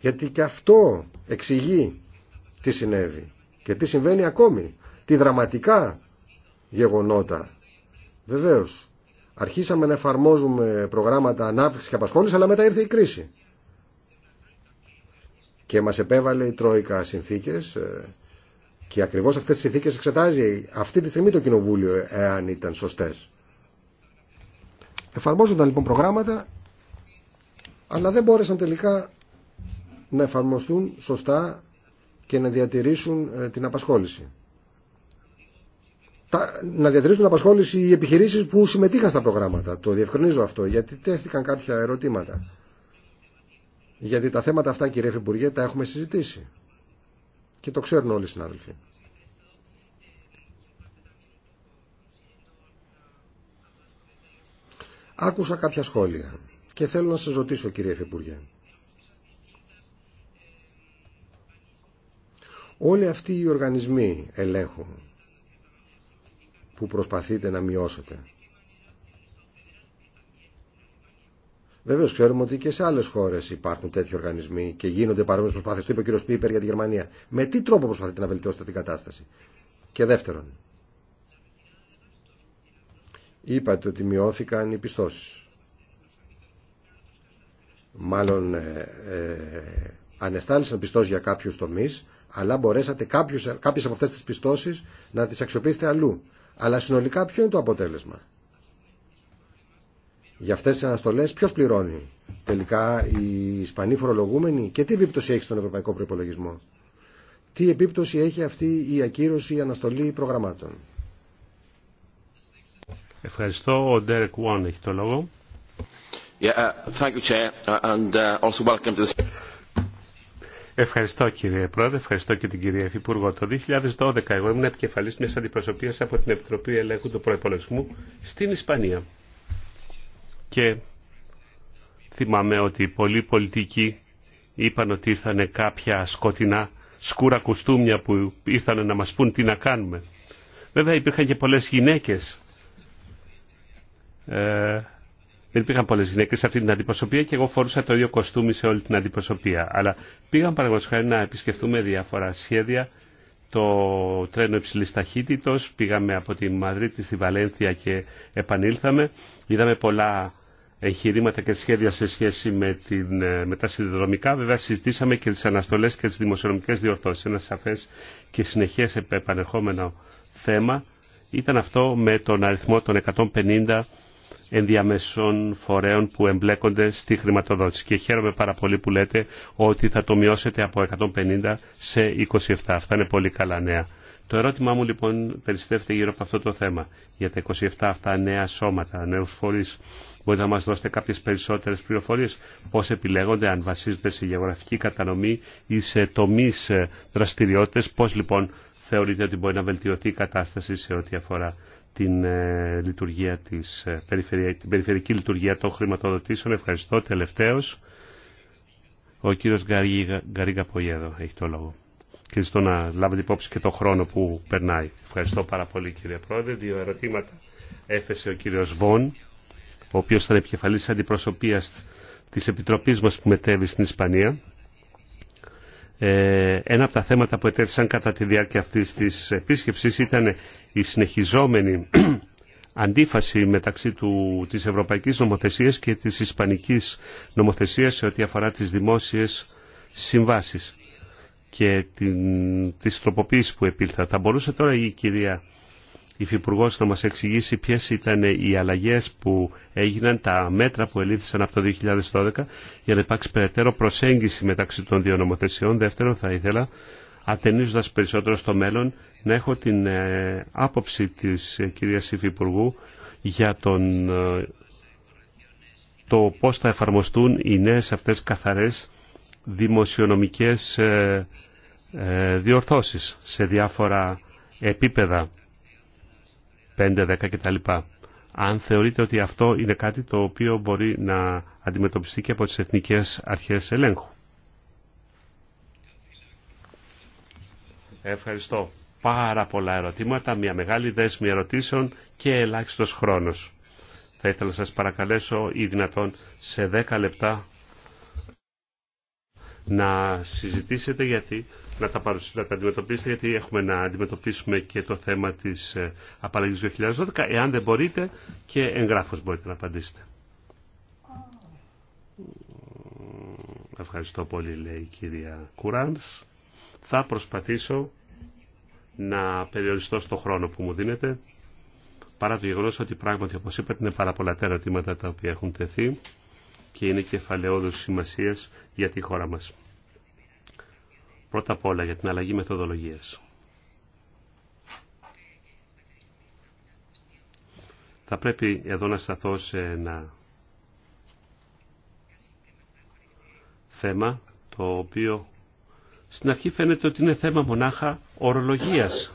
Speaker 2: γιατί και αυτό εξηγεί τι συνέβη και τι συμβαίνει ακόμη, τι δραματικά γεγονότα. Βεβαίως, αρχίσαμε να εφαρμόζουμε προγράμματα ανάπτυξης και απασχόληση, αλλά μετά ήρθε η κρίση. Και μας επέβαλε η Τρόικα συνθήκες ε, και ακριβώ αυτές τι συνθήκε εξετάζει αυτή τη στιγμή το Κοινοβούλιο εάν ήταν σωστές. Εφαρμόζονταν λοιπόν προγράμματα αλλά δεν μπόρεσαν τελικά να εφαρμοστούν σωστά και να διατηρήσουν ε, την απασχόληση. να διατηρήσουν την απασχόληση οι επιχειρήσεις που συμμετείχαν στα προγράμματα. Το διευκρινίζω αυτό γιατί τέθηκαν κάποια ερωτήματα. Γιατί τα θέματα αυτά κύριε Φιμπουργέ τα έχουμε συζητήσει και το ξέρουν όλοι οι συνάδελφοι. Άκουσα κάποια σχόλια και θέλω να σας ρωτήσω κύριε Υφυπουργέ. Όλοι αυτοί οι οργανισμοί ελέγχου που προσπαθείτε να μειώσετε Βεβαίω ξέρουμε ότι και σε άλλε χώρε υπάρχουν τέτοιοι οργανισμοί και γίνονται παρόμοιε προσπάθειε. Το είπε ο κ. Πίπερ για τη Γερμανία. Με τι τρόπο προσπαθείτε να βελτιώσετε την κατάσταση. Και δεύτερον, είπατε ότι μειώθηκαν οι πιστώσει. Μάλλον ε, ε, ανεστάλησαν πιστώσει για κάποιου τομεί, αλλά μπορέσατε κάποιε από αυτέ τι πιστώσει να τι αξιοποιήσετε αλλού. Αλλά συνολικά ποιο είναι το αποτέλεσμα για αυτές τι αναστολές ποιο πληρώνει τελικά οι Ισπανοί φορολογούμενοι και τι επίπτωση έχει στον ευρωπαϊκό
Speaker 1: προπολογισμό.
Speaker 2: Τι επίπτωση έχει αυτή η ακύρωση, η αναστολή προγραμμάτων.
Speaker 1: Ευχαριστώ. Ο Ντέρεκ Βόν έχει το λόγο. Ευχαριστώ κύριε Πρόεδρε, ευχαριστώ και την κυρία Υπουργό. Το 2012 εγώ ήμουν επικεφαλής μιας αντιπροσωπείας από την Επιτροπή Ελέγχου του Προϋπολογισμού στην Ισπανία και θυμάμαι ότι πολλοί πολιτικοί είπαν ότι ήρθαν κάποια σκοτεινά σκούρα κουστούμια που ήρθαν να μας πούν τι να κάνουμε. Βέβαια υπήρχαν και πολλές γυναίκες. Ε, δεν υπήρχαν πολλές γυναίκες σε αυτή την αντιπροσωπεία και εγώ φορούσα το ίδιο κοστούμι σε όλη την αντιπροσωπεία. Αλλά πήγαν παραγωγικά να επισκεφτούμε διάφορα σχέδια το τρένο υψηλής ταχύτητος, πήγαμε από τη Μαδρίτη στη Βαλένθια και επανήλθαμε. Είδαμε πολλά εγχειρήματα και σχέδια σε σχέση με, την, ε, τα συνδρομικά. Βέβαια συζητήσαμε και τις αναστολές και τις δημοσιονομικές διορθώσεις. Ένα σαφές και συνεχές επανερχόμενο θέμα ήταν αυτό με τον αριθμό των 150 ενδιαμεσών φορέων που εμπλέκονται στη χρηματοδότηση. Και χαίρομαι πάρα πολύ που λέτε ότι θα το μειώσετε από 150 σε 27. Αυτά είναι πολύ καλά νέα. Το ερώτημά μου λοιπόν περιστρέφεται γύρω από αυτό το θέμα. Για τα 27 αυτά νέα σώματα, νέους φορείς, μπορείτε να μας δώσετε κάποιες περισσότερες πληροφορίες πώς επιλέγονται, αν βασίζονται σε γεωγραφική κατανομή ή σε τομείς ε, δραστηριότητες, πώς λοιπόν θεωρείτε ότι μπορεί να βελτιωθεί η κατάσταση σε ό,τι αφορά την, ε, λειτουργία της, ε, την λειτουργία των χρηματοδοτήσεων. Ευχαριστώ. Τελευταίος, ο κύριος Γκαρίγα Πογέδο έχει το λόγο. Και ζητώ να λάβετε υπόψη και το χρόνο που περνάει. Ευχαριστώ πάρα πολύ κύριε Πρόεδρε. Δύο ερωτήματα έθεσε ο κύριος Βον, ο οποίος ήταν επικεφαλής αντιπροσωπείας της Επιτροπής μας που μετέβη στην Ισπανία. Ε, ένα από τα θέματα που ετέθησαν κατά τη διάρκεια αυτής της επίσκεψης ήταν η συνεχιζόμενη αντίφαση μεταξύ του, της ευρωπαϊκής νομοθεσίας και της ισπανικής νομοθεσίας σε ό,τι αφορά τις δημόσιες συμβάσεις και την, τις τροποποίησεις που επήλθα. Θα μπορούσε τώρα η κυρία Υφυπουργός να μας εξηγήσει ποιες ήταν οι αλλαγές που έγιναν, τα μέτρα που ελήφθησαν από το 2012 για να υπάρξει περαιτέρω προσέγγιση μεταξύ των δύο νομοθεσιών. Δεύτερον, θα ήθελα, ατενίζοντας περισσότερο στο μέλλον, να έχω την ε, άποψη της ε, κυρίας Υφυπουργού για τον, ε, το πώς θα εφαρμοστούν οι νέες αυτές καθαρές δημοσιονομικές διορθώσεις σε διάφορα επίπεδα 5, 10 κτλ. Αν θεωρείτε ότι αυτό είναι κάτι το οποίο μπορεί να αντιμετωπιστεί και από τις εθνικές αρχές ελέγχου. Ευχαριστώ. Πάρα πολλά ερωτήματα, μια μεγάλη δέσμη ερωτήσεων και ελάχιστος χρόνος. Θα ήθελα να σας παρακαλέσω ή δυνατόν σε 10 λεπτά να συζητήσετε γιατί να τα, να τα αντιμετωπίσετε γιατί έχουμε να αντιμετωπίσουμε και το θέμα της ε, απαλλαγής 2012 εάν δεν μπορείτε και εγγράφως μπορείτε να απαντήσετε. Ευχαριστώ πολύ λέει η κυρία Κουράνς. Θα προσπαθήσω να περιοριστώ στο χρόνο που μου δίνετε. παρά το γεγονός ότι πράγματι όπως είπατε είναι πάρα πολλά τα ερωτήματα τα οποία έχουν τεθεί και είναι κεφαλαιόδους σημασία για τη χώρα μας. Πρώτα απ' όλα για την αλλαγή μεθοδολογίας. Θα πρέπει εδώ να σταθώ σε ένα θέμα το οποίο στην αρχή φαίνεται ότι είναι θέμα μονάχα ορολογίας.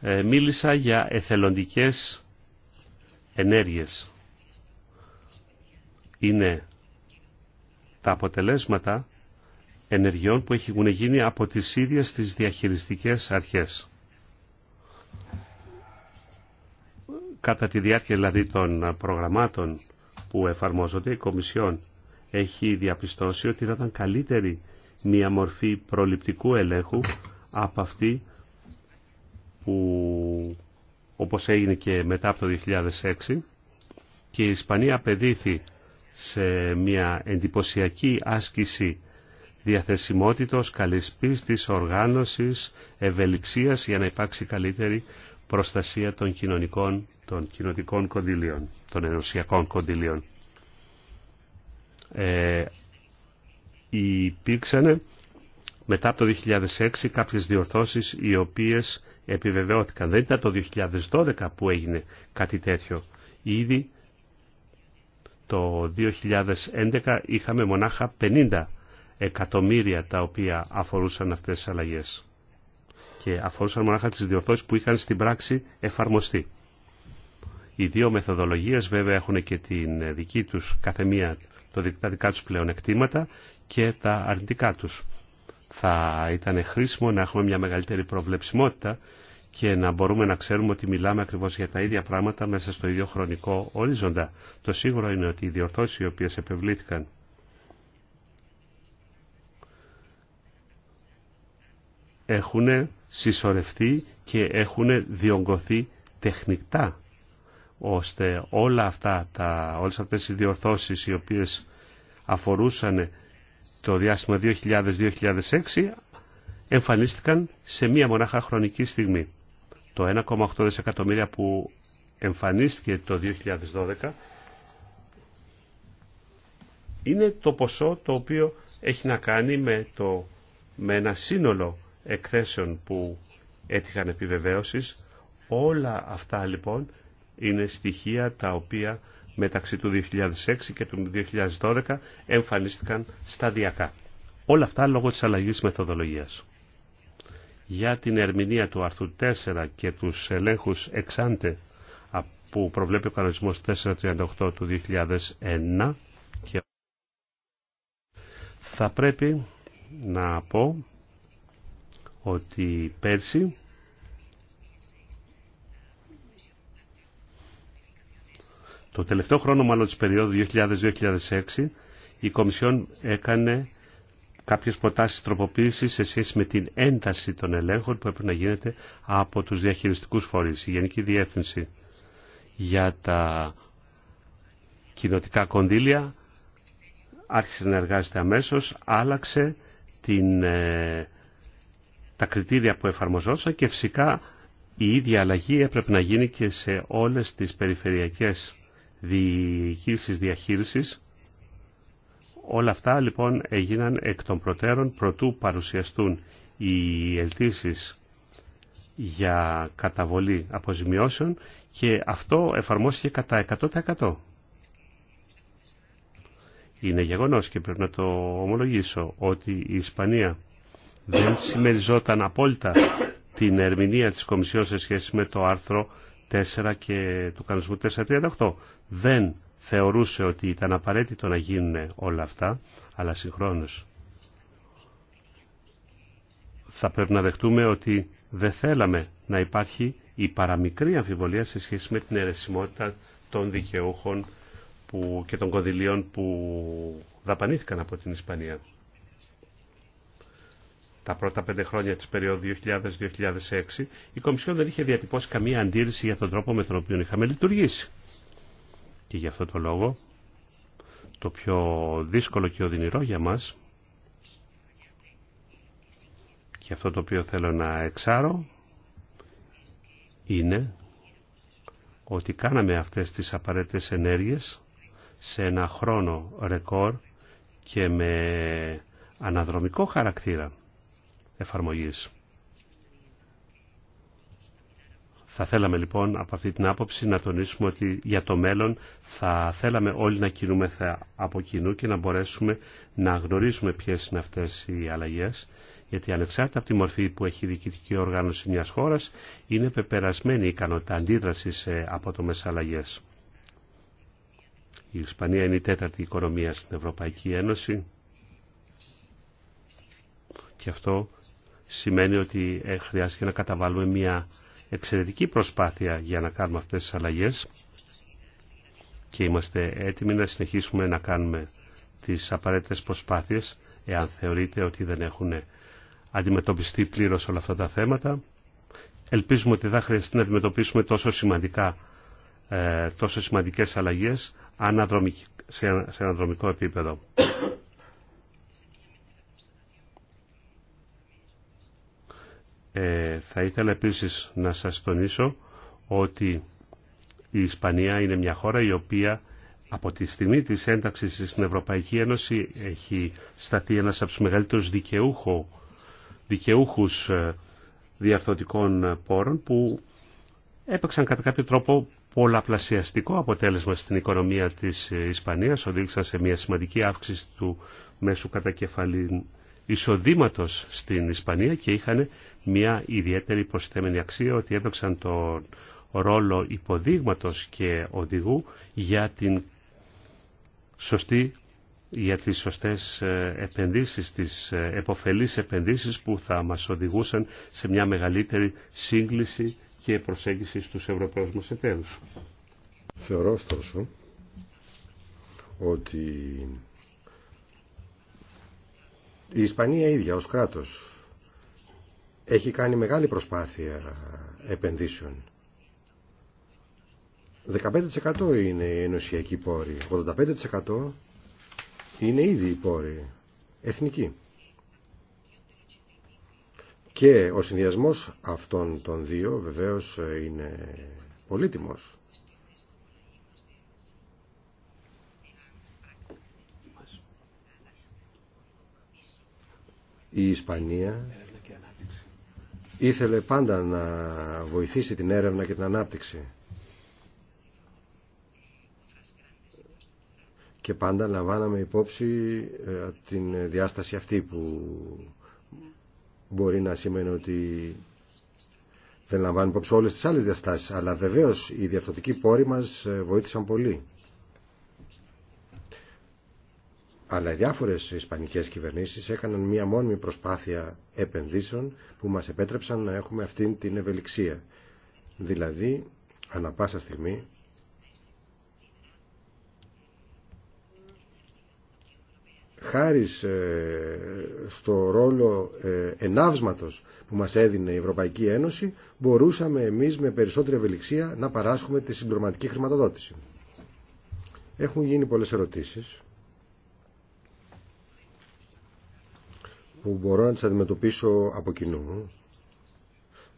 Speaker 1: Ε, μίλησα για εθελοντικές ενέργειες είναι τα αποτελέσματα ενεργειών που έχουν γίνει από τις ίδιες τις διαχειριστικές αρχές. Κατά τη διάρκεια δηλαδή των προγραμμάτων που εφαρμόζονται, η Κομισιόν έχει διαπιστώσει ότι θα ήταν καλύτερη μια μορφή προληπτικού ελέγχου από αυτή που όπως έγινε και μετά από το 2006 και η Ισπανία απεδίθη σε μια εντυπωσιακή άσκηση διαθεσιμότητος, καλής πίστης, οργάνωσης, ευελιξίας για να υπάρξει καλύτερη προστασία των κοινωνικών, των κοινωτικών κονδυλίων, των ενωσιακών κονδυλίων. Ε, υπήρξαν μετά από το 2006 κάποιες διορθώσεις οι οποίες επιβεβαιώθηκαν. Δεν ήταν το 2012 που έγινε κάτι τέτοιο. Ήδη το 2011 είχαμε μονάχα 50 εκατομμύρια τα οποία αφορούσαν αυτές τις αλλαγές και αφορούσαν μονάχα τις διορθώσεις που είχαν στην πράξη εφαρμοστεί. Οι δύο μεθοδολογίες βέβαια έχουν και την δική τους καθεμία το τα δικά τους πλεονεκτήματα και τα αρνητικά τους. Θα ήταν χρήσιμο να έχουμε μια μεγαλύτερη προβλεψιμότητα και να μπορούμε να ξέρουμε ότι μιλάμε ακριβώς για τα ίδια πράγματα μέσα στο ίδιο χρονικό ορίζοντα. Το σίγουρο είναι ότι οι διορθώσεις οι οποίες επευλήθηκαν έχουν συσσωρευτεί και έχουν διογκωθεί τεχνικά ώστε όλα αυτά τα, όλες αυτές οι διορθώσεις οι οποίες αφορούσαν το διάστημα 2000-2006 εμφανίστηκαν σε μία μονάχα χρονική στιγμή. Το 1,8 δισεκατομμύρια που εμφανίστηκε το 2012 είναι το ποσό το οποίο έχει να κάνει με, το, με ένα σύνολο εκθέσεων που έτυχαν επιβεβαίωσης. Όλα αυτά λοιπόν είναι στοιχεία τα οποία μεταξύ του 2006 και του 2012 εμφανίστηκαν σταδιακά. Όλα αυτά λόγω της αλλαγής μεθοδολογίας για την ερμηνεία του άρθρου 4 και τους ελέγχους εξάντε που προβλέπει ο κανονισμός 438 του 2001 και θα πρέπει να πω ότι πέρσι το τελευταίο χρόνο μάλλον της περίοδου 2000-2006 η Κομισιόν έκανε κάποιες προτάσεις τροποποίησης σε σχέση με την ένταση των ελέγχων που έπρεπε να γίνεται από τους διαχειριστικούς φορείς. Η Γενική Διεύθυνση για τα κοινοτικά κονδύλια άρχισε να εργάζεται αμέσως, άλλαξε την, ε, τα κριτήρια που εφαρμοζόταν και φυσικά η ίδια αλλαγή έπρεπε να γίνει και σε όλες τις περιφερειακές διοικήσεις διαχείρισης Όλα αυτά λοιπόν έγιναν εκ των προτέρων προτού παρουσιαστούν οι ελτήσεις για καταβολή αποζημιώσεων και αυτό εφαρμόστηκε κατά 100%. Είναι γεγονός και πρέπει να το ομολογήσω ότι η Ισπανία δεν συμμεριζόταν απόλυτα την ερμηνεία της Κομισιόν σε σχέση με το άρθρο 4 και του κανονισμού 438. Δεν θεωρούσε ότι ήταν απαραίτητο να γίνουν όλα αυτά, αλλά συγχρόνως θα πρέπει να δεχτούμε ότι δεν θέλαμε να υπάρχει η παραμικρή αμφιβολία σε σχέση με την αιρεσιμότητα των δικαιούχων που, και των κονδυλίων που δαπανήθηκαν από την Ισπανία. Τα πρώτα πέντε χρόνια της περίοδου 2000-2006 η Κομισιόν δεν είχε διατυπώσει καμία αντίρρηση για τον τρόπο με τον οποίο είχαμε λειτουργήσει. Και γι' αυτό το λόγο το πιο δύσκολο και οδυνηρό για μας και αυτό το οποίο θέλω να εξάρω είναι ότι κάναμε αυτές τις απαραίτητες ενέργειες σε ένα χρόνο ρεκόρ και με αναδρομικό χαρακτήρα εφαρμογής. Θα θέλαμε λοιπόν από αυτή την άποψη να τονίσουμε ότι για το μέλλον θα θέλαμε όλοι να κινούμε από κοινού και να μπορέσουμε να γνωρίζουμε ποιες είναι αυτές οι αλλαγές γιατί ανεξάρτητα από τη μορφή που έχει η διοικητική οργάνωση μιας χώρας είναι πεπερασμένη η ικανότητα αντίδραση σε απότομες αλλαγέ. Η Ισπανία είναι η τέταρτη οικονομία στην Ευρωπαϊκή Ένωση και αυτό σημαίνει ότι ε, χρειάζεται να καταβάλουμε μια εξαιρετική προσπάθεια για να κάνουμε αυτές τις αλλαγές και είμαστε έτοιμοι να συνεχίσουμε να κάνουμε τις απαραίτητες προσπάθειες εάν θεωρείτε ότι δεν έχουν αντιμετωπιστεί πλήρως όλα αυτά τα θέματα. Ελπίζουμε ότι θα χρειαστεί να αντιμετωπίσουμε τόσο, σημαντικά, ε, τόσο σημαντικές αλλαγές σε αναδρομικό επίπεδο. Ε, θα ήθελα επίσης να σας τονίσω ότι η Ισπανία είναι μια χώρα η οποία από τη στιγμή της ένταξης στην Ευρωπαϊκή Ένωση έχει σταθεί ένας από τους μεγαλύτερους δικαιούχο, δικαιούχους ε, διαρθωτικών πόρων που έπαιξαν κατά κάποιο τρόπο πολλαπλασιαστικό αποτέλεσμα στην οικονομία της Ισπανίας, οδήγησαν σε μια σημαντική αύξηση του μέσου κατακεφαλή εισοδήματο στην Ισπανία και είχαν μια ιδιαίτερη προσθέμενη αξία ότι έδωξαν τον ρόλο υποδείγματος και οδηγού για την σωστή για τις σωστές ε, επενδύσεις, τις ε, εποφελείς επενδύσεις που θα μας οδηγούσαν σε μια μεγαλύτερη σύγκληση και προσέγγιση στους Ευρωπαίους μας εταίρους. Θεωρώ ωστόσο
Speaker 2: ότι η Ισπανία ίδια ως κράτος έχει κάνει μεγάλη προσπάθεια επενδύσεων. 15% είναι οι ενωσιακοί πόροι, 85% είναι ήδη οι πόροι εθνικοί. Και ο συνδυασμός αυτών των δύο βεβαίως είναι πολύτιμος. Η Ισπανία ήθελε πάντα να βοηθήσει την έρευνα και την ανάπτυξη. Και πάντα λαμβάναμε υπόψη ε, την διάσταση αυτή που μπορεί να σημαίνει ότι δεν λαμβάνει υπόψη όλες τις άλλες διαστάσεις. Αλλά βεβαίως οι διαφθορτικοί πόροι μας ε, βοήθησαν πολύ. Αλλά διάφορες ισπανικές κυβερνήσεις έκαναν μία μόνιμη προσπάθεια επενδύσεων που μας επέτρεψαν να έχουμε αυτήν την ευελιξία. Δηλαδή, ανα πάσα στιγμή, χάρη ε, στο ρόλο ε, ενάυσματος που μας έδινε η Ευρωπαϊκή Ένωση, μπορούσαμε εμείς με περισσότερη ευελιξία να παράσχουμε τη συμπληρωματική χρηματοδότηση. Έχουν γίνει πολλές ερωτήσεις που μπορώ να τις αντιμετωπίσω από κοινού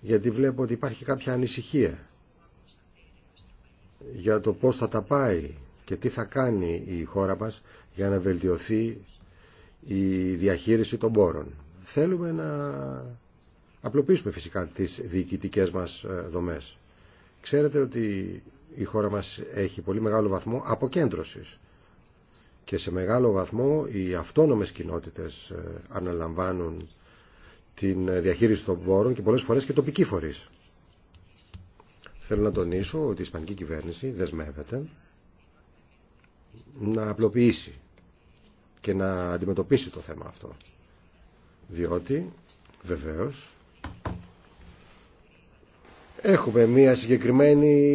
Speaker 2: γιατί βλέπω ότι υπάρχει κάποια ανησυχία για το πώς θα τα πάει και τι θα κάνει η χώρα μας για να βελτιωθεί η διαχείριση των πόρων. Θέλουμε να απλοποιήσουμε φυσικά τις διοικητικές μας ε, δομές. Ξέρετε ότι η χώρα μας έχει πολύ μεγάλο βαθμό αποκέντρωσης και σε μεγάλο βαθμό οι αυτόνομες κοινότητες ε, αναλαμβάνουν την ε, διαχείριση των πόρων και πολλές φορές και τοπικοί φορείς. Θέλω να τονίσω ότι η Ισπανική κυβέρνηση δεσμεύεται να απλοποιήσει και να αντιμετωπίσει το θέμα αυτό. Διότι, βεβαίως, έχουμε μια συγκεκριμένη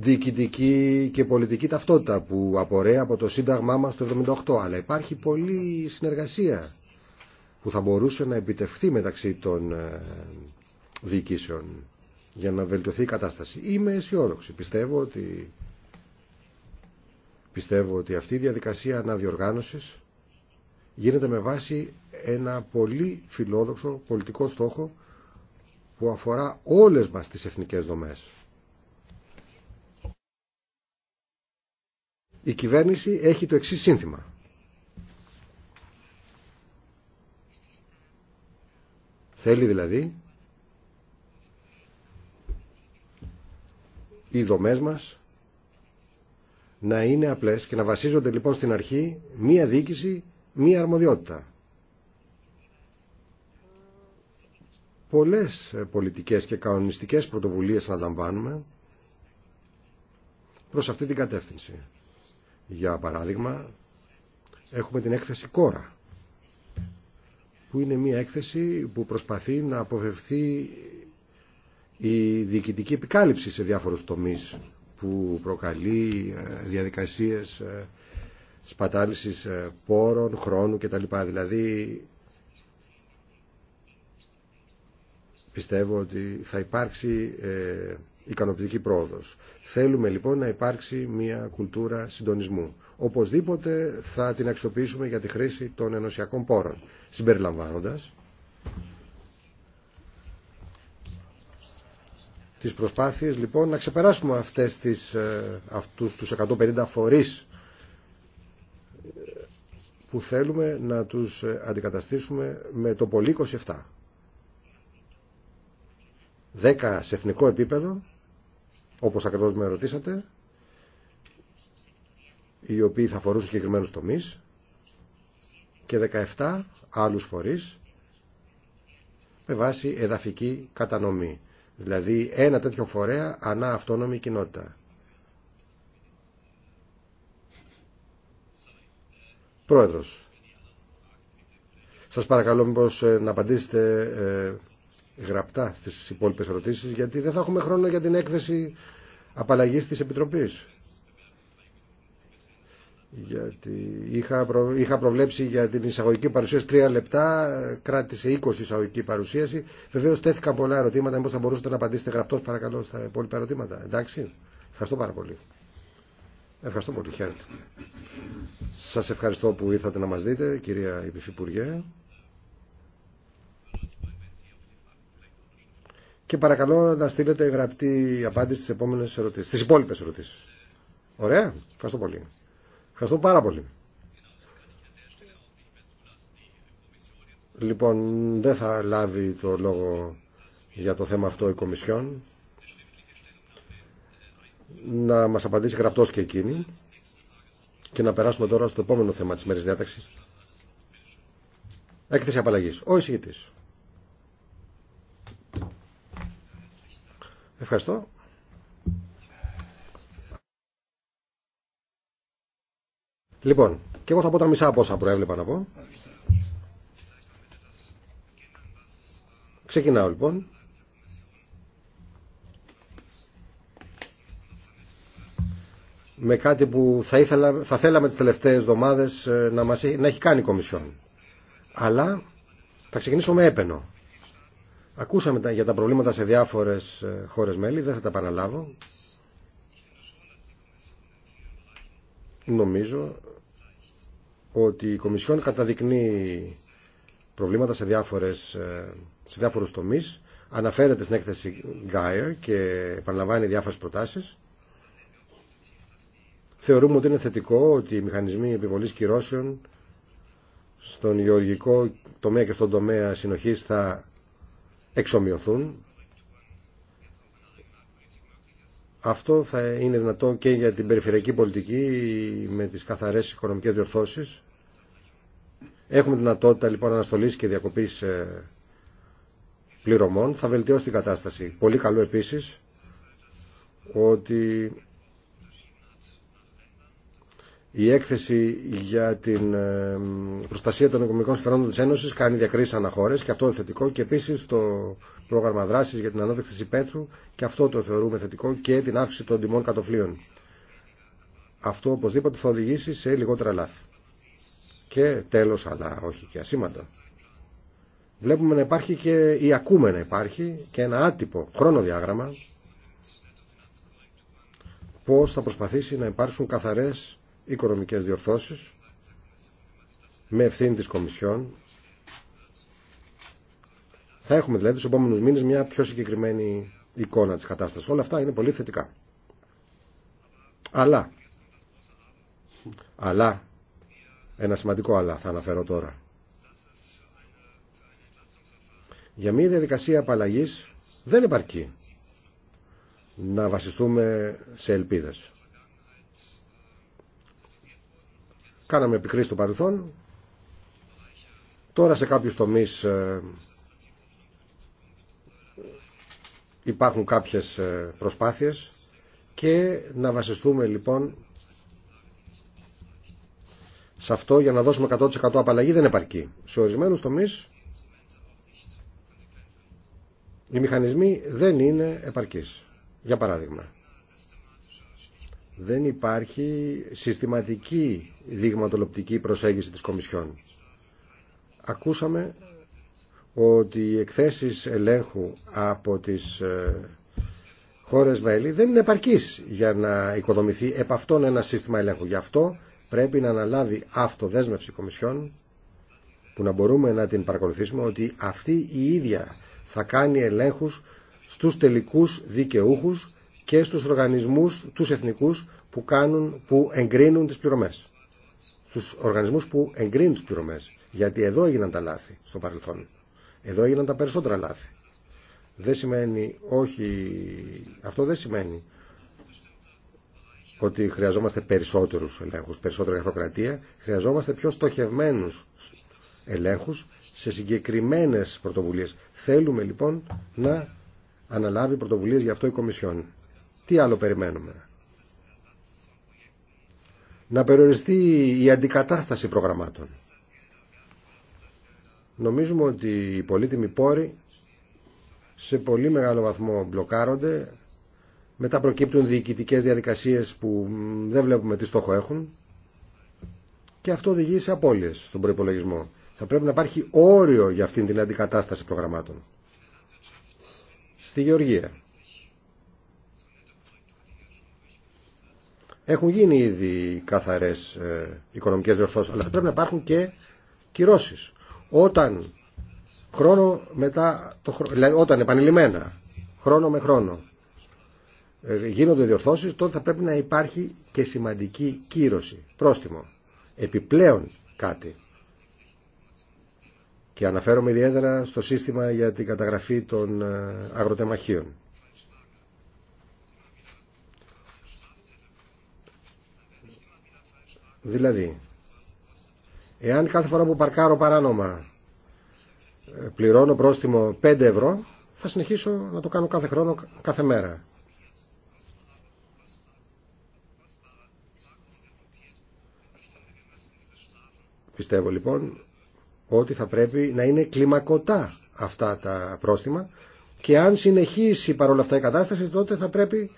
Speaker 2: διοικητική και πολιτική ταυτότητα που απορρέει από το Σύνταγμά μας το 1978. Αλλά υπάρχει πολλή συνεργασία που θα μπορούσε να επιτευχθεί μεταξύ των ε, διοικήσεων για να βελτιωθεί η κατάσταση. Είμαι αισιόδοξη. Πιστεύω ότι, πιστεύω ότι αυτή η διαδικασία αναδιοργάνωσης γίνεται με βάση ένα πολύ φιλόδοξο πολιτικό στόχο που αφορά όλες μας τις εθνικές δομές. η κυβέρνηση έχει το εξή σύνθημα. Θέλει δηλαδή οι δομές μας να είναι απλές και να βασίζονται λοιπόν στην αρχή μία διοίκηση, μία αρμοδιότητα. Πολλές πολιτικές και κανονιστικές πρωτοβουλίες αναλαμβάνουμε προς αυτή την κατεύθυνση. Για παράδειγμα, έχουμε την έκθεση Κόρα, που είναι μια έκθεση που προσπαθεί να αποφευθεί η διοικητική επικάλυψη σε διάφορους τομείς που προκαλεί ε, διαδικασίες ε, σπατάλησης ε, πόρων, χρόνου κτλ. Δηλαδή, πιστεύω ότι θα υπάρξει ικανοποιητική πρόοδος. Θέλουμε λοιπόν να υπάρξει μια κουλτούρα συντονισμού. Οπωσδήποτε θα την αξιοποιήσουμε για τη χρήση των ενωσιακών πόρων, συμπεριλαμβάνοντας τις προσπάθειες λοιπόν να ξεπεράσουμε αυτές τις, ε, αυτούς τους 150 φορείς ε, που θέλουμε να τους ε, αντικαταστήσουμε με το πολύ 27. 10 σε εθνικό επίπεδο όπως ακριβώς με ρωτήσατε, οι οποίοι θα φορούν συγκεκριμένους τομείς και 17 άλλους φορείς με βάση εδαφική κατανομή. Δηλαδή ένα τέτοιο φορέα ανά αυτόνομη κοινότητα. Πρόεδρος, σας παρακαλώ μήπως ε, να απαντήσετε ε, γραπτά στις υπόλοιπες ερωτήσεις γιατί δεν θα έχουμε χρόνο για την έκθεση απαλλαγής της Επιτροπής. Γιατί είχα, είχα προβλέψει για την εισαγωγική παρουσίαση τρία λεπτά, κράτησε 20 εισαγωγική παρουσίαση. Βεβαίω τέθηκαν πολλά ερωτήματα, μήπω θα μπορούσατε να απαντήσετε γραπτό παρακαλώ στα υπόλοιπα ερωτήματα. Εντάξει. Ευχαριστώ πάρα πολύ. Ευχαριστώ πολύ. Χαίρετε. Σας ευχαριστώ που ήρθατε να μας δείτε, κυρία Υπηφυπουργέ. και παρακαλώ να στείλετε γραπτή απάντηση στις επόμενες ερωτήσεις, στις υπόλοιπες ερωτήσεις. Ωραία, ευχαριστώ πολύ. Ευχαριστώ πάρα πολύ. Λοιπόν, δεν θα λάβει το λόγο για το θέμα αυτό η Κομισιόν. Να μας απαντήσει γραπτός και εκείνη. Και να περάσουμε τώρα στο επόμενο θέμα της μέρης διάταξης. Έκθεση απαλλαγής. Ο εισηγητής. Ευχαριστώ. Λοιπόν, και εγώ θα πω τα μισά από όσα προέβλεπα να πω. Ξεκινάω λοιπόν. Με κάτι που θα, ήθελα, θα θέλαμε τις τελευταίες εβδομάδες ε, να, μας, να έχει κάνει η Κομισιόν. Αλλά θα ξεκινήσω με έπαινο. Ακούσαμε για τα προβλήματα σε διάφορες ε, χώρες μέλη, δεν θα τα παραλάβω. Νομίζω ότι η Κομισιόν καταδεικνύει προβλήματα σε, διάφορες, ε, σε διάφορους τομείς, αναφέρεται στην έκθεση Γκάιερ και επαναλαμβάνει διάφορες προτάσεις. Θεωρούμε ότι είναι θετικό ότι οι μηχανισμοί επιβολής κυρώσεων στον γεωργικό τομέα και στον τομέα συνοχής θα εξομοιωθούν. Αυτό θα είναι δυνατό και για την περιφερειακή πολιτική με τις καθαρές οικονομικές διορθώσεις. Έχουμε δυνατότητα λοιπόν αναστολής και διακοπής ε, πληρωμών. Θα βελτιώσει την κατάσταση. Πολύ καλό επίσης ότι η έκθεση για την ε, προστασία των οικονομικών συμφερόντων τη Ένωση κάνει διακρίσει αναχώρε και αυτό είναι θετικό. Και επίση το πρόγραμμα δράση για την ανώδεξη τη υπαίθρου και αυτό το θεωρούμε θετικό και την αύξηση των τιμών κατοφλίων. Αυτό οπωσδήποτε θα οδηγήσει σε λιγότερα λάθη. Και τέλο, αλλά όχι και ασήμαντα. Βλέπουμε να υπάρχει και ή ακούμε να υπάρχει και ένα άτυπο χρονοδιάγραμμα πώ θα προσπαθήσει να υπάρξουν καθαρές οικονομικές διορθώσεις με ευθύνη της Κομισιόν. Θα έχουμε δηλαδή τους επόμενους μήνες μια πιο συγκεκριμένη εικόνα της κατάστασης. Όλα αυτά είναι πολύ θετικά. Αλλά, αλλά, ένα σημαντικό αλλά θα αναφέρω τώρα. Για μια διαδικασία απαλλαγής δεν υπαρκεί να βασιστούμε σε ελπίδες. Κάναμε επικρίσεις στο παρελθόν. Τώρα σε κάποιους τομείς ε, υπάρχουν κάποιες ε, προσπάθειες και να βασιστούμε λοιπόν σε αυτό για να δώσουμε 100% απαλλαγή δεν επαρκεί. Σε ορισμένους τομείς οι μηχανισμοί δεν είναι επαρκείς. Για παράδειγμα, δεν υπάρχει συστηματική δειγματολοπτική προσέγγιση της Κομισιόν. Ακούσαμε ότι οι εκθέσεις ελέγχου από τις ε, χώρες μέλη δεν είναι επαρκής για να οικοδομηθεί επ' αυτόν ένα σύστημα ελέγχου. Γι' αυτό πρέπει να αναλάβει αυτοδέσμευση Κομισιόν που να μπορούμε να την παρακολουθήσουμε ότι αυτή η ίδια θα κάνει ελέγχους στους τελικούς δικαιούχους και στους οργανισμούς, τους εθνικούς που, κάνουν, που εγκρίνουν τις πληρωμές. Στους οργανισμούς που εγκρίνουν τις πληρωμές. Γιατί εδώ έγιναν τα λάθη στο παρελθόν. Εδώ έγιναν τα περισσότερα λάθη. Δεν όχι, αυτό δεν σημαίνει ότι χρειαζόμαστε περισσότερους ελέγχους, περισσότερη αυτοκρατία. Χρειαζόμαστε πιο στοχευμένους ελέγχους σε συγκεκριμένες πρωτοβουλίες. Θέλουμε λοιπόν να αναλάβει πρωτοβουλίες για αυτό η Κομισιόν. Τι άλλο περιμένουμε. Να περιοριστεί η αντικατάσταση προγραμμάτων. Νομίζουμε ότι οι πολύτιμοι πόροι σε πολύ μεγάλο βαθμό μπλοκάρονται. Μετά προκύπτουν διοικητικές διαδικασίες που δεν βλέπουμε τι στόχο έχουν. Και αυτό οδηγεί σε απώλειες στον προϋπολογισμό. Θα πρέπει να υπάρχει όριο για αυτήν την αντικατάσταση προγραμμάτων. Στη Γεωργία. Έχουν γίνει ήδη καθαρές ε, οικονομικές διορθώσεις, αλλά θα πρέπει να υπάρχουν και κυρώσεις. Όταν, χρόνο μετά το, δηλαδή όταν επανειλημμένα, χρόνο με χρόνο, ε, γίνονται διορθώσεις, τότε θα πρέπει να υπάρχει και σημαντική κύρωση, πρόστιμο, επιπλέον κάτι. Και αναφέρομαι ιδιαίτερα στο σύστημα για την καταγραφή των ε, αγροτεμαχίων. Δηλαδή, εάν κάθε φορά που παρκάρω παράνομα ε, πληρώνω πρόστιμο 5 ευρώ, θα συνεχίσω να το κάνω κάθε χρόνο, κάθε μέρα. Πιστεύω λοιπόν ότι θα πρέπει να είναι κλιμακωτά αυτά τα πρόστιμα και αν συνεχίσει παρόλα αυτά η κατάσταση τότε θα πρέπει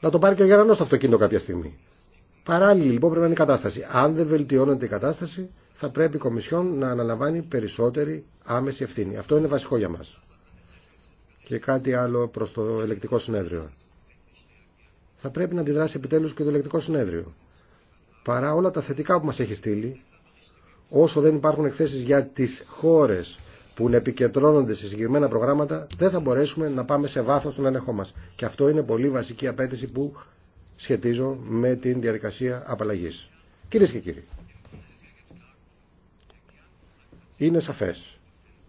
Speaker 2: να το πάρει και ο Γερανός το αυτοκίνητο κάποια στιγμή. Παράλληλη λοιπόν πρέπει να είναι η κατάσταση. Αν δεν βελτιώνεται η κατάσταση, θα πρέπει η Κομισιόν να αναλαμβάνει περισσότερη άμεση ευθύνη. Αυτό είναι βασικό για μας. Και κάτι άλλο προς το ελεκτικό συνέδριο. Θα πρέπει να αντιδράσει επιτέλους και το ελεκτικό συνέδριο. Παρά όλα τα θετικά που μας έχει στείλει, όσο δεν υπάρχουν εκθέσεις για τις χώρες που επικεντρώνονται σε συγκεκριμένα προγράμματα, δεν θα μπορέσουμε να πάμε σε βάθος τον ελεγχό μας. Και αυτό είναι πολύ βασική απέτηση που σχετίζουν με την διαδικασία απαλλαγής. Κυρίες και κύριοι, είναι σαφές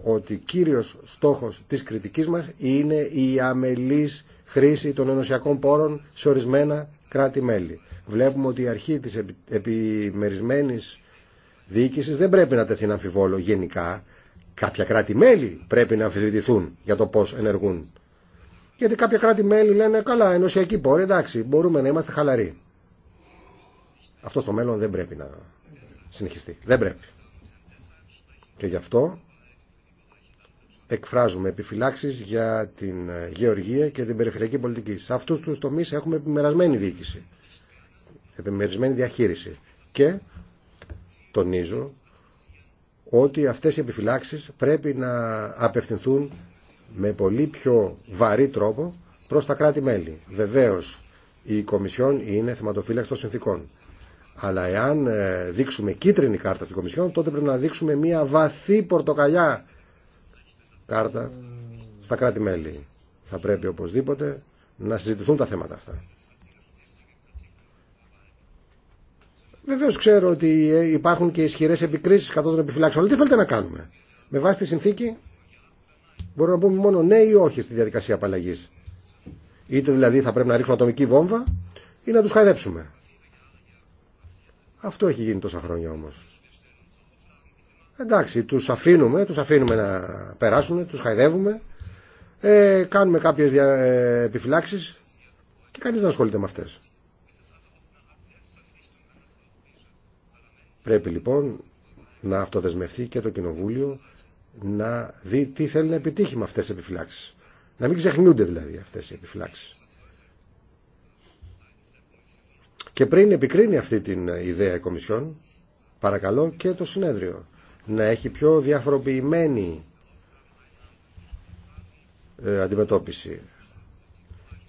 Speaker 2: ότι κύριος στόχος της κριτικής μας είναι η αμελής χρήση των ενωσιακών πόρων σε ορισμένα κράτη-μέλη. Βλέπουμε ότι η αρχή της επιμερισμένης διοίκησης δεν πρέπει να τεθεί να αμφιβόλο γενικά. Κάποια κράτη-μέλη πρέπει να αμφισβητηθούν για το πώς ενεργούν. Γιατί κάποια κράτη-μέλη λένε καλά, ενωσιακή πόρη, εντάξει, μπορούμε να είμαστε χαλαροί. Αυτό στο μέλλον δεν πρέπει να συνεχιστεί. Δεν πρέπει. Και γι' αυτό εκφράζουμε επιφυλάξει για την γεωργία και την περιφερειακή πολιτική. Σε αυτού του τομεί έχουμε επιμερασμένη διοίκηση, επιμερισμένη διαχείριση. Και τονίζω ότι αυτές οι επιφυλάξεις πρέπει να απευθυνθούν με πολύ πιο βαρύ τρόπο προς τα κράτη-μέλη. Βεβαίως, η Κομισιόν είναι θεματοφύλαξη των συνθήκων. Αλλά εάν ε, δείξουμε κίτρινη κάρτα στην Κομισιόν, τότε πρέπει να δείξουμε μια βαθύ πορτοκαλιά κάρτα στα κράτη-μέλη. Θα πρέπει οπωσδήποτε να συζητηθούν τα θέματα αυτά. Βεβαίω ξέρω ότι ε, υπάρχουν και ισχυρέ επικρίσει κατά των επιφυλάξεων. Αλλά τι θέλετε να κάνουμε. Με βάση τη συνθήκη Μπορούμε να πούμε μόνο ναι ή όχι στη διαδικασία απαλλαγή. Είτε δηλαδή θα πρέπει να ρίξουμε ατομική βόμβα ή να του χαϊδέψουμε. Αυτό έχει γίνει τόσα χρόνια όμω. Εντάξει, του αφήνουμε, τους αφήνουμε να περάσουν, του χαϊδεύουμε, ε, κάνουμε κάποιε επιφυλάξει και κανεί δεν ασχολείται με αυτέ. Πρέπει λοιπόν να αυτοδεσμευτεί και το Κοινοβούλιο να δει τι θέλει να επιτύχει με αυτές τις επιφυλάξεις. Να μην ξεχνούνται δηλαδή αυτές οι επιφυλάξεις. Και πριν επικρίνει αυτή την ιδέα η Κομισιόν, παρακαλώ και το συνέδριο να έχει πιο διαφοροποιημένη ε, αντιμετώπιση.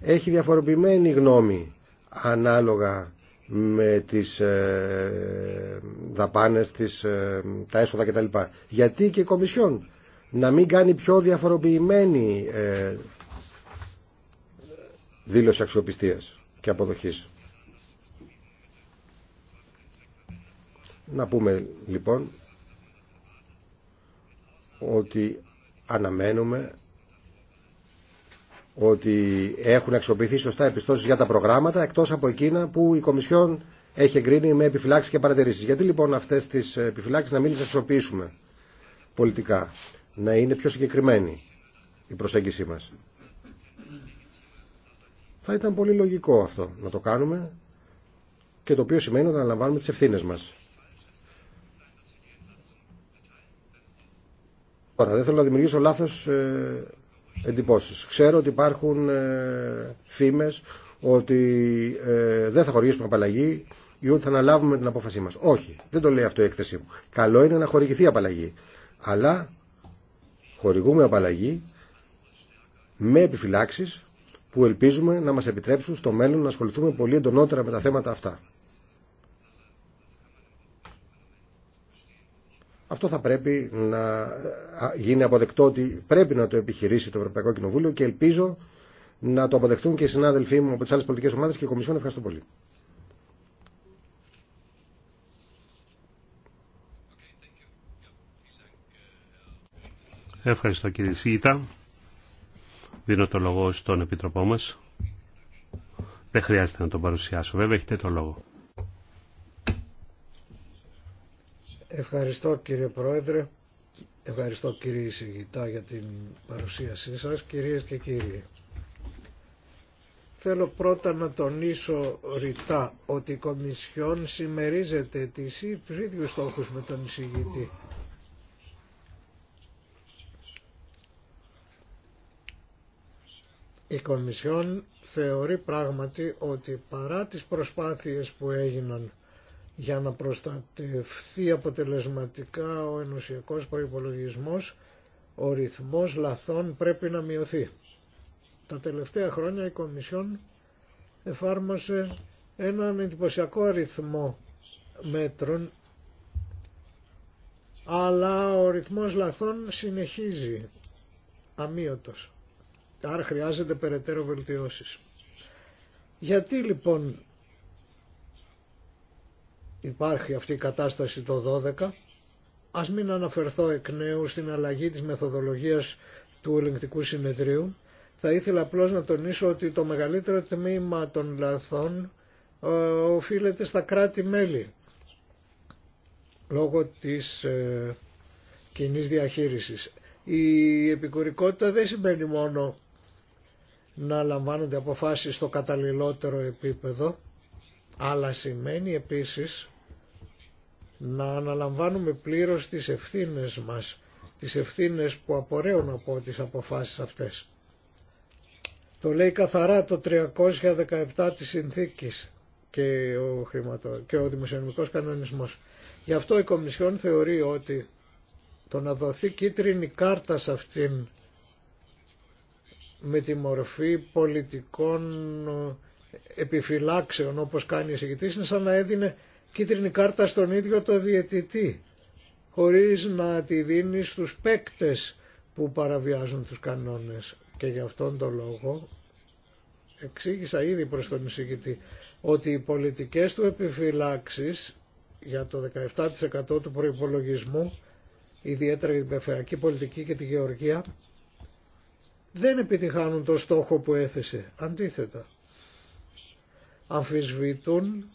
Speaker 2: Έχει διαφοροποιημένη γνώμη ανάλογα με τις ε, δαπάνες, τις, ε, τα έσοδα κτλ. Γιατί και η Κομισιόν να μην κάνει πιο διαφοροποιημένη ε, δήλωση αξιοπιστίας και αποδοχής. Να πούμε λοιπόν ότι αναμένουμε ότι έχουν αξιοποιηθεί σωστά επιστώσει για τα προγράμματα εκτός από εκείνα που η Κομισιόν έχει εγκρίνει με επιφυλάξει και παρατηρήσεις. Γιατί λοιπόν αυτές τις επιφυλάξεις να μην τις αξιοποιήσουμε πολιτικά, να είναι πιο συγκεκριμένη η προσέγγιση μας. Θα ήταν πολύ λογικό αυτό να το κάνουμε και το οποίο σημαίνει ότι αναλαμβάνουμε τι ευθύνε μα. Τώρα δεν θέλω να δημιουργήσω λάθος ε, εντυπώσεις. Ξέρω ότι υπάρχουν ε, φήμες ότι ε, δεν θα χορηγήσουμε απαλλαγή ή ότι θα αναλάβουμε την απόφασή μας. Όχι, δεν το λέει αυτό η έκθεσή μου. Καλό είναι να χορηγηθεί απαλλαγή. Αλλά χορηγούμε απαλλαγή με επιφυλάξεις που ελπίζουμε να μας επιτρέψουν στο μέλλον να ασχοληθούμε πολύ εντονότερα με τα θέματα αυτά. Αυτό θα πρέπει να γίνει αποδεκτό ότι πρέπει να το επιχειρήσει το Ευρωπαϊκό Κοινοβούλιο και ελπίζω να το αποδεχτούν και οι συνάδελφοί μου από τι άλλε πολιτικέ ομάδε και η Κομισιόν. Ευχαριστώ πολύ.
Speaker 1: Ευχαριστώ κύριε Σίγητα. Δίνω το λόγο στον Επιτροπό μας. Δεν χρειάζεται να τον παρουσιάσω. Βέβαια έχετε το λόγο.
Speaker 3: Ευχαριστώ κύριε Πρόεδρε, ευχαριστώ κύριε Ισηγητά για την παρουσίασή σας, κυρίες και κύριοι. Θέλω πρώτα να τονίσω ρητά ότι η Κομισιόν συμμερίζεται τις ίδιους στόχους με τον εισηγητή. Η Κομισιόν θεωρεί πράγματι ότι παρά τις προσπάθειες που έγιναν για να προστατευθεί αποτελεσματικά ο ενωσιακός προϋπολογισμός, ο ρυθμός λαθών πρέπει να μειωθεί. Τα τελευταία χρόνια η Κομισιόν εφάρμοσε έναν εντυπωσιακό αριθμό μέτρων, αλλά ο ρυθμός λαθών συνεχίζει αμύωτος. Άρα χρειάζεται περαιτέρω βελτιώσεις. Γιατί λοιπόν υπάρχει αυτή η κατάσταση το 12. Ας μην αναφερθώ εκ νέου στην αλλαγή της μεθοδολογίας του ελεγκτικού συνεδρίου. Θα ήθελα απλώ να τονίσω ότι το μεγαλύτερο τμήμα των λαθών ε, οφείλεται στα κράτη-μέλη λόγω της ε, κοινής διαχείρισης. Η επικουρικότητα δεν σημαίνει μόνο να λαμβάνονται αποφάσεις στο καταλληλότερο επίπεδο, αλλά σημαίνει επίσης να αναλαμβάνουμε πλήρως τις ευθύνες μας, τις ευθύνες που απορρέουν από τις αποφάσεις αυτές. Το λέει καθαρά το 317 της συνθήκης και ο, χρηματο... και ο δημοσιονομικός κανονισμός. Γι' αυτό η Κομισιόν θεωρεί ότι το να δοθεί κίτρινη κάρτα σε αυτήν με τη μορφή πολιτικών επιφυλάξεων όπως κάνει η εισηγητή είναι σαν να έδινε κίτρινη κάρτα στον ίδιο το διαιτητή χωρίς να τη δίνει στους παίκτες που παραβιάζουν τους κανόνες και γι' αυτόν τον λόγο εξήγησα ήδη προς τον εισηγητή ότι οι πολιτικές του επιφυλάξεις για το 17% του προϋπολογισμού ιδιαίτερα για την περιφερειακή πολιτική και τη γεωργία δεν επιτυχάνουν το στόχο που έθεσε αντίθετα αμφισβητούν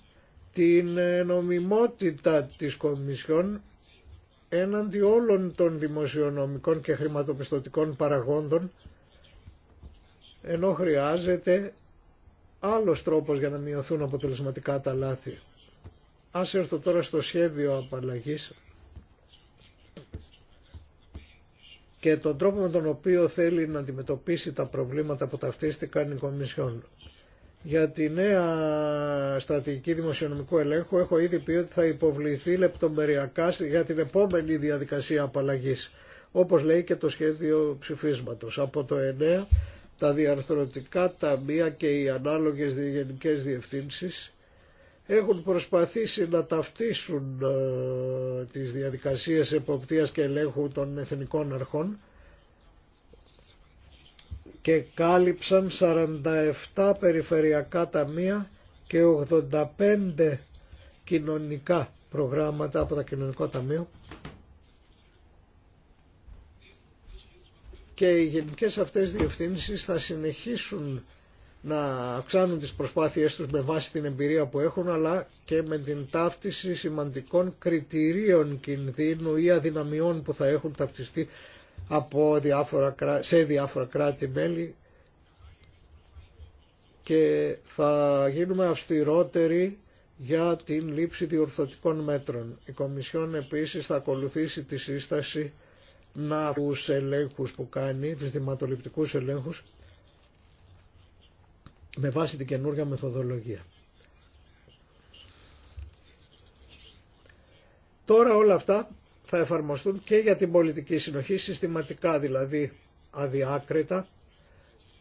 Speaker 3: την ε, νομιμότητα της Κομισιόν έναντι όλων των δημοσιονομικών και χρηματοπιστωτικών παραγόντων ενώ χρειάζεται άλλος τρόπος για να μειωθούν αποτελεσματικά τα λάθη. Ας έρθω τώρα στο σχέδιο απαλλαγής και τον τρόπο με τον οποίο θέλει να αντιμετωπίσει τα προβλήματα που ταυτίστηκαν οι Κομισιόν. Για τη νέα στρατηγική δημοσιονομικού ελέγχου έχω ήδη πει ότι θα υποβληθεί λεπτομεριακά για την επόμενη διαδικασία απαλλαγής, όπως λέει και το σχέδιο ψηφίσματος. Από το 9 τα διαρθρωτικά ταμεία και οι ανάλογες γενικές διευθύνσεις έχουν προσπαθήσει να ταυτίσουν ε, τις διαδικασίες εποπτείας και ελέγχου των εθνικών αρχών και κάλυψαν 47 περιφερειακά ταμεία και 85 κοινωνικά προγράμματα από τα κοινωνικό ταμείο και οι γενικές αυτές διευθύνσεις θα συνεχίσουν να αυξάνουν τις προσπάθειές τους με βάση την εμπειρία που έχουν αλλά και με την ταύτιση σημαντικών κριτηρίων κινδύνου ή αδυναμιών που θα έχουν ταυτιστεί από διάφορα, σε διάφορα κράτη-μέλη και θα γίνουμε αυστηρότεροι για την λήψη διορθωτικών μέτρων. Η Κομισιόν επίσης θα ακολουθήσει τη σύσταση να τους ελέγχους που κάνει, τους δηματοληπτικούς ελέγχους, με βάση την καινούργια μεθοδολογία. Τώρα όλα αυτά θα εφαρμοστούν και για την πολιτική συνοχή συστηματικά δηλαδή αδιάκριτα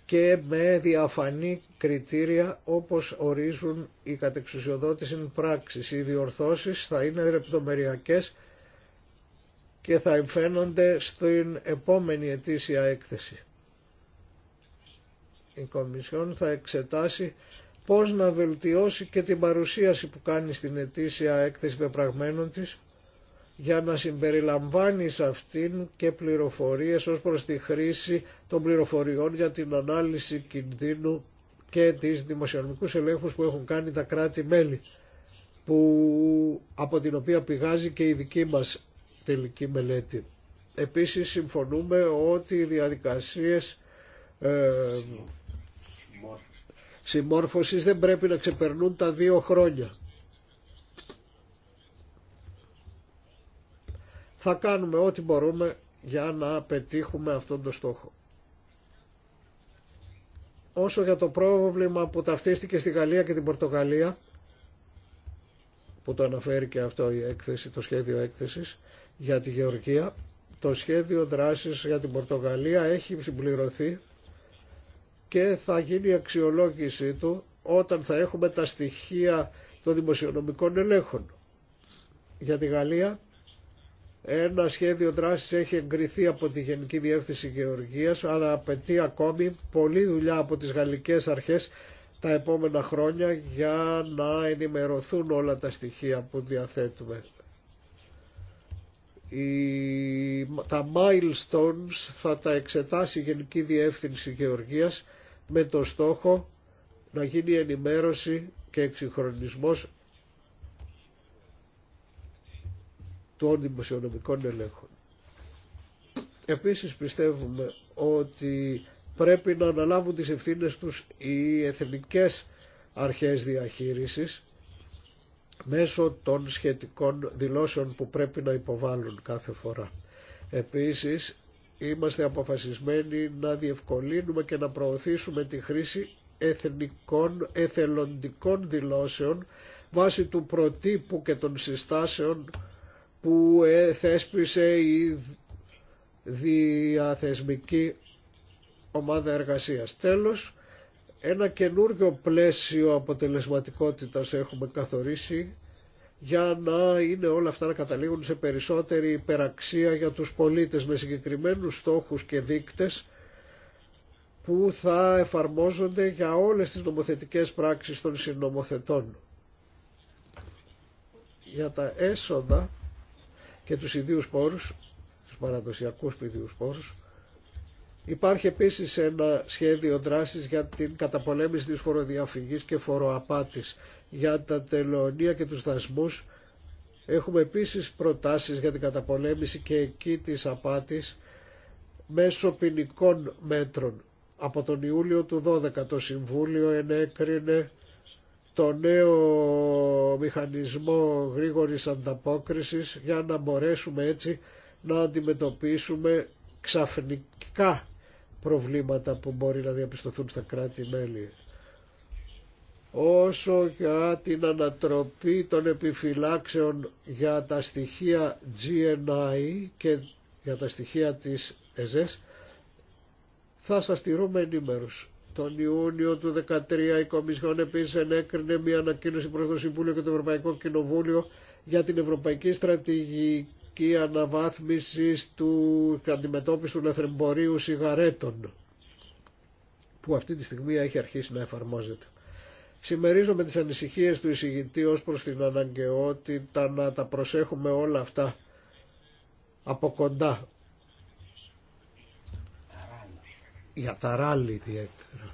Speaker 3: και με διαφανή κριτήρια όπως ορίζουν οι κατεξουσιοδότηση πράξεις. Οι διορθώσεις θα είναι ρεπτομεριακές και θα εμφαίνονται στην επόμενη ετήσια έκθεση. Η Κομισιόν θα εξετάσει πώς να βελτιώσει και την παρουσίαση που κάνει στην ετήσια έκθεση πεπραγμένων της για να συμπεριλαμβάνει σε αυτήν και πληροφορίες ως προς τη χρήση των πληροφοριών για την ανάλυση κινδύνου και τις δημοσιονομικούς ελέγχους που έχουν κάνει τα κράτη-μέλη που, από την οποία πηγάζει και η δική μας τελική μελέτη. Επίσης συμφωνούμε ότι οι διαδικασίες ε, συμμόρφωσης δεν πρέπει να ξεπερνούν τα δύο χρόνια θα κάνουμε ό,τι μπορούμε για να πετύχουμε αυτόν τον στόχο. Όσο για το πρόβλημα που ταυτίστηκε στη Γαλλία και την Πορτογαλία, που το αναφέρει και αυτό η έκθεση, το σχέδιο έκθεσης για τη Γεωργία, το σχέδιο δράσης για την Πορτογαλία έχει συμπληρωθεί και θα γίνει αξιολόγησή του όταν θα έχουμε τα στοιχεία των δημοσιονομικών ελέγχων. Για τη Γαλλία ένα σχέδιο δράσης έχει εγκριθεί από τη Γενική Διεύθυνση Γεωργίας, αλλά απαιτεί ακόμη πολλή δουλειά από τις γαλλικές αρχές τα επόμενα χρόνια για να ενημερωθούν όλα τα στοιχεία που διαθέτουμε. Η, τα milestones θα τα εξετάσει η Γενική Διεύθυνση Γεωργίας με το στόχο να γίνει ενημέρωση και εξυγχρονισμός των δημοσιονομικών ελέγχων. Επίσης πιστεύουμε ότι πρέπει να αναλάβουν τις ευθύνες τους οι εθνικές αρχές διαχείρισης μέσω των σχετικών δηλώσεων που πρέπει να υποβάλουν κάθε φορά. Επίσης, είμαστε αποφασισμένοι να διευκολύνουμε και να προωθήσουμε τη χρήση εθνικών εθελοντικών δηλώσεων βάσει του προτύπου και των συστάσεων που θέσπισε η διαθεσμική ομάδα εργασίας. Τέλος, ένα καινούργιο πλαίσιο αποτελεσματικότητας έχουμε καθορίσει για να είναι όλα αυτά να καταλήγουν σε περισσότερη υπεραξία για τους πολίτες με συγκεκριμένους στόχους και δείκτες που θα εφαρμόζονται για όλες τις νομοθετικές πράξεις των συνομοθετών. Για τα έσοδα και τους ιδίους πόρους, τους παραδοσιακούς ιδίους πόρους. Υπάρχει επίσης ένα σχέδιο δράσης για την καταπολέμηση της φοροδιαφυγής και φοροαπάτης για τα τελωνία και τους δασμούς. Έχουμε επίσης προτάσεις για την καταπολέμηση και εκεί της απάτης μέσω ποινικών μέτρων. Από τον Ιούλιο του 12 το Συμβούλιο ενέκρινε το νέο μηχανισμό γρήγορης ανταπόκρισης για να μπορέσουμε έτσι να αντιμετωπίσουμε ξαφνικά προβλήματα που μπορεί να διαπιστωθούν στα κράτη-μέλη. Όσο για την ανατροπή των επιφυλάξεων για τα στοιχεία GNI και για τα στοιχεία της ΕΖΕΣ, θα σας τηρούμε ενήμερους. Τον Ιούνιο του 2013 η Κομισιόν επίσης ενέκρινε μια ανακοίνωση προς το Συμβούλιο και το Ευρωπαϊκό Κοινοβούλιο για την Ευρωπαϊκή Στρατηγική Αναβάθμιση του αντιμετώπιση του λεφρεμπορίου σιγαρέτων που αυτή τη στιγμή έχει αρχίσει να εφαρμόζεται. Συμμερίζομαι τις ανησυχίες του εισηγητή ως προς την αναγκαιότητα να τα προσέχουμε όλα αυτά από κοντά για τα ράλι ιδιαίτερα.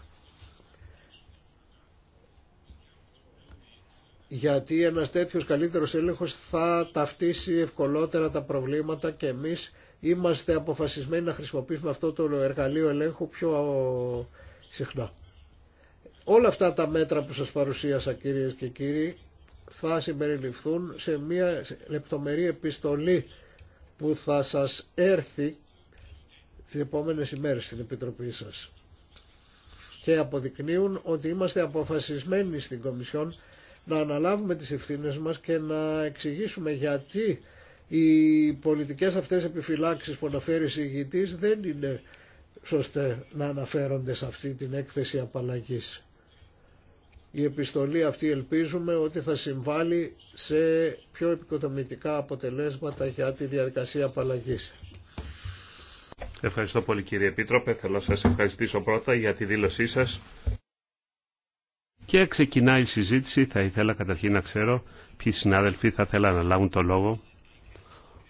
Speaker 3: Γιατί ένας τέτοιος καλύτερος έλεγχος θα ταυτίσει ευκολότερα τα προβλήματα και εμείς είμαστε αποφασισμένοι να χρησιμοποιήσουμε αυτό το εργαλείο ελέγχου πιο συχνά. Όλα αυτά τα μέτρα που σας παρουσίασα κυρίες και κύριοι θα συμπεριληφθούν σε μια λεπτομερή επιστολή που θα σας έρθει τις επόμενες ημέρες στην Επιτροπή σας και αποδεικνύουν ότι είμαστε αποφασισμένοι στην Κομισιόν να αναλάβουμε τις ευθύνες μας και να εξηγήσουμε γιατί οι πολιτικές αυτές επιφυλάξεις που αναφέρει η συγητής δεν είναι σωστέ να αναφέρονται σε αυτή την έκθεση απαλλαγής. Η επιστολή αυτή ελπίζουμε ότι θα συμβάλλει σε πιο επικοδομητικά αποτελέσματα για τη διαδικασία απαλλαγής.
Speaker 1: Ευχαριστώ πολύ κύριε Επίτροπε. Θέλω να σας ευχαριστήσω πρώτα για τη δήλωσή σας. Και ξεκινάει η συζήτηση. Θα ήθελα καταρχήν να ξέρω ποιοι συνάδελφοι θα θέλαν να λάβουν το λόγο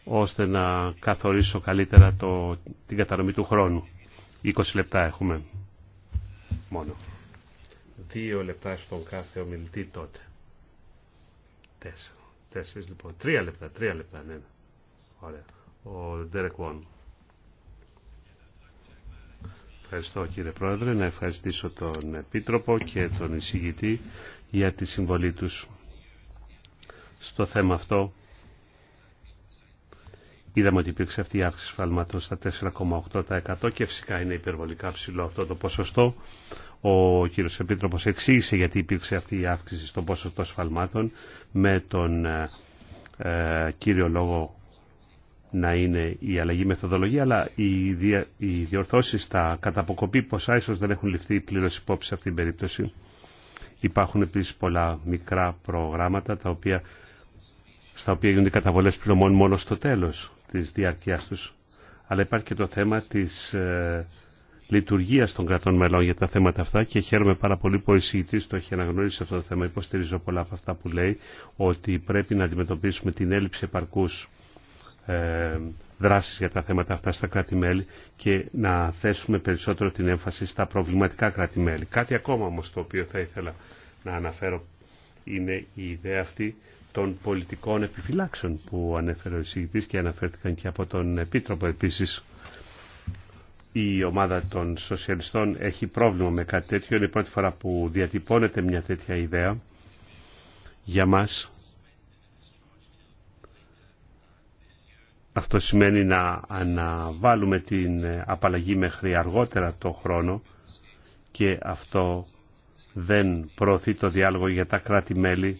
Speaker 1: ώστε να καθορίσω καλύτερα το, την κατανομή του χρόνου. 20 λεπτά έχουμε μόνο. Δύο λεπτά στον κάθε ομιλητή τότε. Τέσσερα. Τέσσερις λοιπόν. Τρία λεπτά, τρία λεπτά, ναι. ναι. Ωραία. Ο Derek Ευχαριστώ κύριε Πρόεδρε. Να ευχαριστήσω τον Επίτροπο και τον εισηγητή για τη συμβολή τους στο θέμα αυτό. Είδαμε ότι υπήρξε αυτή η αύξηση φαλμάτων στα 4,8% και φυσικά είναι υπερβολικά ψηλό αυτό το ποσοστό. Ο κύριος Επίτροπος εξήγησε γιατί υπήρξε αυτή η αύξηση στο ποσοστό σφαλμάτων με τον ε, ε, κύριο λόγο να είναι η αλλαγή μεθοδολογία, αλλά οι, δια, οι διορθώσεις στα καταποκοπή ποσά ίσως δεν έχουν ληφθεί πλήρως υπόψη σε αυτήν την περίπτωση. Υπάρχουν επίσης πολλά μικρά προγράμματα τα οποία, στα οποία γίνονται καταβολές πληρωμών μόνο στο τέλος της διάρκειάς τους. Αλλά υπάρχει και το θέμα της ε, λειτουργίας των κρατών μελών για τα θέματα αυτά και χαίρομαι πάρα πολύ που ο εισηγητής το έχει αναγνωρίσει αυτό το θέμα. Υποστηρίζω πολλά από αυτά που λέει ότι πρέπει να αντιμετωπίσουμε την έλλειψη επαρκούς ε, δράσεις για τα θέματα αυτά στα κράτη-μέλη και να θέσουμε περισσότερο την έμφαση στα προβληματικά κράτη-μέλη. Κάτι ακόμα όμως το οποίο θα ήθελα να αναφέρω είναι η ιδέα αυτή των πολιτικών επιφυλάξεων που ανέφερε ο εισηγητής και αναφέρθηκαν και από τον Επίτροπο επίσης. Η ομάδα των σοσιαλιστών έχει πρόβλημα με κάτι τέτοιο. Είναι η πρώτη φορά που διατυπώνεται μια τέτοια ιδέα για μας Αυτό σημαίνει να αναβάλουμε την απαλλαγή μέχρι αργότερα το χρόνο και αυτό δεν προωθεί το διάλογο για τα κράτη-μέλη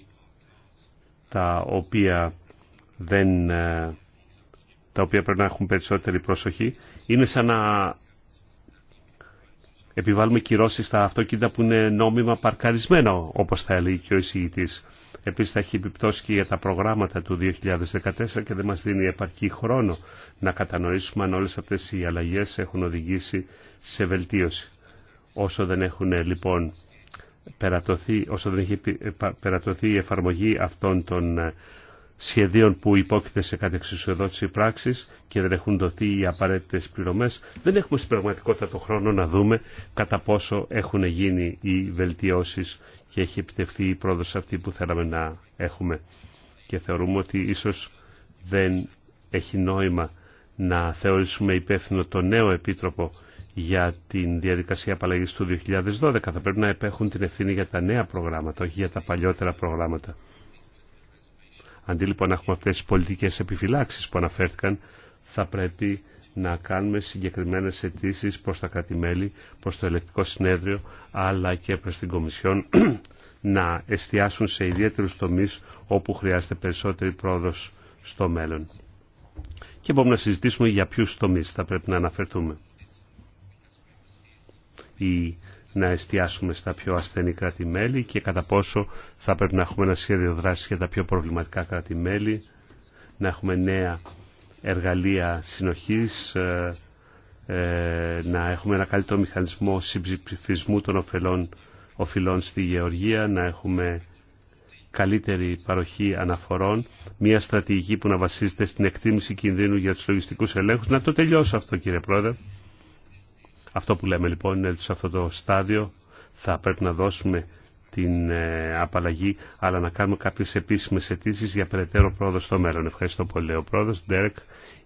Speaker 1: τα οποία δεν ε, τα οποία πρέπει να έχουν περισσότερη προσοχή. Είναι σαν να επιβάλλουμε κυρώσει στα αυτοκίνητα που είναι νόμιμα παρκαρισμένα, όπως θα έλεγε και ο εισηγητή. Επίση θα έχει επιπτώσει και για τα προγράμματα του 2014 και δεν μα δίνει επαρκή χρόνο να κατανοήσουμε αν όλες αυτές οι αλλαγέ έχουν οδηγήσει σε βελτίωση. Όσο δεν έχουν λοιπόν περατωθεί, όσο δεν έχει ε, περατωθεί η εφαρμογή αυτών των ε, σχεδίων που υπόκειται σε κατεξουσιοδότηση πράξη και δεν έχουν δοθεί οι απαραίτητε πληρωμέ, δεν έχουμε στην πραγματικότητα το χρόνο να δούμε κατά πόσο έχουν γίνει οι βελτιώσει και έχει επιτευχθεί η πρόοδο αυτή που θέλαμε να έχουμε. Και θεωρούμε ότι ίσω δεν έχει νόημα να θεωρήσουμε υπεύθυνο το νέο επίτροπο για την διαδικασία απαλλαγή του 2012. Θα πρέπει να επέχουν την ευθύνη για τα νέα προγράμματα, όχι για τα παλιότερα προγράμματα. Αντί λοιπόν να έχουμε αυτές τις πολιτικές επιφυλάξεις που αναφέρθηκαν, θα πρέπει να κάνουμε συγκεκριμένες αιτήσει προς τα κρατημέλη, προς το ελεκτικό συνέδριο, αλλά και προς την Κομισιόν να εστιάσουν σε ιδιαίτερους τομείς όπου χρειάζεται περισσότερη πρόοδος στο μέλλον. Και μπορούμε να συζητήσουμε για ποιους τομείς θα πρέπει να αναφερθούμε να εστιάσουμε στα πιο ασθενή κράτη-μέλη και κατά πόσο θα πρέπει να έχουμε ένα σχέδιο δράσης για τα πιο προβληματικά κράτη-μέλη, να έχουμε νέα εργαλεία συνοχής, ε, ε, να έχουμε ένα καλύτερο μηχανισμό συμψηφισμού των οφελών, οφειλών στη γεωργία, να έχουμε καλύτερη παροχή αναφορών, μια στρατηγική που να βασίζεται στην εκτίμηση κινδύνου για τους λογιστικούς ελέγχους. Να το τελειώσω αυτό κύριε Πρόεδρε. Αυτό που λέμε λοιπόν είναι ότι σε αυτό το στάδιο θα πρέπει να δώσουμε την ε, απαλλαγή, αλλά να κάνουμε κάποιες επίσημες αιτήσει για περαιτέρω πρόοδο στο μέλλον. Ευχαριστώ πολύ. Ο πρόεδρος Ντέρεκ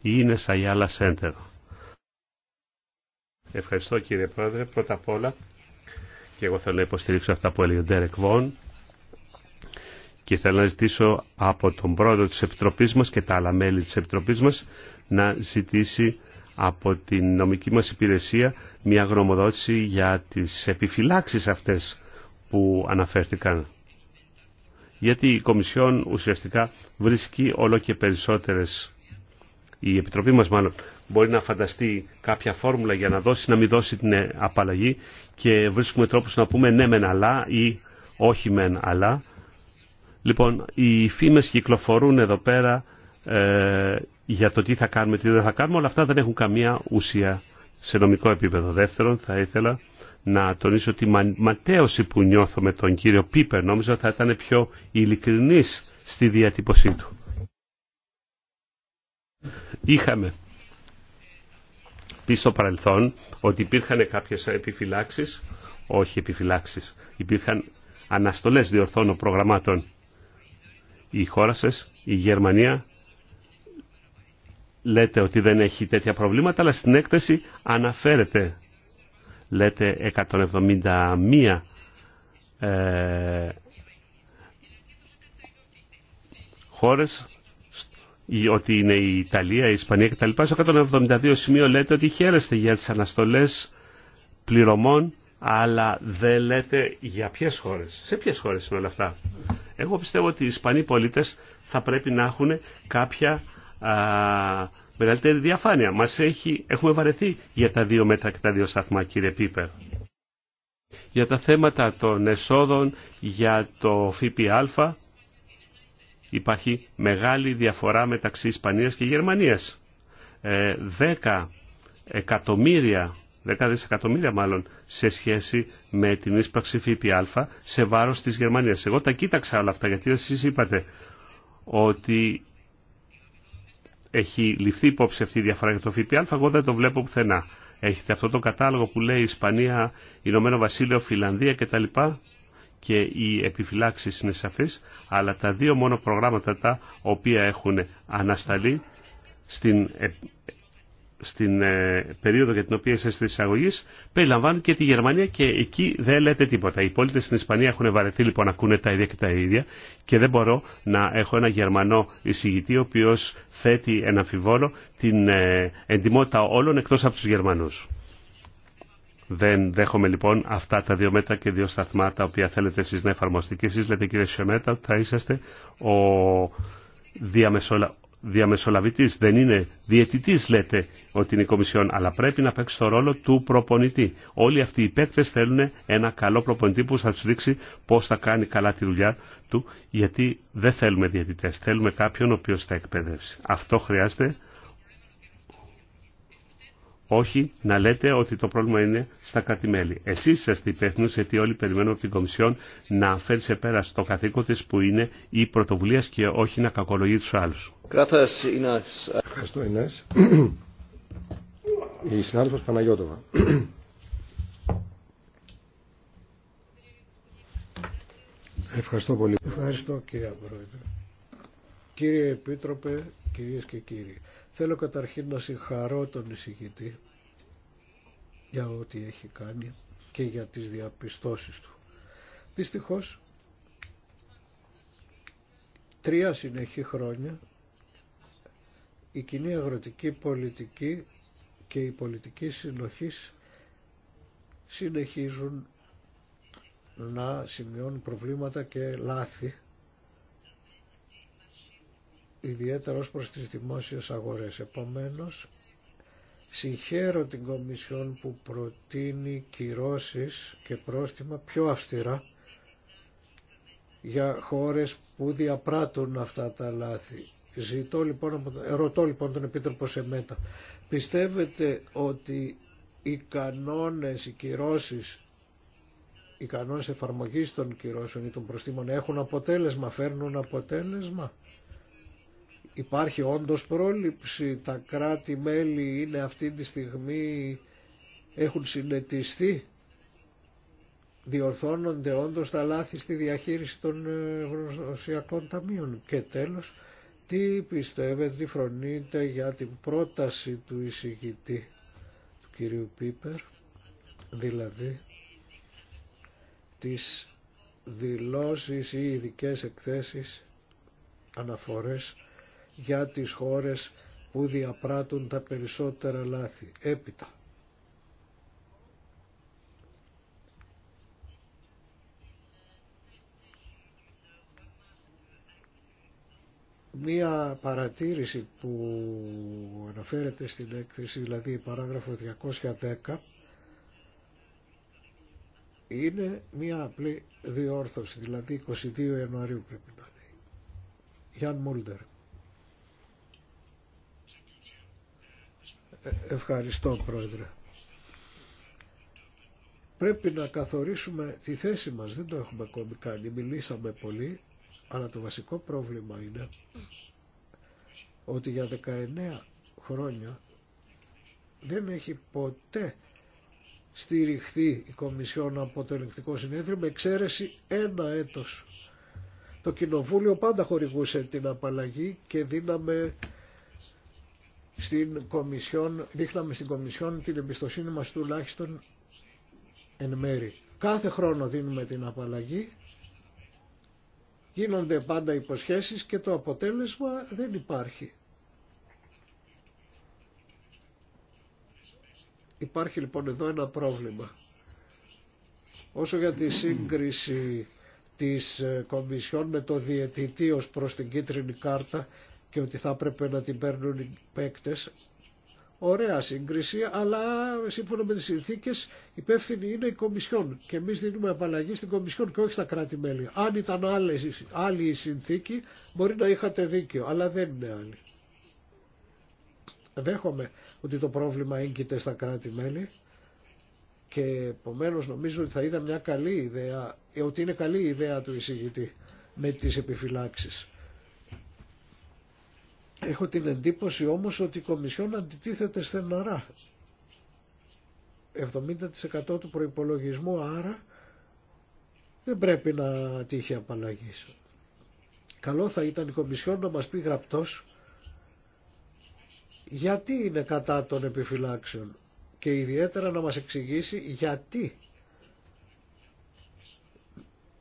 Speaker 1: είναι Σαγιάλα Σέντερ. Ευχαριστώ κύριε πρόεδρε. Πρώτα απ' όλα και εγώ θέλω να υποστηρίξω αυτά που έλεγε ο Ντέρεκ Βόν και θέλω να ζητήσω από τον πρόεδρο της Επιτροπής μας και τα άλλα μέλη της Επιτροπής μας να ζητήσει από την νομική μας υπηρεσία μια γνωμοδότηση για τις επιφυλάξεις αυτές που αναφέρθηκαν. Γιατί η Κομισιόν ουσιαστικά βρίσκει όλο και περισσότερες, η Επιτροπή μας μάλλον, μπορεί να φανταστεί κάποια φόρμουλα για να δώσει, να μην δώσει την απαλλαγή και βρίσκουμε τρόπους να πούμε ναι μεν αλλά ή όχι μεν αλλά. Λοιπόν, οι φήμες κυκλοφορούν εδώ πέρα ε, για το τι θα κάνουμε, τι δεν θα κάνουμε, όλα αυτά δεν έχουν καμία ουσία σε νομικό επίπεδο. Δεύτερον, θα ήθελα να τονίσω τη ματέωση που νιώθω με τον κύριο Πίπερ. Νόμιζα θα ήταν πιο ειλικρινής στη διατύπωσή του. Είχαμε πει στο παρελθόν ότι υπήρχαν κάποιες επιφυλάξεις, όχι επιφυλάξεις, υπήρχαν αναστολές διορθώνων προγραμμάτων. Η χώρα η Γερμανία, λέτε ότι δεν έχει τέτοια προβλήματα, αλλά στην έκθεση αναφέρεται, λέτε 171 ε, χώρες, ότι είναι η Ιταλία, η Ισπανία κτλ. Στο 172 σημείο λέτε ότι χαίρεστε για τις αναστολές πληρωμών, αλλά δεν λέτε για ποιες χώρες. Σε ποιες χώρες είναι όλα αυτά. Εγώ πιστεύω ότι οι Ισπανοί πολίτες θα πρέπει να έχουν κάποια μεγαλύτερη διαφάνεια. Μας έχει, έχουμε βαρεθεί για τα δύο μέτρα και τα δύο σταθμά κύριε Πίπερ. Για τα θέματα των εσόδων, για το ΦΠΑ υπάρχει μεγάλη διαφορά μεταξύ Ισπανίας και Γερμανίας. Ε, 10 εκατομμύρια, 10 δισεκατομμύρια μάλλον, σε σχέση με την ίσπραξη ΦΠΑ σε βάρος της Γερμανίας. Εγώ τα κοίταξα όλα αυτά γιατί εσείς είπατε ότι έχει ληφθεί υπόψη αυτή η διαφορά για το ΦΠΑ, εγώ δεν το βλέπω πουθενά. Έχετε αυτό το κατάλογο που λέει Ισπανία, Ηνωμένο Βασίλειο, Φιλανδία κτλ. Και οι επιφυλάξει είναι σαφεί, αλλά τα δύο μόνο προγράμματα τα οποία έχουν ανασταλεί στην ε, στην ε, περίοδο για την οποία είστε στις εισαγωγή περιλαμβάνουν και τη Γερμανία και εκεί δεν λέτε τίποτα. Οι πολίτε στην Ισπανία έχουν βαρεθεί λοιπόν να ακούνε τα ίδια και τα ίδια και δεν μπορώ να έχω ένα Γερμανό εισηγητή ο οποίο θέτει ένα αμφιβόλο την ε, εντιμότητα όλων εκτό από του Γερμανού. Δεν δέχομαι λοιπόν αυτά τα δύο μέτρα και δύο σταθμά τα οποία θέλετε εσείς να εφαρμοστεί. Και εσείς λέτε κύριε Σιωμέτα ότι θα είσαστε ο διαμεσολα διαμεσολαβητής, δεν είναι διαιτητής λέτε ότι είναι η Κομισιόν, αλλά πρέπει να παίξει το ρόλο του προπονητή. Όλοι αυτοί οι παίκτες θέλουν ένα καλό προπονητή που θα τους δείξει πώς θα κάνει καλά τη δουλειά του, γιατί δεν θέλουμε διαιτητές, θέλουμε κάποιον ο οποίος θα εκπαιδεύσει. Αυτό χρειάζεται όχι να λέτε ότι το πρόβλημα είναι στα κρατημέλη. Εσείς είστε υπεύθυνοι γιατί όλοι περιμένουμε από την Κομισιόν να φέρει σε πέρα στο καθήκον της που είναι η πρωτοβουλία και όχι να κακολογεί τους άλλους.
Speaker 3: Ευχαριστώ
Speaker 1: Η
Speaker 2: συνάδελφος Παναγιώτοβα. Ευχαριστώ πολύ.
Speaker 3: Ευχαριστώ κύριε Πρόεδρε. Κύριε Επίτροπε, κυρίες και κύριοι. Θέλω καταρχήν να συγχαρώ τον εισηγητή για ό,τι έχει κάνει και για τις διαπιστώσεις του. Δυστυχώς, τρία συνεχή χρόνια η κοινή αγροτική πολιτική και η πολιτική συνοχής συνεχίζουν να σημειώνουν προβλήματα και λάθη ιδιαίτερα ως προς τις δημόσιες αγορές. Επομένως, συγχαίρω την Κομισιόν που προτείνει κυρώσεις και πρόστιμα πιο αυστηρά για χώρες που διαπράττουν αυτά τα λάθη. Ζητώ λοιπόν, ρωτώ λοιπόν τον Επίτροπο Σεμέτα, πιστεύετε ότι οι κανόνες, οι κυρώσεις, οι κανόνες εφαρμογής των κυρώσεων ή των προστήμων έχουν αποτέλεσμα, φέρνουν αποτέλεσμα Υπάρχει όντως πρόληψη, τα κράτη-μέλη είναι αυτή τη στιγμή, έχουν συνετιστεί, διορθώνονται όντως τα λάθη στη διαχείριση των ε, γνωσιακών ταμείων. Και τέλος, τι πιστεύετε, τι φρονείτε για την πρόταση του εισηγητή του κυρίου Πίπερ, δηλαδή τις δηλώσεις ή ειδικέ εκθέσεις αναφορές για τις χώρες που διαπράττουν τα περισσότερα λάθη. Έπειτα. μία παρατήρηση που αναφέρεται στην έκθεση, δηλαδή η παράγραφο 210, είναι μία απλή διόρθωση, δηλαδή 22 Ιανουαρίου πρέπει να λέει. Γιάν Μούλτερ. Ευχαριστώ Πρόεδρε. Πρέπει να καθορίσουμε τη θέση μας, δεν το έχουμε ακόμη κάνει, μιλήσαμε πολύ, αλλά το βασικό πρόβλημα είναι ότι για 19 χρόνια δεν έχει ποτέ στηριχθεί η Κομισιόν από το Ελεκτικό Συνέδριο με εξαίρεση ένα έτος. Το Κοινοβούλιο πάντα χορηγούσε την απαλλαγή και δίναμε στην Κομισιόν, δείχναμε στην Κομισιόν την εμπιστοσύνη μας τουλάχιστον εν μέρη. Κάθε χρόνο δίνουμε την απαλλαγή, γίνονται πάντα υποσχέσεις και το αποτέλεσμα δεν υπάρχει. Υπάρχει λοιπόν εδώ ένα πρόβλημα. Όσο για τη σύγκριση της Κομισιόν με το διαιτητή ως προς την κίτρινη κάρτα, και ότι θα έπρεπε να την παίρνουν οι παίκτες. Ωραία σύγκριση, αλλά σύμφωνα με τις συνθήκες υπεύθυνοι είναι η Κομισιόν και εμείς δίνουμε απαλλαγή στην Κομισιόν και όχι στα κράτη-μέλη. Αν ήταν άλλες, άλλη η συνθήκη μπορεί να είχατε δίκιο, αλλά δεν είναι άλλη. Δέχομαι ότι το πρόβλημα έγκυται στα κράτη-μέλη και επομένω νομίζω ότι θα ήταν μια καλή ιδέα, ε, ότι είναι καλή ιδέα του εισηγητή με τις επιφυλάξεις. Έχω την εντύπωση όμως ότι η Κομισιόν αντιτίθεται στεναρά. 70% του προϋπολογισμού άρα δεν πρέπει να τύχει απαλλαγή. Καλό θα ήταν η Κομισιόν να μας πει γραπτός γιατί είναι κατά των επιφυλάξεων και ιδιαίτερα να μας εξηγήσει γιατί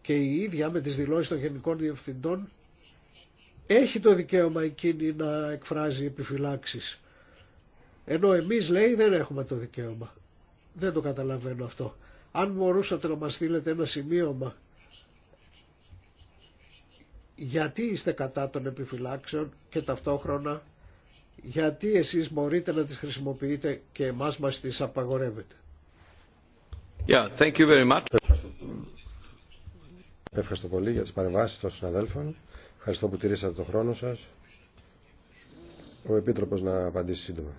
Speaker 3: και η ίδια με τις δηλώσεις των γενικών διευθυντών έχει το δικαίωμα εκείνη να εκφράζει επιφυλάξεις. Ενώ εμείς λέει δεν έχουμε το δικαίωμα. Δεν το καταλαβαίνω αυτό. Αν μπορούσατε να μας στείλετε ένα σημείωμα γιατί είστε κατά των επιφυλάξεων και ταυτόχρονα γιατί εσείς μπορείτε να τις χρησιμοποιείτε και εμάς μας τις απαγορεύετε.
Speaker 2: Yeah, thank you very much. Ευχαριστώ πολύ για τις παρεμβάσεις των συναδέλφων. Ευχαριστώ που τηρήσατε το χρόνο σας. Ο Επίτροπος να απαντήσει σύντομα.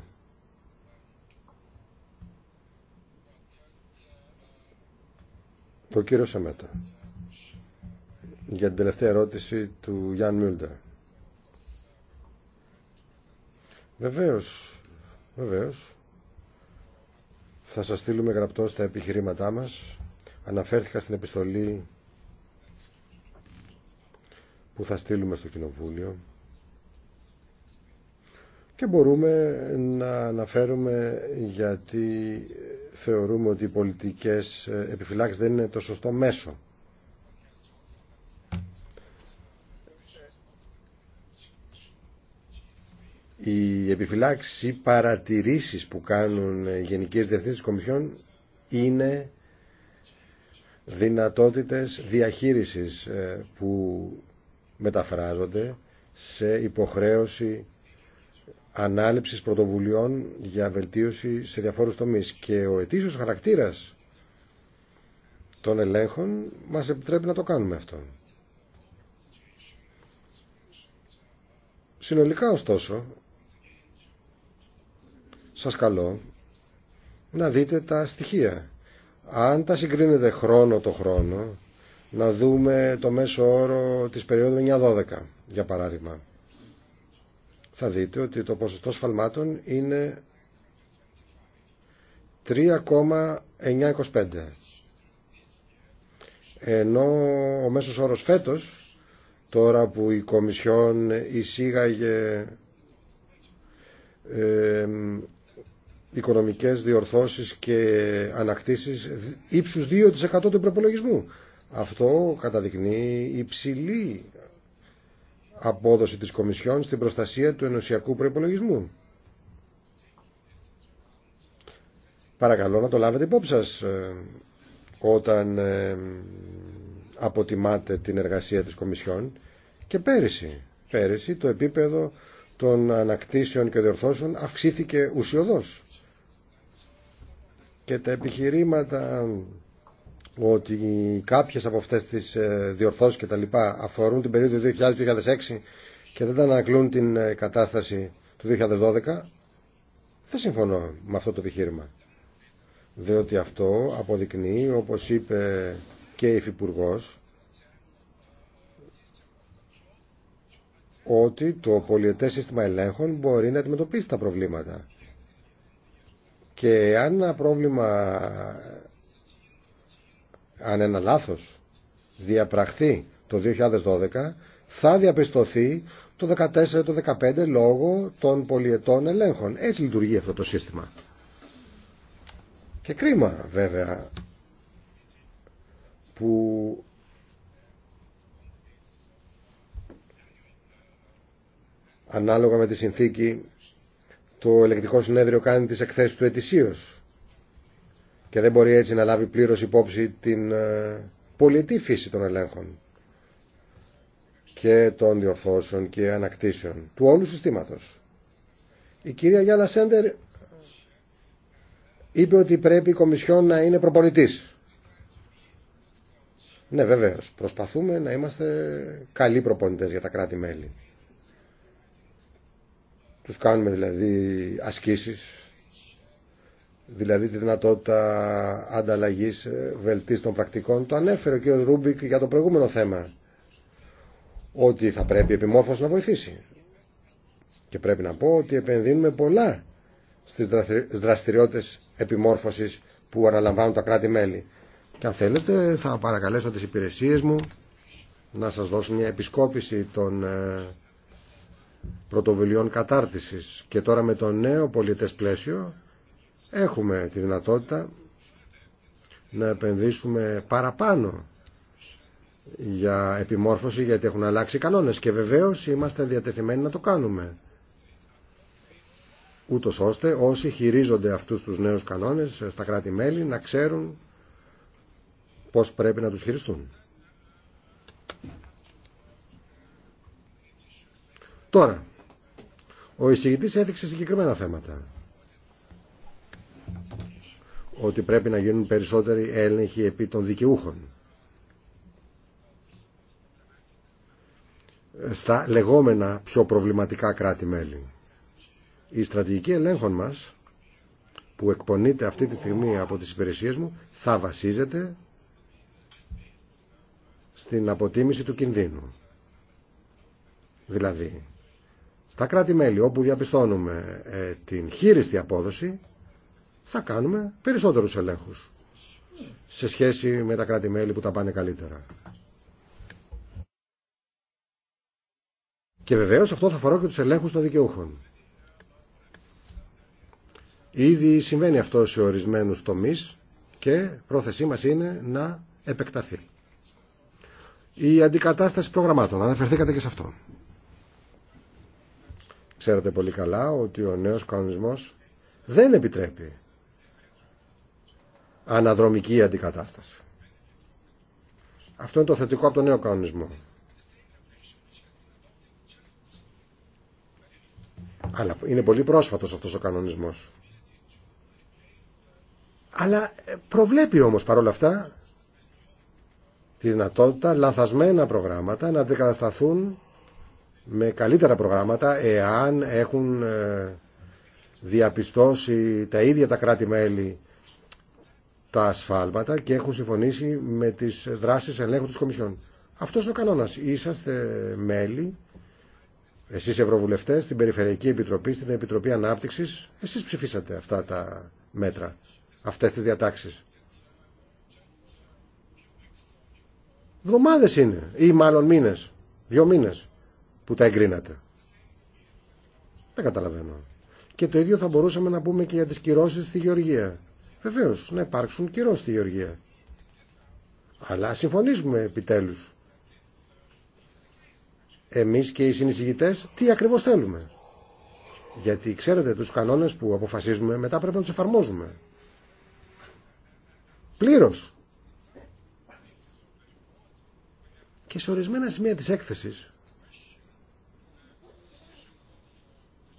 Speaker 2: Το κύριο Σεμέτα. Για την τελευταία ερώτηση του Γιάν Μιούλντερ. Βεβαίως, βεβαίως. Θα σας στείλουμε γραπτό στα επιχειρήματά μας. Αναφέρθηκα στην επιστολή που θα στείλουμε στο Κοινοβούλιο και μπορούμε να αναφέρουμε γιατί θεωρούμε ότι οι πολιτικές επιφυλάξεις δεν είναι το σωστό μέσο. Οι επιφυλάξεις ή παρατηρήσεις που κάνουν οι Γενικές Διευθύνσεις είναι δυνατότητες διαχείρισης ε, που μεταφράζονται σε υποχρέωση ανάληψης πρωτοβουλειών για βελτίωση σε διαφόρους τομείς. Και ο ετήσιος χαρακτήρας των ελέγχων μας επιτρέπει να το κάνουμε αυτό. Συνολικά ωστόσο, σας καλώ να δείτε τα στοιχεία. Αν τα συγκρίνετε χρόνο το χρόνο, να δούμε το μέσο όρο της περίοδου 9-12, για παράδειγμα. Θα δείτε ότι το ποσοστό σφαλμάτων είναι 3,925. Ενώ ο μέσος όρος φέτος, τώρα που η Κομισιόν εισήγαγε ε, οικονομικές διορθώσεις και ανακτήσεις ύψους 2% του προπολογισμού. Αυτό καταδεικνύει υψηλή απόδοση της Κομισιόν στην προστασία του ενωσιακού προϋπολογισμού. Παρακαλώ να το λάβετε υπόψη σας ε, όταν ε, αποτιμάτε την εργασία της Κομισιόν και πέρυσι. Πέρυσι το επίπεδο των ανακτήσεων και διορθώσεων αυξήθηκε ουσιοδός. Και τα επιχειρήματα ότι κάποιες από αυτές τις ε, διορθώσεις και τα λοιπά αφορούν την περίοδο 2000-2006 και δεν ανακλούν την ε, κατάσταση του 2012, δεν συμφωνώ με αυτό το επιχείρημα. Διότι αυτό αποδεικνύει, όπως είπε και η υφυπουργό ότι το πολιετές σύστημα ελέγχων μπορεί να αντιμετωπίσει τα προβλήματα. Και αν ένα πρόβλημα αν ένα λάθος διαπραχθεί το 2012 θα διαπιστωθεί το 14 το λόγω των πολιετών ελέγχων. Έτσι λειτουργεί αυτό το σύστημα. Και κρίμα βέβαια που ανάλογα με τη συνθήκη το ελεκτικό συνέδριο κάνει τις εκθέσεις του ετησίως και δεν μπορεί έτσι να λάβει πλήρως υπόψη την ε, πολιτή φύση των ελέγχων και των διορθώσεων και ανακτήσεων του όλου συστήματος. Η κυρία Γιάννα Σέντερ είπε ότι πρέπει η Κομισιόν να είναι προπονητής. Ναι βεβαίως, προσπαθούμε να είμαστε καλοί προπονητές για τα κράτη-μέλη. Τους κάνουμε δηλαδή ασκήσεις δηλαδή τη δυνατότητα ανταλλαγής ε, βελτίστων πρακτικών. Το ανέφερε ο κ. Ρούμπικ για το προηγούμενο θέμα, ότι θα πρέπει η επιμόρφωση να βοηθήσει. Και πρέπει να πω ότι επενδύουμε πολλά στις δραστηριότητες επιμόρφωσης που αναλαμβάνουν τα κράτη-μέλη. Και αν θέλετε θα παρακαλέσω τις υπηρεσίες μου να σας δώσουν μια επισκόπηση των ε, πρωτοβουλειών κατάρτισης. Και τώρα με το νέο πολιτές πλαίσιο έχουμε τη δυνατότητα να επενδύσουμε παραπάνω για επιμόρφωση γιατί έχουν αλλάξει οι κανόνες και βεβαίως είμαστε διατεθειμένοι να το κάνουμε Ούτως ώστε όσοι χειρίζονται αυτούς τους νέους κανόνες στα κράτη-μέλη να ξέρουν πώς πρέπει να τους χειριστούν. Τώρα, ο εισηγητής έδειξε συγκεκριμένα θέματα ότι πρέπει να γίνουν περισσότεροι έλεγχοι επί των δικαιούχων. Στα λεγόμενα πιο προβληματικά κράτη-μέλη. Η στρατηγική ελέγχων μας που εκπονείται αυτή τη στιγμή από τις υπηρεσίες μου θα βασίζεται στην αποτίμηση του κινδύνου. Δηλαδή, στα κράτη-μέλη όπου διαπιστώνουμε ε, την χείριστη απόδοση θα κάνουμε περισσότερους ελέγχους σε σχέση με τα κράτη-μέλη που τα πάνε καλύτερα. Και βεβαίως αυτό θα αφορά και τους ελέγχους των δικαιούχων. Ήδη συμβαίνει αυτό σε ορισμένους τομείς και πρόθεσή μας είναι να επεκταθεί. Η αντικατάσταση προγραμμάτων, αναφερθήκατε και σε αυτό. Ξέρετε πολύ καλά ότι ο νέος κανονισμός δεν επιτρέπει αναδρομική αντικατάσταση. Αυτό είναι το θετικό από τον νέο κανονισμό. Αλλά είναι πολύ πρόσφατος αυτός ο κανονισμός. Αλλά ε, προβλέπει όμως παρόλα αυτά τη δυνατότητα λανθασμένα προγράμματα να αντικατασταθούν με καλύτερα προγράμματα εάν έχουν ε, διαπιστώσει τα ίδια τα κράτη-μέλη τα ασφάλματα και έχουν συμφωνήσει με τις δράσεις ελέγχου της Κομισιόν. Αυτό είναι ο κανόνας. Είσαστε μέλη, εσείς ευρωβουλευτές, στην Περιφερειακή Επιτροπή, στην Επιτροπή Ανάπτυξης. Εσείς ψηφίσατε αυτά τα μέτρα, αυτές τις διατάξεις. Βδομάδες είναι, ή μάλλον μήνες, δύο μήνες που τα εγκρίνατε. Δεν καταλαβαίνω. Και το ίδιο θα μπορούσαμε να πούμε και για τις κυρώσει στη Γεωργία. Βεβαίως, να υπάρξουν καιρό στη Γεωργία. Αλλά συμφωνήσουμε επιτέλους. Εμείς και οι συνεισηγητές τι ακριβώς θέλουμε. Γιατί ξέρετε τους κανόνες που αποφασίζουμε μετά πρέπει να τους εφαρμόζουμε. Πλήρως. Και σε ορισμένα σημεία της έκθεσης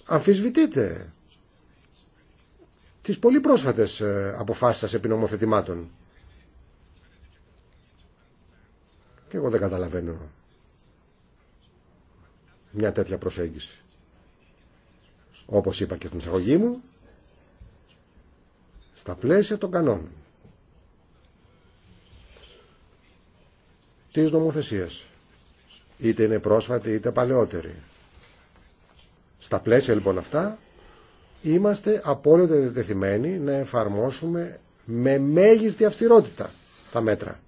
Speaker 2: αμφισβητείτε τις πολύ πρόσφατες ε, αποφάσεις σας επί νομοθετημάτων. Και εγώ δεν καταλαβαίνω μια τέτοια προσέγγιση. Όπως είπα και στην εισαγωγή μου, στα πλαίσια των κανόνων της νομοθεσίας, είτε είναι πρόσφατη είτε παλαιότερη. Στα πλαίσια λοιπόν αυτά είμαστε απόλυτα δεδεθειμένοι να εφαρμόσουμε με μέγιστη αυστηρότητα τα μέτρα.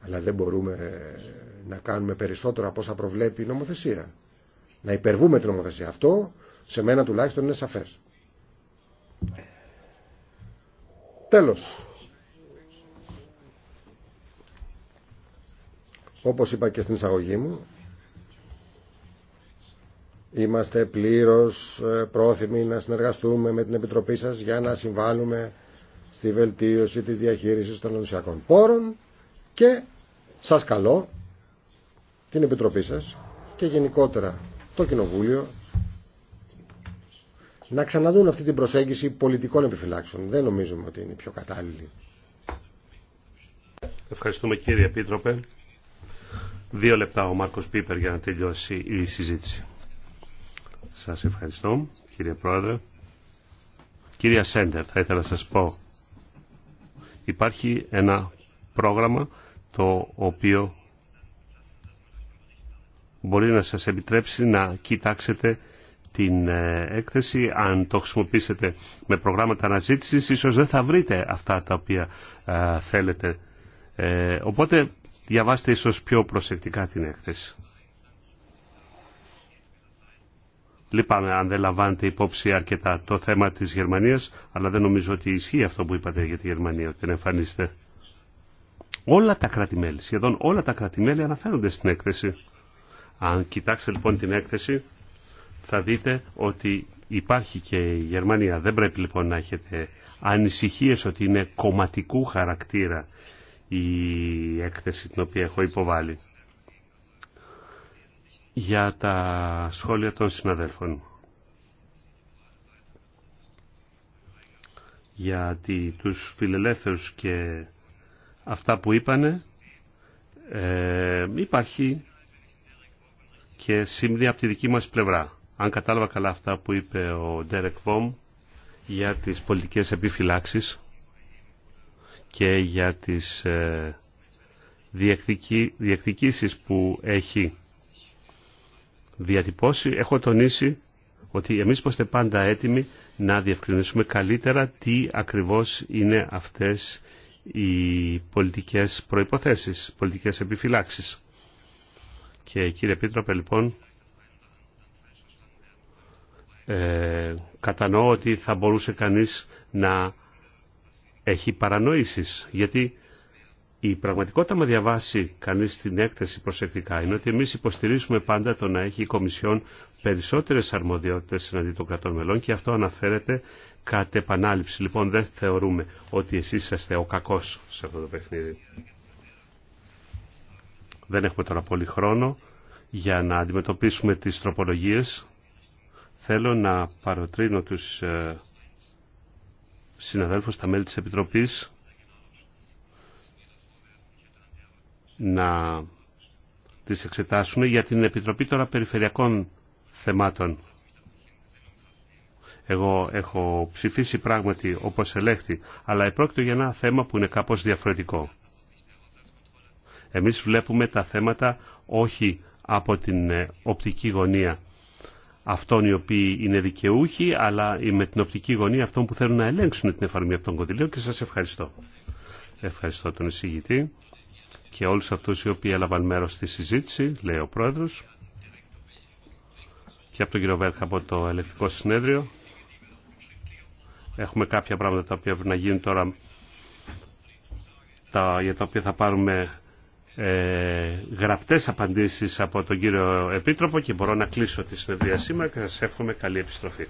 Speaker 2: Αλλά δεν μπορούμε ε, να κάνουμε περισσότερα από όσα προβλέπει η νομοθεσία. Να υπερβούμε την νομοθεσία. Αυτό σε μένα τουλάχιστον είναι σαφές. Τέλος. Όπως είπα και στην εισαγωγή μου, Είμαστε πλήρως ε, πρόθυμοι να συνεργαστούμε με την Επιτροπή σας για να συμβάλλουμε στη βελτίωση της διαχείρισης των ενωσιακών πόρων και σας καλώ την Επιτροπή σας και γενικότερα το Κοινοβούλιο να ξαναδούν αυτή την προσέγγιση πολιτικών
Speaker 1: επιφυλάξεων. Δεν νομίζουμε ότι είναι πιο κατάλληλη. Ευχαριστούμε κύριε Επίτροπε. Δύο λεπτά ο Μάρκος Πίπερ για να τελειώσει η συζήτηση. Σας ευχαριστώ κύριε Πρόεδρε. Κυρία Σέντερ, θα ήθελα να σας πω. Υπάρχει ένα πρόγραμμα το οποίο μπορεί να σας επιτρέψει να κοιτάξετε την ε, έκθεση. Αν το χρησιμοποιήσετε με προγράμματα αναζήτησης, ίσως δεν θα βρείτε αυτά τα οποία ε, θέλετε. Ε, οπότε διαβάστε ίσως πιο προσεκτικά την έκθεση. Λυπάμαι αν δεν λαμβάνετε υπόψη αρκετά το θέμα της Γερμανίας, αλλά δεν νομίζω ότι ισχύει αυτό που είπατε για τη Γερμανία, ότι δεν εμφανίστε. Όλα τα κρατημέλη, σχεδόν όλα τα κρατημέλη αναφέρονται στην έκθεση. Αν κοιτάξετε λοιπόν την έκθεση, θα δείτε ότι υπάρχει και η Γερμανία. Δεν πρέπει λοιπόν να έχετε ανησυχίες ότι είναι κομματικού χαρακτήρα η έκθεση την οποία έχω υποβάλει για τα σχόλια των συναδέλφων. γιατί τους φιλελεύθερους και αυτά που είπανε ε, υπάρχει και σύμβη από τη δική μας πλευρά. Αν κατάλαβα καλά αυτά που είπε ο Ντέρεκ Βόμ για τις πολιτικές επιφυλάξεις και για τις ε, διεκδικήσεις που έχει διατυπώσει έχω τονίσει ότι εμείς είμαστε πάντα έτοιμοι να διευκρινίσουμε καλύτερα τι ακριβώς είναι αυτές οι πολιτικές προϋποθέσεις, πολιτικές επιφυλάξεις. Και κύριε Πίτροπε λοιπόν, ε, κατανοώ ότι θα μπορούσε κανείς να έχει παρανοήσεις, γιατί η πραγματικότητα, με διαβάσει κανεί την έκθεση προσεκτικά, είναι ότι εμεί υποστηρίζουμε πάντα το να έχει η Κομισιόν περισσότερε αρμοδιότητε εναντί των κρατών μελών και αυτό αναφέρεται κατ' επανάληψη. Λοιπόν, δεν θεωρούμε ότι εσεί είσαστε ο κακό σε αυτό το παιχνίδι. Δεν έχουμε τώρα πολύ χρόνο για να αντιμετωπίσουμε τι τροπολογίε. Θέλω να παροτρύνω τους ε, συναδέλφου τα μέλη τη Επιτροπή. να τις εξετάσουν για την Επιτροπή τώρα Περιφερειακών Θεμάτων. Εγώ έχω ψηφίσει πράγματι όπως ελέγχθη, αλλά επρόκειτο για ένα θέμα που είναι κάπως διαφορετικό. Εμείς βλέπουμε τα θέματα όχι από την ε, οπτική γωνία αυτών οι οποίοι είναι δικαιούχοι, αλλά με την οπτική γωνία αυτών που θέλουν να ελέγξουν την εφαρμογή αυτών των κονδυλίων και σας ευχαριστώ. Ευχαριστώ τον εισηγητή και όλους αυτούς οι οποίοι έλαβαν μέρος στη συζήτηση, λέει ο Πρόεδρος, και από τον κύριο Βέρχα από το Ελεκτικό Συνέδριο. Έχουμε κάποια πράγματα τα οποία πρέπει να γίνουν τώρα, για τα οποία θα πάρουμε ε, γραπτές απαντήσεις από τον κύριο Επίτροπο και μπορώ να κλείσω τη συνεδρία σήμερα και σας εύχομαι καλή επιστροφή.